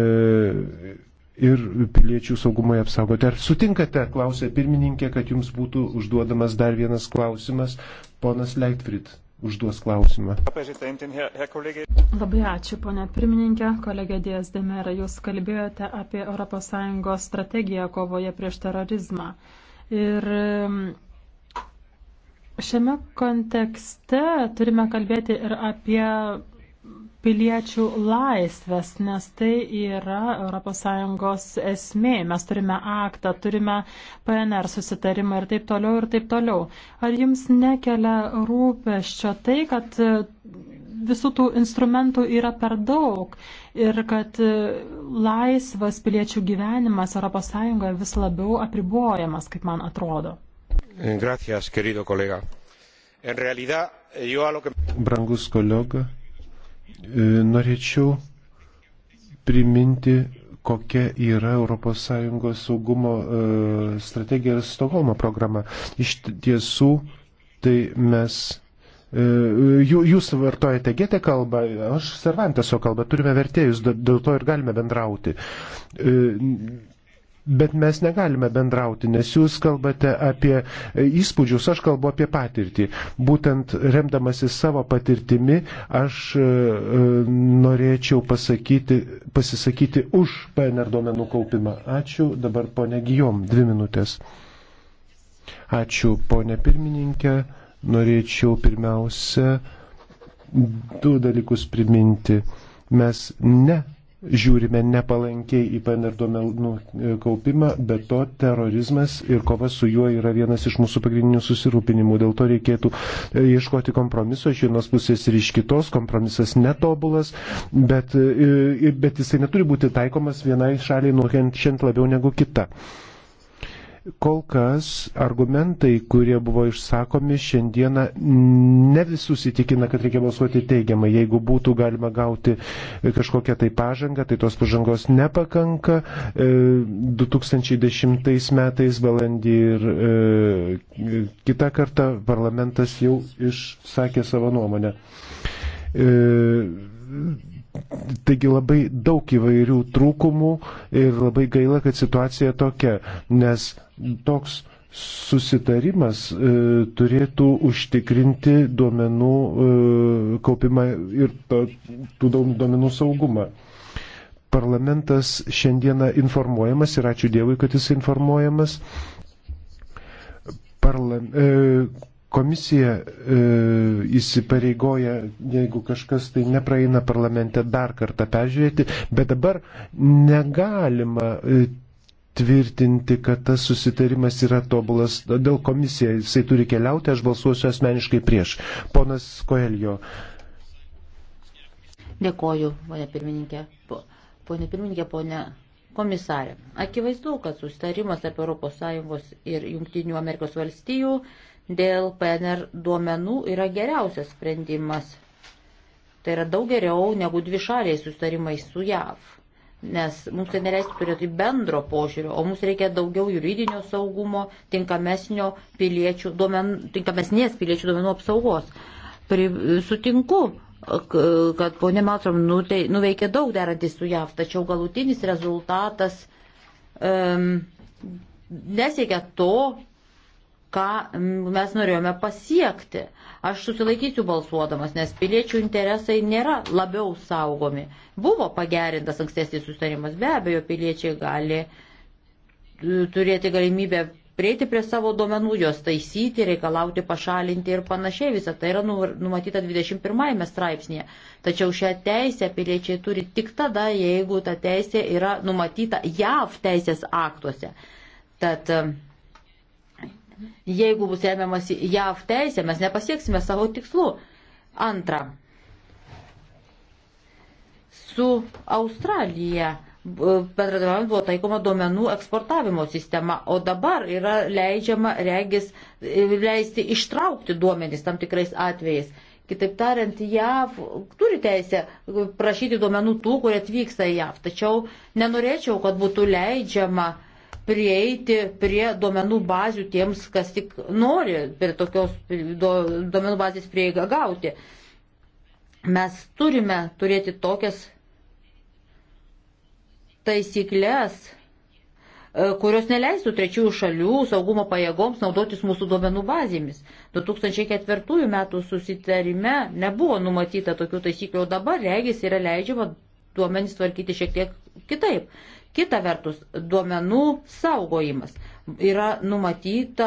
Speaker 1: ir piliečių saugumai apsaugoti. Ar sutinkate, klausė pirmininkė, kad jums būtų užduodamas dar vienas klausimas? Ponas Leitfrid užduos klausimą. Labai
Speaker 2: ačiū, ponė pirmininkė. Kolegė Dijas Demera, jūs kalbėjote apie ES strategiją kovoje prieš terorizmą. Ir um, šiame kontekste turime kalbėti ir apie piliečių laisvės, nes tai yra ES esmė. Mes turime aktą, turime PNR susitarimą ir taip toliau ir taip toliau. Ar jums nekelia rūpeščio tai, kad e, visų tų instrumentų yra per daug ir kad e, laisvas piliečių gyvenimas ES vis labiau apribojamas, kaip man atrodo.
Speaker 4: Gracias, querido kolega.
Speaker 1: En realidad, yo a lo que... Brangus kolega, E, norėčiau priminti, kokia yra ES saugumo e, strategija ir Stokholmo programa. Iš tiesų, tai mes e, Jūs vartojate getę kalbą, aš Cervanteso kalbą, turime vertėjus, dėl to ir galime bendrauti. Bet mes negalime bendrauti, nes jūs kalbate apie įspūdžius, aš kalbu apie patirtį. Būtent remdamasi savo patirtimi, aš e, e, norėčiau pasakyti, pasisakyti už PNR duomenų kaupimą. Ačiū, dabar ponė Gijom, dvi minutės. Ačiū, ponė pirmininkė. Norėčiau pirmiausia du dalykus priminti. Mes ne žiūrime nepalankiai į PNR duomenų e, kaupimą, bet to terorizmas ir kova su juo yra vienas iš mūsų pagrindinių susirūpinimų. Dėl to reikėtų e, ieškoti kompromiso iš vienos pusės ir iš kitos. Kompromisas netobulas, bet, e, bet jisai neturi būti taikomas vienai šaliai nuokenčiant labiau negu kita. Kol kas argumentai, kurie buvo išsakomi šiandieną, ne visus įtikina, kad reikia balsuoti teigiamai. Jeigu būtų galima gauti kažkokią tai pažangą, tai tos pažangos nepakanka. 2010 e, metais balandį ir e, kitą kartą parlamentas jau išsakė savo nuomonę e, Taigi labai daug įvairių trūkumų ir labai gaila, kad situacija tokia, nes toks susitarimas e, turėtų užtikrinti duomenų e, kaupimą ir to, tų duomenų saugumą. Parlamentas šiandieną informuojamas ir ačiū Dievui, kad jis informuojamas. Parla, e, Komisija e, įsipareigoja, jeigu kažkas tai nepraeina parlamente, dar kartą peržiūrėti, bet dabar negalima e, tvirtinti, kad tas susitarimas yra tobulas. Dėl komisija jisai turi keliauti, aš balsuosiu asmeniškai prieš. Ponas Koelio.
Speaker 3: Dėkoju, ponė pirmininkė. Pone pirmininkė, ponė komisarė. Akivaizdu, kad susitarimas tarp ES ir JAV dėl PNR duomenų yra geriausias sprendimas. Tai yra daug geriau negu dvišaliai sustarimai su JAV. Nes mums tai nereikia turėti bendro požiūrio, o mums reikia daugiau juridinio saugumo, tinkamesnio piliečių duomenų, tinkamesnės piliečių duomenų apsaugos. Pri, sutinku, kad ponė Matrom nuveikė daug derantis su JAV, tačiau galutinis rezultatas um, nesiekia to, ką mes norėjome pasiekti. Aš susilaikysiu balsuodamas, nes piliečių interesai nėra labiau saugomi. Buvo pagerintas ankstesnis sustarimas, be abejo, piliečiai gali e, turėti galimybę prieiti prie savo duomenų, juos taisyti, reikalauti, pašalinti ir panašiai. Visą tai yra numatyta 21 straipsnėje. Tačiau šią teisę piliečiai turi tik tada, jeigu ta teisė yra numatyta JAV teisės aktuose. Tad e, Jeigu bus remiamasi JAV teisė, mes nepasieksime savo tikslų. Antra, su Australija e, bendradarbiaujant buvo taikoma duomenų eksportavimo sistema, o dabar yra leidžiama regis e, leisti ištraukti duomenys tam tikrais atvejais. Kitaip tariant, JAV turi teisę prašyti duomenų tų, kurie atvyksta į JAV, tačiau nenorėčiau, kad būtų leidžiama prieiti prie duomenų bazių tiems, kas tik nori prie tokios duomenų bazės prieigą gauti. Mes turime turėti tokias taisyklės, e, kurios neleistų trečiųjų šalių saugumo pajėgoms naudotis mūsų duomenų bazėmis. 2004 metų susitarime nebuvo numatyta tokių taisyklių, o dabar regis yra leidžiama duomenys tvarkyti šiek tiek kitaip. Kita vertus, duomenų saugojimas yra numatyta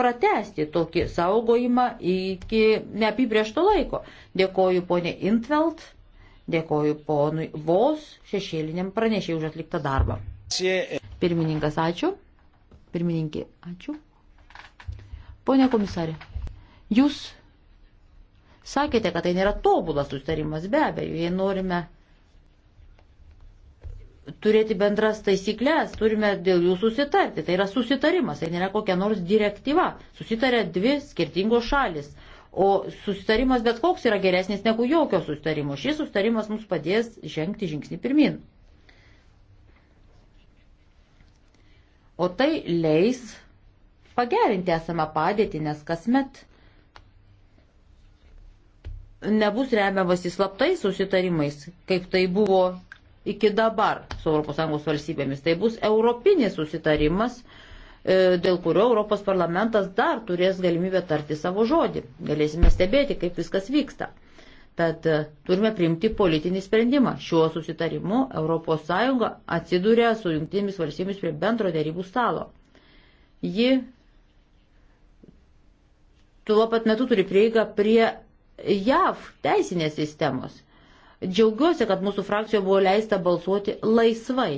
Speaker 3: pratesti tokį saugojimą iki neapibriešto laiko. Dėkoju ponė Intveld, dėkoju ponui Vos šešėliniam pranešėjai už atliktą darbą. Pirmininkas, ačiū. Pirmininkė, ačiū. Pone komisarė, jūs sakėte, kad tai nėra tobulas sustarimas, be abejo, jei norime turėti bendras taisyklės, turime dėl jų susitarti. Tai yra susitarimas, tai nėra kokia nors direktyva. Susitarė dvi skirtingos šalis. O susitarimas bet koks yra geresnis negu jokio susitarimo. Šis susitarimas mums padės žengti žingsnį pirmin. O tai leis pagerinti esamą padėtį, nes kasmet nebus remiamas įslaptais susitarimais, kaip tai buvo iki dabar su ES valstybėmis. Tai bus europinis susitarimas, e, dėl kurio Europos parlamentas dar turės galimybę tarti savo žodį. Galėsime stebėti, kaip viskas vyksta. Tad e, turime priimti politinį sprendimą. Šiuo susitarimu ES atsiduria su jungtinėmis valstybėmis prie bendro dėrybų stalo. Ji tuo pat metu turi prieigą prie JAV teisinės sistemos Džiaugiuosi, kad mūsų frakcijoje buvo leista balsuoti laisvai.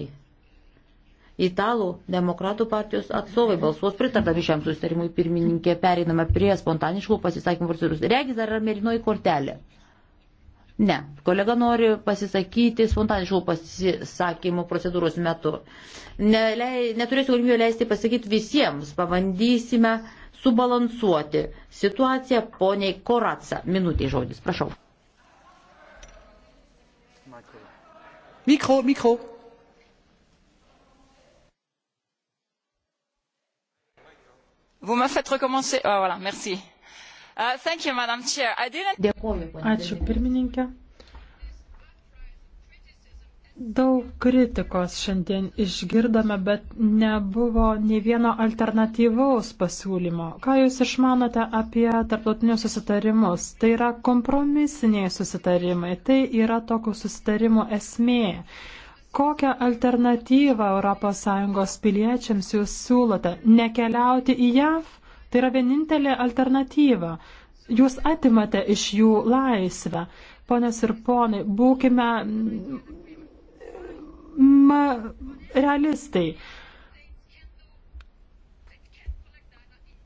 Speaker 3: Italų demokratų partijos atstovai balsuos pritardami šiam susitarimui pirmininkė, pereiname prie spontaniškų pasisakymų procedūros. Regis dar yra mėlynoji kortelė. Ne, kolega nori pasisakyti spontaniškų pasisakymų procedūros metu. Nelei, neturėsiu galimybę leisti pasakyti visiems, pabandysime subalansuoti situaciją poniai Koratsa. Minutė žodis, prašau.
Speaker 1: Micro, micro. Vous
Speaker 2: me faites recommencer. Ah, voilà, merci.
Speaker 3: Uh, thank you, Madam Chair. I didn't... Dėkuoju, Ačiū,
Speaker 2: pirmininkė. Daug kritikos šiandien išgirdome, bet nebuvo nei vieno alternatyvaus pasiūlymo. Ką Jūs išmanote apie tarptautinius susitarimus? Tai yra kompromisiniai susitarimai, tai yra tokių susitarimų esmė. Kokią alternatyvą ES piliečiams Jūs siūlote? Nekeliauti į JAV? Tai yra vienintelė alternatyva. Jūs atimate iš jų laisvę. Ponios ir ponai, būkime realistai.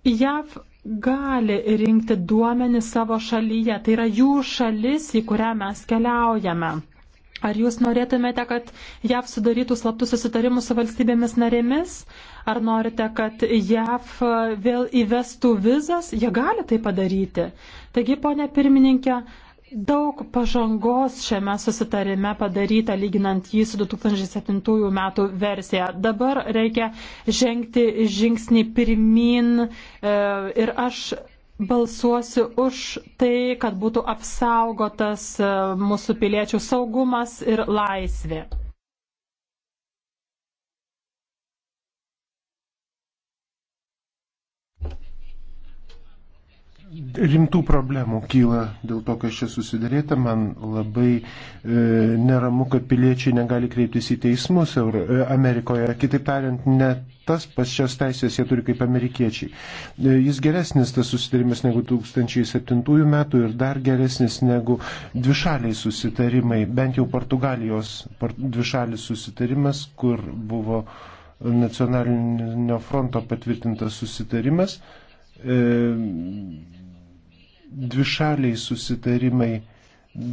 Speaker 2: JAV gali rinkti duomenį savo šalyje, tai yra jų šalis, į kurią mes keliaujame. Ar jūs norėtumėte, kad JAV sudarytų slaptus susitarimus su valstybėmis narėmis? Ar norite, kad JAV vėl įvestų vizas? Jie gali tai padaryti. Taigi, ponė pirmininkė, Daug pažangos šiame susitarime padaryta, lyginant jį su 2007 metų versija. Dabar reikia žengti žingsnį pirmin e, ir aš balsuosiu už tai, kad būtų apsaugotas e, mūsų piliečių saugumas ir laisvė.
Speaker 1: rimtų problemų kyla dėl to, kas čia susidarėta. Man labai e, neramu, kad piliečiai negali kreiptis į teismus Euro, e, Amerikoje. Kitaip tariant, ne tas pačias teisės jie turi kaip amerikiečiai. E, jis geresnis tas susitarimas negu 2007 metų ir dar geresnis negu dvišaliai susitarimai, bent jau Portugalijos part, dvišalis susitarimas, kur buvo nacionalinio fronto patvirtintas susitarimas. E, dvišaliai susitarimai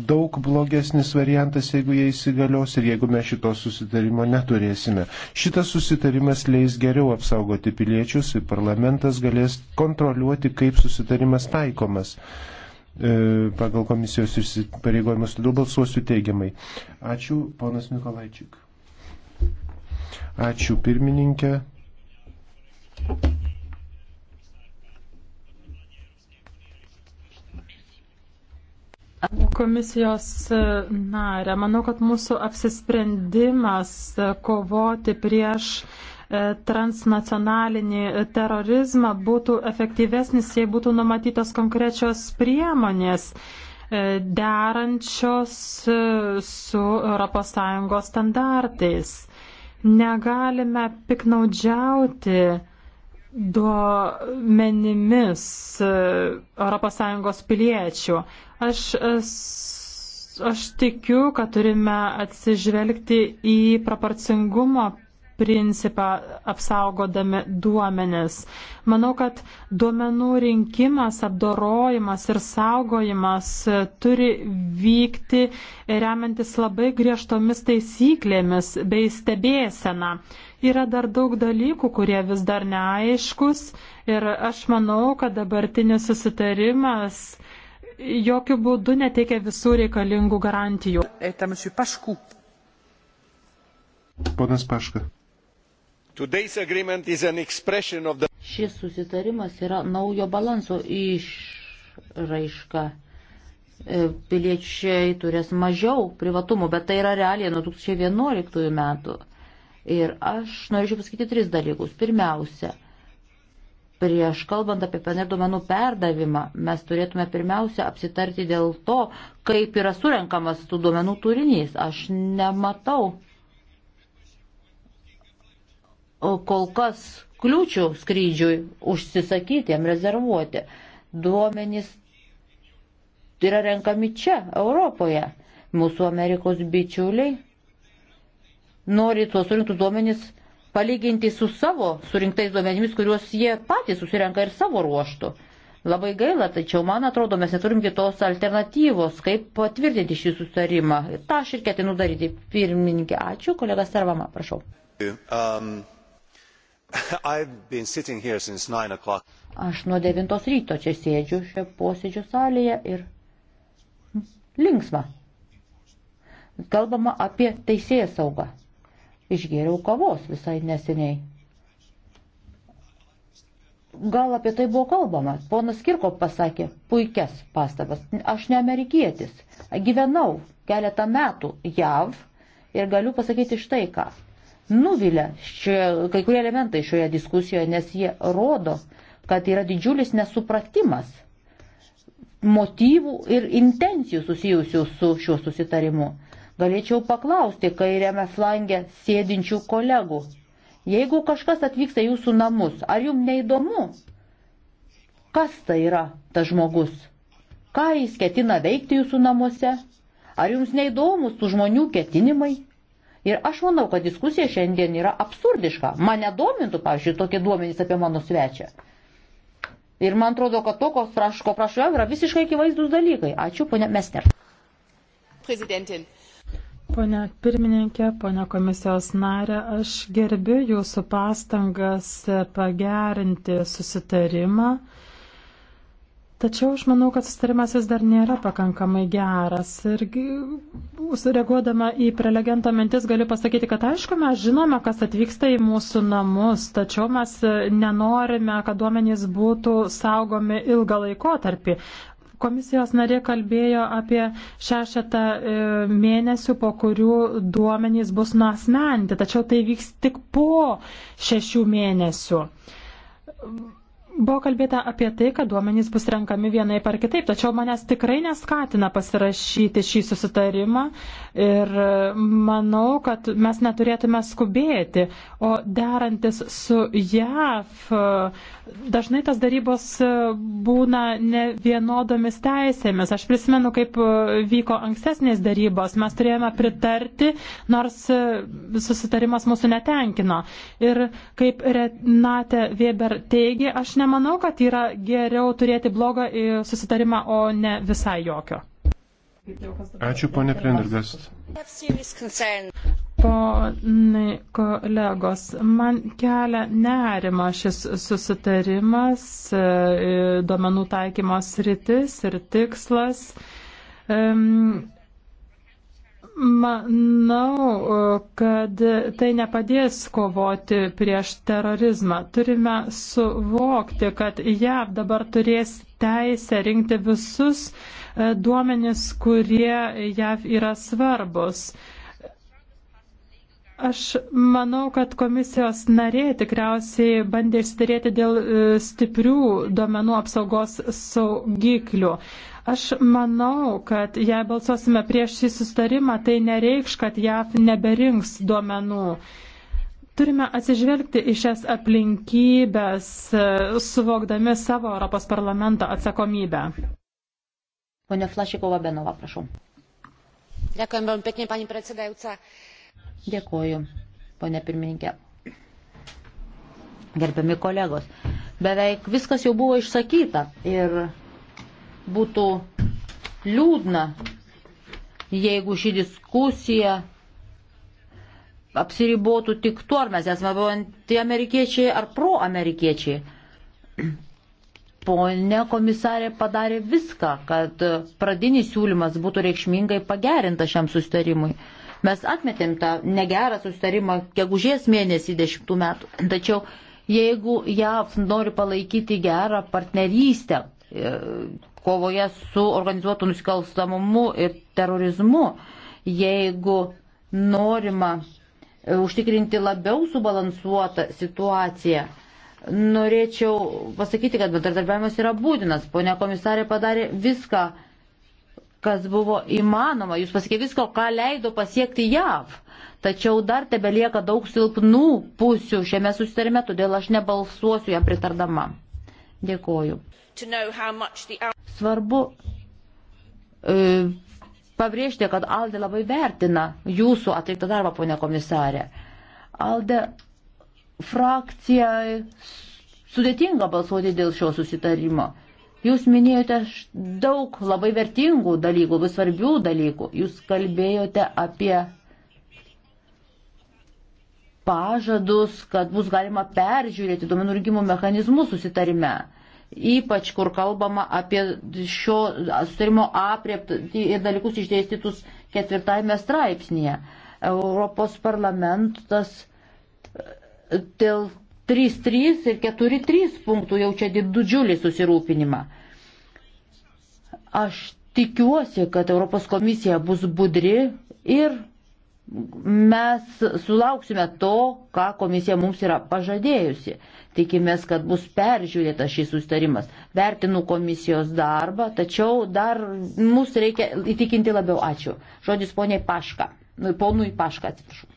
Speaker 1: daug blogesnis variantas, jeigu jie įsigalios ir jeigu mes šito susitarimo neturėsime. Šitas susitarimas leis geriau apsaugoti piliečius ir parlamentas galės kontroliuoti, kaip susitarimas taikomas. E, pagal komisijos įsipareigojimus toliau balsuosiu teigiamai. Ačiū, ponas Mikolaičik. Ačiū, pirmininkė.
Speaker 2: Komisijos e, narė, manau, kad mūsų apsisprendimas e, kovoti prieš e, transnacionalinį terorizmą būtų efektyvesnis, jei būtų numatytos konkrečios priemonės derančios su ES standartais. Negalime piknaudžiauti duomenimis ES piliečių. Aš, aš tikiu, kad turime atsižvelgti į proporcingumo principą apsaugodami duomenis. Manau, kad duomenų rinkimas, apdorojimas ir saugojimas turi vykti remiantis labai griežtomis taisyklėmis bei stebėsena. Yra dar daug dalykų, kurie vis dar neaiškus ir aš manau, kad dabartinis susitarimas jokių būdų neteikia visų reikalingų garantijų.
Speaker 1: Ponas Paška. The...
Speaker 3: Šis susitarimas yra naujo balanso išraiška. E, piliečiai turės mažiau privatumo, bet tai yra realiai nuo 2011 metų. Ir aš norėčiau pasakyti tris dalykus. Pirmiausia, prieš kalbant apie PNR duomenų perdavimą, mes turėtume pirmiausia apsitarti dėl to, kaip yra surenkamas tų duomenų turinys. Aš nematau kol kas kliūčių skrydžiui užsisakyti, jam rezervuoti. Duomenys yra renkami čia, Europoje. Mūsų Amerikos bičiuliai nori tuos surinktus duomenys palyginti su savo surinktais duomenimis, kuriuos jie patys susirenka ir savo ruoštų. Labai gaila, tačiau man atrodo, mes neturim kitos alternatyvos, kaip patvirtinti šį sustarimą. Ta aš ir ketinu daryti. Pirmininkė, ačiū, kolega Servama, prašau.
Speaker 1: Um.
Speaker 3: Aš nuo 9 ryto čia sėdžiu šio posėdžio salėje ir linksma. Kalbama apie teisėją saugą. Išgėriau kavos visai neseniai. Gal apie tai buvo kalbama. Ponas Kirko pasakė puikias pastabas. Aš ne amerikietis. Gyvenau keletą metų JAV ir galiu pasakyti štai ką nuvilia šioje, kai kurie elementai šioje diskusijoje, nes jie rodo, kad yra didžiulis nesupratimas motyvų ir intencijų susijusių su šiuo susitarimu. Galėčiau paklausti kairiame flange sėdinčių kolegų, jeigu kažkas atvyksta į jūsų namus, ar jums neįdomu, kas tai yra tas žmogus, ką jis ketina veikti jūsų namuose, ar jums neįdomus tų žmonių ketinimai, Ir aš manau, kad diskusija šiandien yra absurdiška. Mane domintų, pavyzdžiui, tokie duomenys apie mano svečią. Ir man atrodo, kad to, ko prašo, prašo yra visiškai akivaizdus dalykai. Ačiū, ponia Mesner.
Speaker 4: Prezidentin.
Speaker 2: Pone pirmininkė, pone komisijos narė, aš gerbiu jūsų pastangas pagerinti susitarimą. Tačiau aš manau, kad sustarimas vis dar nėra pakankamai geras. Ir sureaguodama į prelegento mintis galiu pasakyti, kad aišku, mes žinome, kas atvyksta į mūsų namus, tačiau mes nenorime, kad duomenys būtų saugomi ilgą laikotarpį. Komisijos narė kalbėjo apie šešetą e, mėnesių, po kurių duomenys bus nuosmenti, tačiau tai vyks tik po šešių mėnesių Buvo kalbėta apie tai, kad duomenys bus renkami vienai par kitaip, tačiau manęs tikrai neskatina pasirašyti šį susitarimą ir manau, kad mes neturėtume skubėti, o derantis su JAF dažnai tas darybos būna ne vienodomis teisėmis. Aš prisimenu, kaip vyko ankstesnės darybos, mes turėjome pritarti, nors susitarimas mūsų netenkino. Ir kaip Renate Weber teigia, aš ne nemanau, kad yra geriau turėti blogą susitarimą, o ne visai jokio.
Speaker 1: Ačiū, ponė Prendergast.
Speaker 2: Ponai kolegos, man kelia nerima šis susitarimas, e, duomenų taikymos rytis ir tikslas. Um, Manau, e, kad tai nepadės kovoti prieš terorizmą. Turime suvokti, kad JAV dabar turės teisę rinkti visus e, duomenis, kurie JAV yra svarbus. Aš manau, kad komisijos narė tikriausiai bandė išsiderėti dėl e, stiprių duomenų apsaugos saugiklių. Aš manau, kad jei balsuosime prieš šį sustarimą, tai nereikš, kad JAF neberinks duomenų. Turime atsižvelgti į šias aplinkybės, e, suvokdami savo Europos parlamento atsakomybę.
Speaker 3: Pone Flašikova Benova, prašau. Dėkuojam, pekne, pani predsedajúca Dėkoju, ponė pirmininkė. Gerbiami kolegos, beveik viskas jau buvo išsakyta ir būtų liūdna, jeigu ši diskusija apsiribotų tik tuo, ar mes esame antiamerikiečiai ar proamerikiečiai. Pone komisarė padarė viską, kad pradinis siūlymas būtų reikšmingai pagerintas šiam sustarimui. Mes atmetėm tą negerą susitarimą gegužės mėnesį dešimtų metų. Tačiau jeigu JAV nori palaikyti gerą partnerystę e, kovoje su organizuotu nusikalstamumu ir terorizmu, jeigu norima e, užtikrinti labiau subalansuotą situaciją, norėčiau pasakyti, kad bendradarbiavimas yra būtinas. Pone komisarė padarė viską, kas buvo įmanoma. Jūs pasakė visko, ką leido pasiekti JAV. Tačiau dar tebelieka daug silpnų pusių šiame susitarime, todėl aš nebalsuosiu jam pritardama. Dėkoju. Svarbu e, pabrėžti, kad Alde labai vertina jūsų atliktą darbą, ponė komisarė. Alde frakcija sudėtinga balsuoti dėl šio susitarimo. Jūs minėjote daug labai vertingų dalykų, labai svarbių dalykų. Jūs kalbėjote apie pažadus, kad bus galima peržiūrėti duomenų rinkimų mechanizmus susitarime. Ypač kur kalbama apie šio sutarimo apriepti ir dalykus išdėstytus ketvirtajame straipsnėje. Europos parlamentas e, dėl 3.3 ir 4.3 punktų jaučia didžiulį susirūpinimą. Aš tikiuosi, kad Europos komisija bus budri ir mes sulauksime to, ką komisija mums yra pažadėjusi. Tikimės, kad bus peržiūrėtas šis sustarimas. Vertinu komisijos darbą, tačiau dar mus reikia įtikinti labiau. Ačiū. Žodis poniai Paška. Nu, ponui Paška, atsiprašau.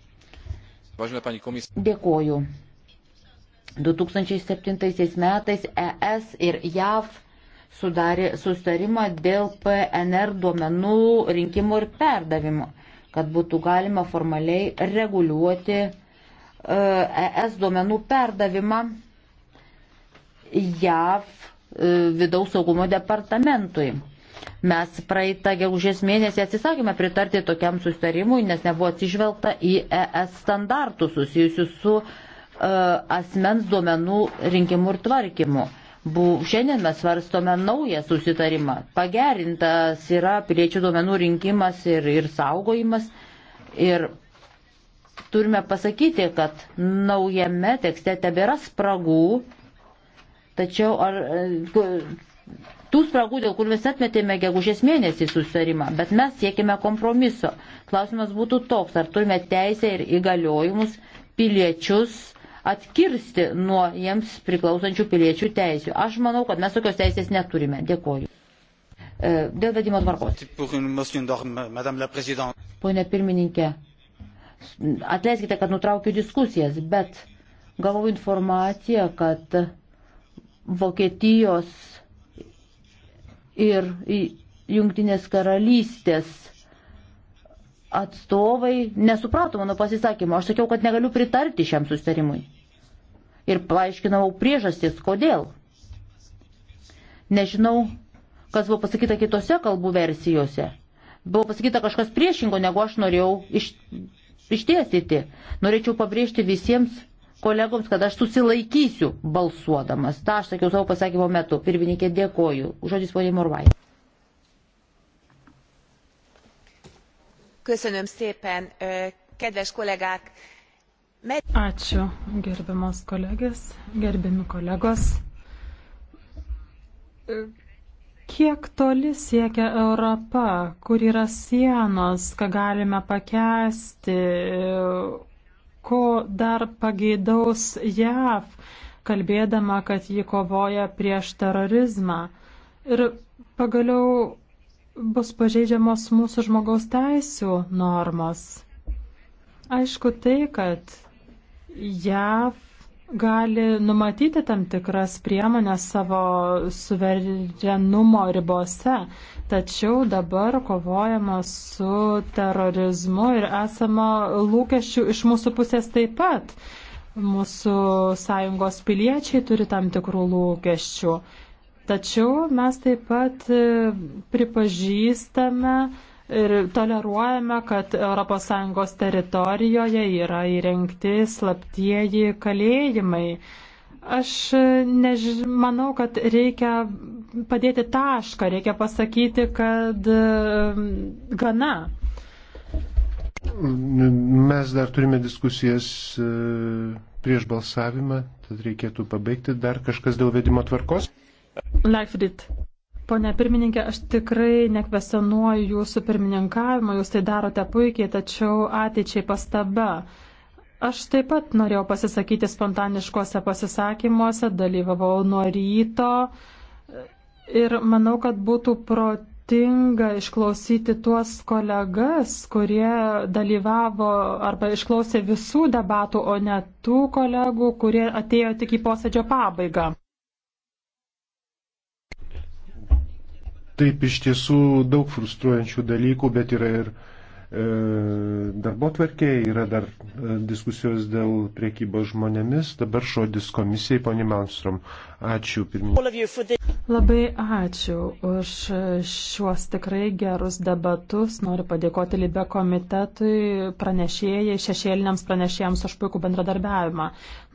Speaker 3: Važinė, pani komisija. Dėkoju. 2007 metais ES ir JAV sudarė sustarimą dėl PNR duomenų rinkimų ir perdavimo, kad būtų galima formaliai reguliuoti ES e duomenų perdavimą JAV e, vidaus saugumo departamentui. Mes praeitą gegužės mėnesį atsisakėme pritarti tokiam sustarimui, nes nebuvo atsižvelgta į ES standartus susijusius su E, asmens duomenų rinkimu ir tvarkymu. Bu, šiandien mes svarstome naują susitarimą. Pagerintas yra piliečių duomenų rinkimas ir, ir saugojimas. Ir turime pasakyti, kad naujame tekste tebėra spragų, tačiau ar, e, tų spragų, dėl kur vis atmetėme gegužės mėnesį susitarimą, bet mes siekime kompromiso. Klausimas būtų toks, ar turime teisę ir įgaliojimus piliečius atkirsti nuo jiems priklausančių piliečių teisių. Aš manau, kad mes tokios teisės neturime. Dėkoju. E, dėl vedimo tvarkos. Pone pirmininkė, atleiskite, kad nutraukiu diskusijas, bet gavau informaciją, kad Vokietijos ir Jungtinės karalystės atstovai nesuprato mano pasisakymo. Aš sakiau, kad negaliu pritarti šiam sustarimui ir paaiškinau priežastis, kodėl. Nežinau, kas buvo pasakyta kitose kalbų versijose. Buvo pasakyta kažkas priešingo, negu aš norėjau iš, ištiesyti. Norėčiau pabrėžti visiems kolegoms, kad aš susilaikysiu balsuodamas. Ta aš sakiau savo pasakymo metu. Pirmininkė, dėkoju. Žodis poniai Morvai. Köszönöm szépen,
Speaker 2: kedves kollégák! Ačiū, gerbiamos kolegės, gerbimi kolegos. Kiek toli siekia Europa, kur yra sienos, ką galime pakesti, ko dar pageidaus JAV, kalbėdama, kad ji kovoja prieš terorizmą. Ir pagaliau bus pažeidžiamos mūsų žmogaus teisų normos. Aišku tai, kad JAV gali numatyti tam tikras priemonės savo suverenumo ribose, tačiau dabar kovojama su terorizmu ir esama lūkesčių iš mūsų pusės taip pat. Mūsų sąjungos piliečiai turi tam tikrų lūkesčių. Tačiau mes taip pat e, pripažįstame, ir toleruojame, kad ES teritorijoje yra įrengti slaptieji kalėjimai. Aš než... manau, kad reikia padėti tašką, reikia pasakyti, kad um, gana.
Speaker 1: Mes dar turime diskusijas uh, prieš balsavimą, tad reikėtų pabaigti. Dar kažkas dėl vedimo tvarkos?
Speaker 2: Leifrit. Pone pirmininkė, aš tikrai nekvesenuoju jūsų pirmininkavimo, jūs tai darote puikiai, tačiau ateičiai pastaba. Aš taip pat norėjau pasisakyti spontaniškose pasisakymuose, dalyvavau nuo ryto ir manau, kad būtų protinga išklausyti tuos kolegas, kurie dalyvavo arba išklausė visų debatų, o ne tų kolegų, kurie atėjo tik į posėdžio pabaigą.
Speaker 1: taip iš tiesų daug frustruojančių dalykų, bet yra ir E, Darbo tvarkėje yra dar e, diskusijos dėl priekybos žmonėmis. Dabar žodis komisijai, ponė Malmstrom. Ačiū pirmininkai.
Speaker 2: Labai ačiū už šiuos tikrai gerus debatus. Noriu padėkoti Libe komitetui, pranešėjai, šešėliniams pranešėjams už puikų bendradarbiavimą.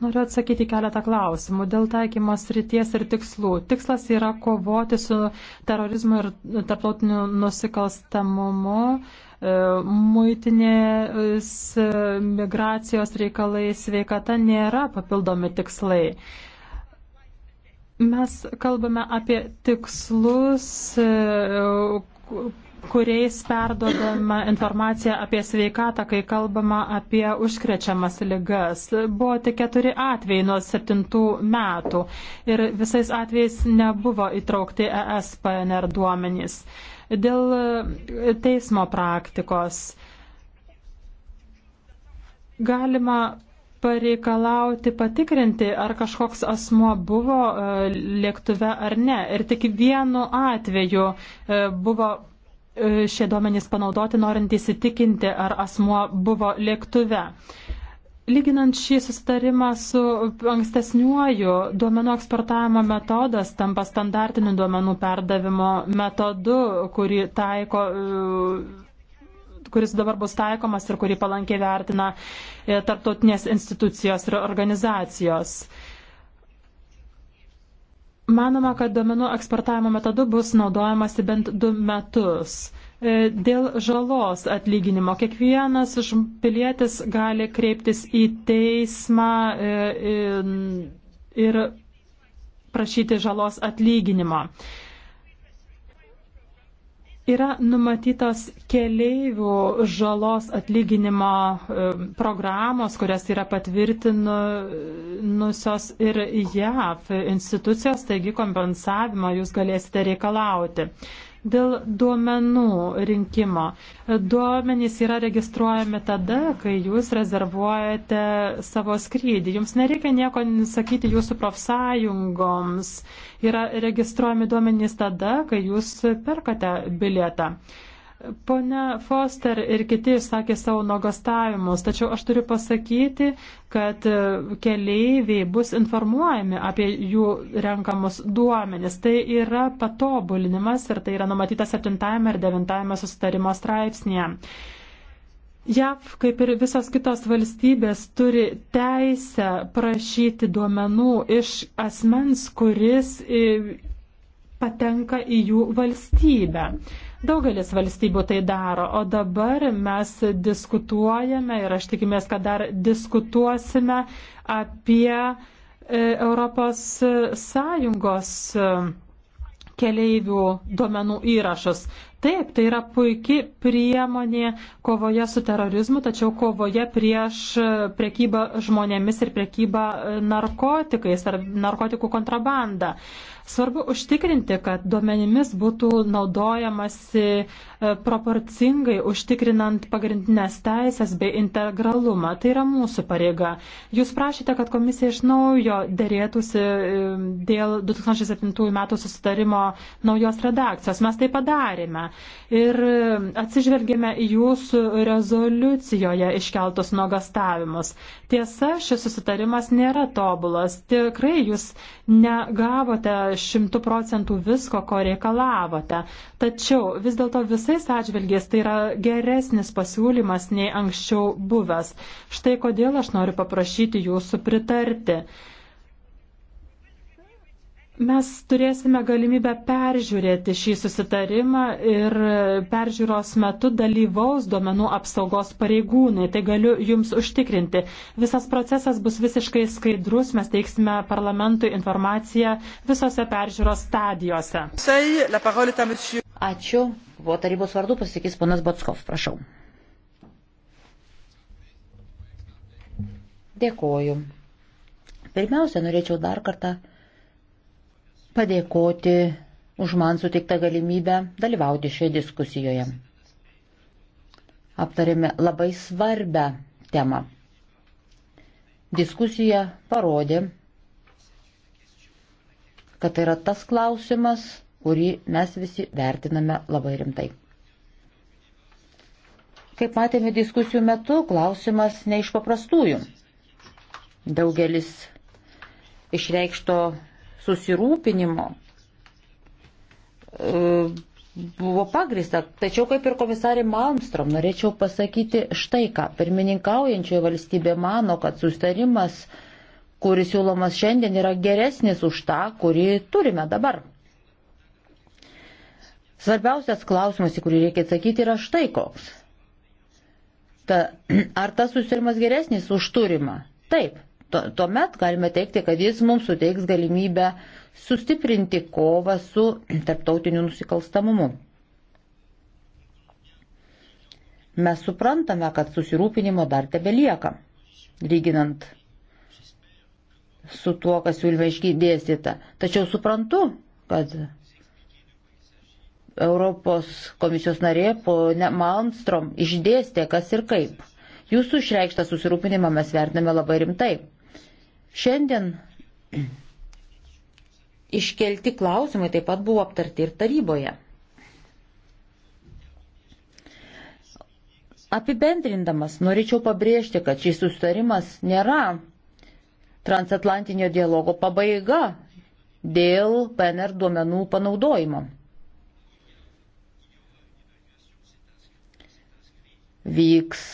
Speaker 2: Noriu atsakyti keletą klausimų dėl taikymos ryties ir tikslų. Tikslas yra kovoti su terorizmu ir tarptautiniu nusikalstamumu. E, muitinės e, migracijos reikalai, sveikata nėra papildomi tikslai. Mes kalbame apie tikslus, e, kuriais perdodama informacija apie sveikatą, kai kalbama apie užkrečiamas ligas. Buvo tik keturi atvejai nuo septintų metų ir visais atvejais nebuvo įtraukti ES PNR duomenys. Dėl e, teismo praktikos galima pareikalauti patikrinti, ar kažkoks asmuo buvo e, lėktuve ar ne. Ir tik vienu atveju e, buvo šie duomenys panaudoti, norint įsitikinti, ar asmuo buvo lėktuve. Lyginant šį susitarimą su ankstesniuoju, duomenų eksportavimo metodas tampa standartiniu duomenų perdavimo metodu, kurį taiko, e, kuris dabar bus taikomas ir kurį palankiai vertina e, tarptautinės institucijos ir organizacijos. Manoma, kad duomenų eksportavimo metodu bus naudojamasi bent du metus. E, dėl žalos atlyginimo kiekvienas pilietis gali kreiptis į teismą e, ir prašyti žalos atlyginimo. Yra numatytos keleivių žalos atlyginimo e, programos, kurias yra patvirtinusios ir JAV institucijos, taigi kompensavimo jūs galėsite reikalauti. Dėl duomenų rinkimo. Duomenys yra registruojami tada, kai jūs rezervuojate savo skrydį. Jums nereikia nieko sakyti jūsų profsąjungoms. Yra registruojami duomenys tada, kai jūs perkate bilietą. Pone Foster ir kiti išsakė savo nuogastavimus, tačiau aš turiu pasakyti, kad e, keleiviai bus informuojami apie jų renkamus duomenis. Tai yra patobulinimas ir tai yra numatyta 7 ir 9 susitarimo straipsnėje. JAV, kaip ir visos kitos valstybės, turi teisę prašyti duomenų iš asmens, kuris e, patenka į jų valstybę. Daugelis valstybių tai daro, o dabar mes diskutuojame ir aš tikimės, kad dar diskutuosime apie e, Europos Sąjungos e, keleivių duomenų įrašus. Taip, tai yra puikiai priemonė kovoje su terorizmu, tačiau kovoje prieš e, prekybą žmonėmis ir prekybą narkotikais ar narkotikų kontrabandą. Uh, Svarbu užtikrinti, kad duomenimis būtų naudojamasi e, proporcingai, užtikrinant pagrindinės teisės bei integralumą. Tai yra mūsų pareiga. Jūs prašyte, kad komisija iš naujo dėrėtųsi e, dėl 2007 metų susitarimo naujos redakcijos. Mes tai padarėme ir e, atsižvelgėme į jūsų rezoliucijoje iškeltus nuogastavimus. Tiesa, šis susitarimas nėra tobulas. Tikrai jūs negavote šimtų procentų visko, ko reikalavote. Tačiau vis dėlto visais atžvilgiais tai yra geresnis pasiūlymas nei anksčiau buvęs. Štai kodėl aš noriu paprašyti jūsų pritarti. Mes turėsime galimybę peržiūrėti šį susitarimą ir peržiūros metu dalyvaus duomenų apsaugos pareigūnai. Tai galiu Jums užtikrinti. Visas procesas bus visiškai skaidrus, mes teiksime parlamentui informaciją visose peržiūros stadijose.
Speaker 3: Ačiū. Buvo tarybos vardu pasakys ponas Botskov, prašau. Dėkoju. Pirmiausia, norėčiau dar kartą padėkoti už man suteiktą galimybę dalyvauti šioje diskusijoje. Aptarėme labai svarbę temą. Diskusija parodė, kad tai yra tas klausimas, kurį mes visi vertiname labai rimtai. Kaip matėme diskusijų metu, klausimas ne iš paprastųjų. Daugelis išreikšto susirūpinimo e, buvo pagrista. Tačiau kaip ir komisarė Malmstrom, norėčiau pasakyti štai ką. Pirmininkaujančioje valstybė mano, kad sustarimas, kuris siūlomas šiandien, yra geresnis už tą, kurį turime dabar. Svarbiausias klausimas, į kurį reikia atsakyti, yra štai koks. Ta, ar tas susirimas geresnis už turimą? Taip, tuomet galime teikti, kad jis mums suteiks galimybę sustiprinti kovą su tarptautiniu nusikalstamumu. Mes suprantame, kad susirūpinimo dar tebelieka, lyginant su tuo, kas siūlyme išdėstyta. Tačiau suprantu, kad Europos komisijos narė ponė Malmstrom išdėstė, kas ir kaip. Jūsų išreikštą susirūpinimą mes vertiname labai rimtai. Šiandien iškelti klausimai taip pat buvo aptarti ir taryboje. Apibendrindamas, norėčiau pabrėžti, kad šis sustarimas nėra transatlantinio dialogo pabaiga dėl PNR duomenų panaudojimo. Vyks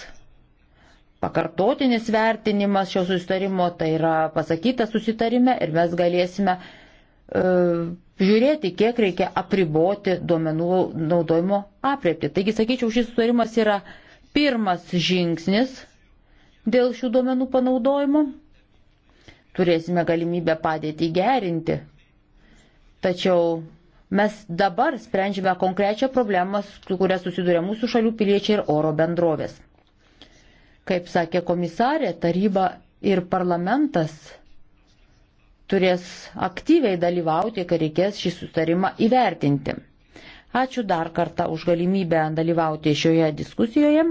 Speaker 3: pakartotinis vertinimas šio susitarimo, tai yra pasakyta susitarime ir mes galėsime e, žiūrėti, kiek reikia apriboti duomenų naudojimo apriepti. Taigi, sakyčiau, šis sutarimas yra pirmas žingsnis dėl šių duomenų panaudojimo. Turėsime galimybę padėti gerinti. Tačiau mes dabar sprendžiame konkrečią problemą, su kuria susiduria mūsų šalių piliečiai ir oro bendrovės. Kaip sakė komisarė, taryba ir parlamentas turės aktyviai dalyvauti, kai reikės šį sutarimą įvertinti. Ačiū dar kartą už galimybę dalyvauti šioje diskusijoje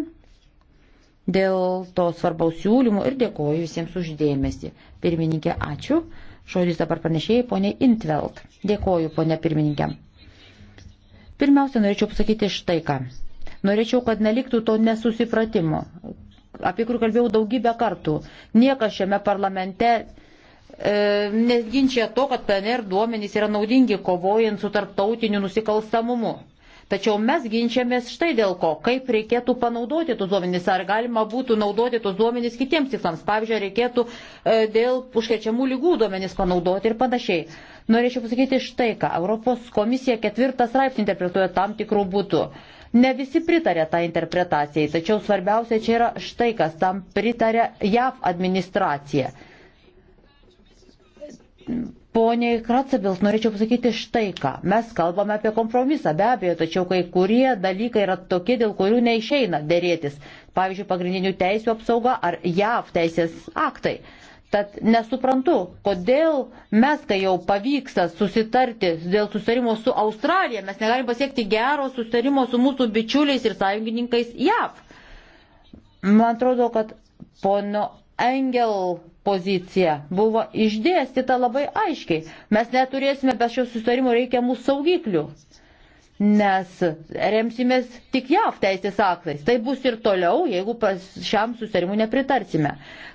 Speaker 3: dėl to svarbaus siūlymų ir dėkoju visiems uždėmesi. Pirmininkė, ačiū. Žodis dabar pranešėjai poniai Intveld. Dėkoju, ponė pirmininkė. Pirmiausia, norėčiau pasakyti štai ką. Norėčiau, kad neliktų to nesusipratimo apie kurį kalbėjau daugybę kartų. Niekas šiame parlamente e, nesginčia to, kad PNR duomenys yra naudingi kovojant su tarptautiniu nusikalstamumu. Tačiau mes ginčiamės štai dėl ko, kaip reikėtų panaudoti tuos duomenys, ar galima būtų naudoti tuos duomenys kitiems tikslams. Pavyzdžiui, reikėtų e, dėl užkrečiamų lygų duomenys panaudoti ir panašiai. Norėčiau pasakyti štai ką. Europos komisija ketvirtą straipsnį interpretuoja tam tikrų būtų. Ne visi pritarė tą tai interpretacijai, tačiau svarbiausia čia yra štai kas, tam pritarė JAV administracija. Pone Kratsabils, norėčiau pasakyti štai ką. Mes kalbame apie kompromisą, be abejo, tačiau kai kurie dalykai yra tokie, dėl kurių neišeina dėrėtis. Pavyzdžiui, pagrindinių teisų apsauga ar JAV teisės aktai. Tad nesuprantu, kodėl mes, kai jau pavyksta susitarti dėl susitarimo su Australija, mes negalim pasiekti gero susitarimo su mūsų bičiuliais ir sąjungininkais JAV. Man atrodo, kad pono Engel pozicija buvo išdėstyta labai aiškiai. Mes neturėsime be šio susitarimo reikiamų saugiklių nes remsimės tik JAV teisės aktais. Tai bus ir toliau, jeigu šiam susitarimui nepritarsime.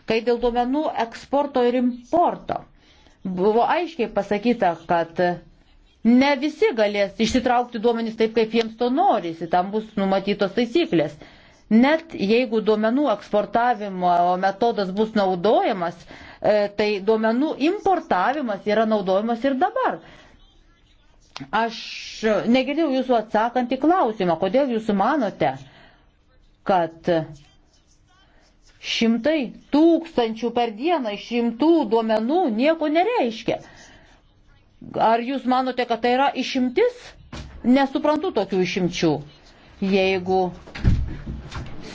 Speaker 3: Kai dėl duomenų eksporto ir importo buvo aiškiai pasakyta, kad ne visi galės išsitraukti duomenys taip, kaip jiems to norisi, tam bus numatytos taisyklės. Net jeigu duomenų eksportavimo metodas bus naudojamas, e, tai duomenų importavimas yra naudojamas ir dabar. Aš negirdėjau jūsų atsakant į klausimą, kodėl jūs manote, kad šimtai tūkstančių per dieną šimtų duomenų nieko nereiškia. Ar jūs manote, kad tai yra išimtis? Nesuprantu tokių išimčių. Jeigu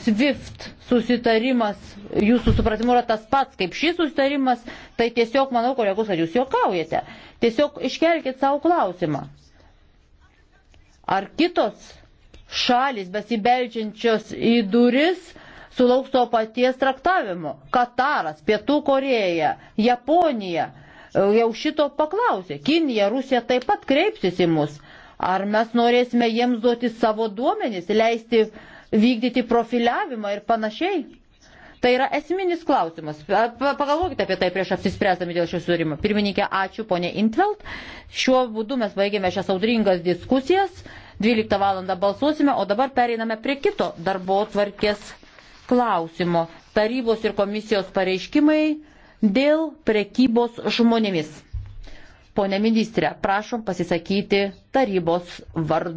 Speaker 3: SWIFT susitarimas jūsų supratimu yra tas pats kaip šis susitarimas, tai tiesiog manau, kolegos, kad jūs juokaujate. Tiesiog iškelkit savo klausimą. Ar kitos šalis besibeldžiančios į duris sulauks to paties traktavimo? Kataras, Pietų Koreja, Japonija e, jau šito paklausė. Kinija, Rusija taip pat kreipsis į mus. Ar mes norėsime jiems duoti savo duomenys, leisti uh, vykdyti profiliavimą ir panašiai. Tai yra esminis klausimas. Pagalvokite apie tai prieš apsispręsdami dėl šio surimo. Pirmininkė, ačiū ponė Intvelt. Šiuo būdu mes baigėme šias audringas diskusijas. 12 val. balsuosime, o dabar pereiname prie kito darbo tvarkės klausimo. Tarybos ir komisijos pareiškimai dėl prekybos žmonėmis. Pone ministrė, prašom pasisakyti tarybos vardu.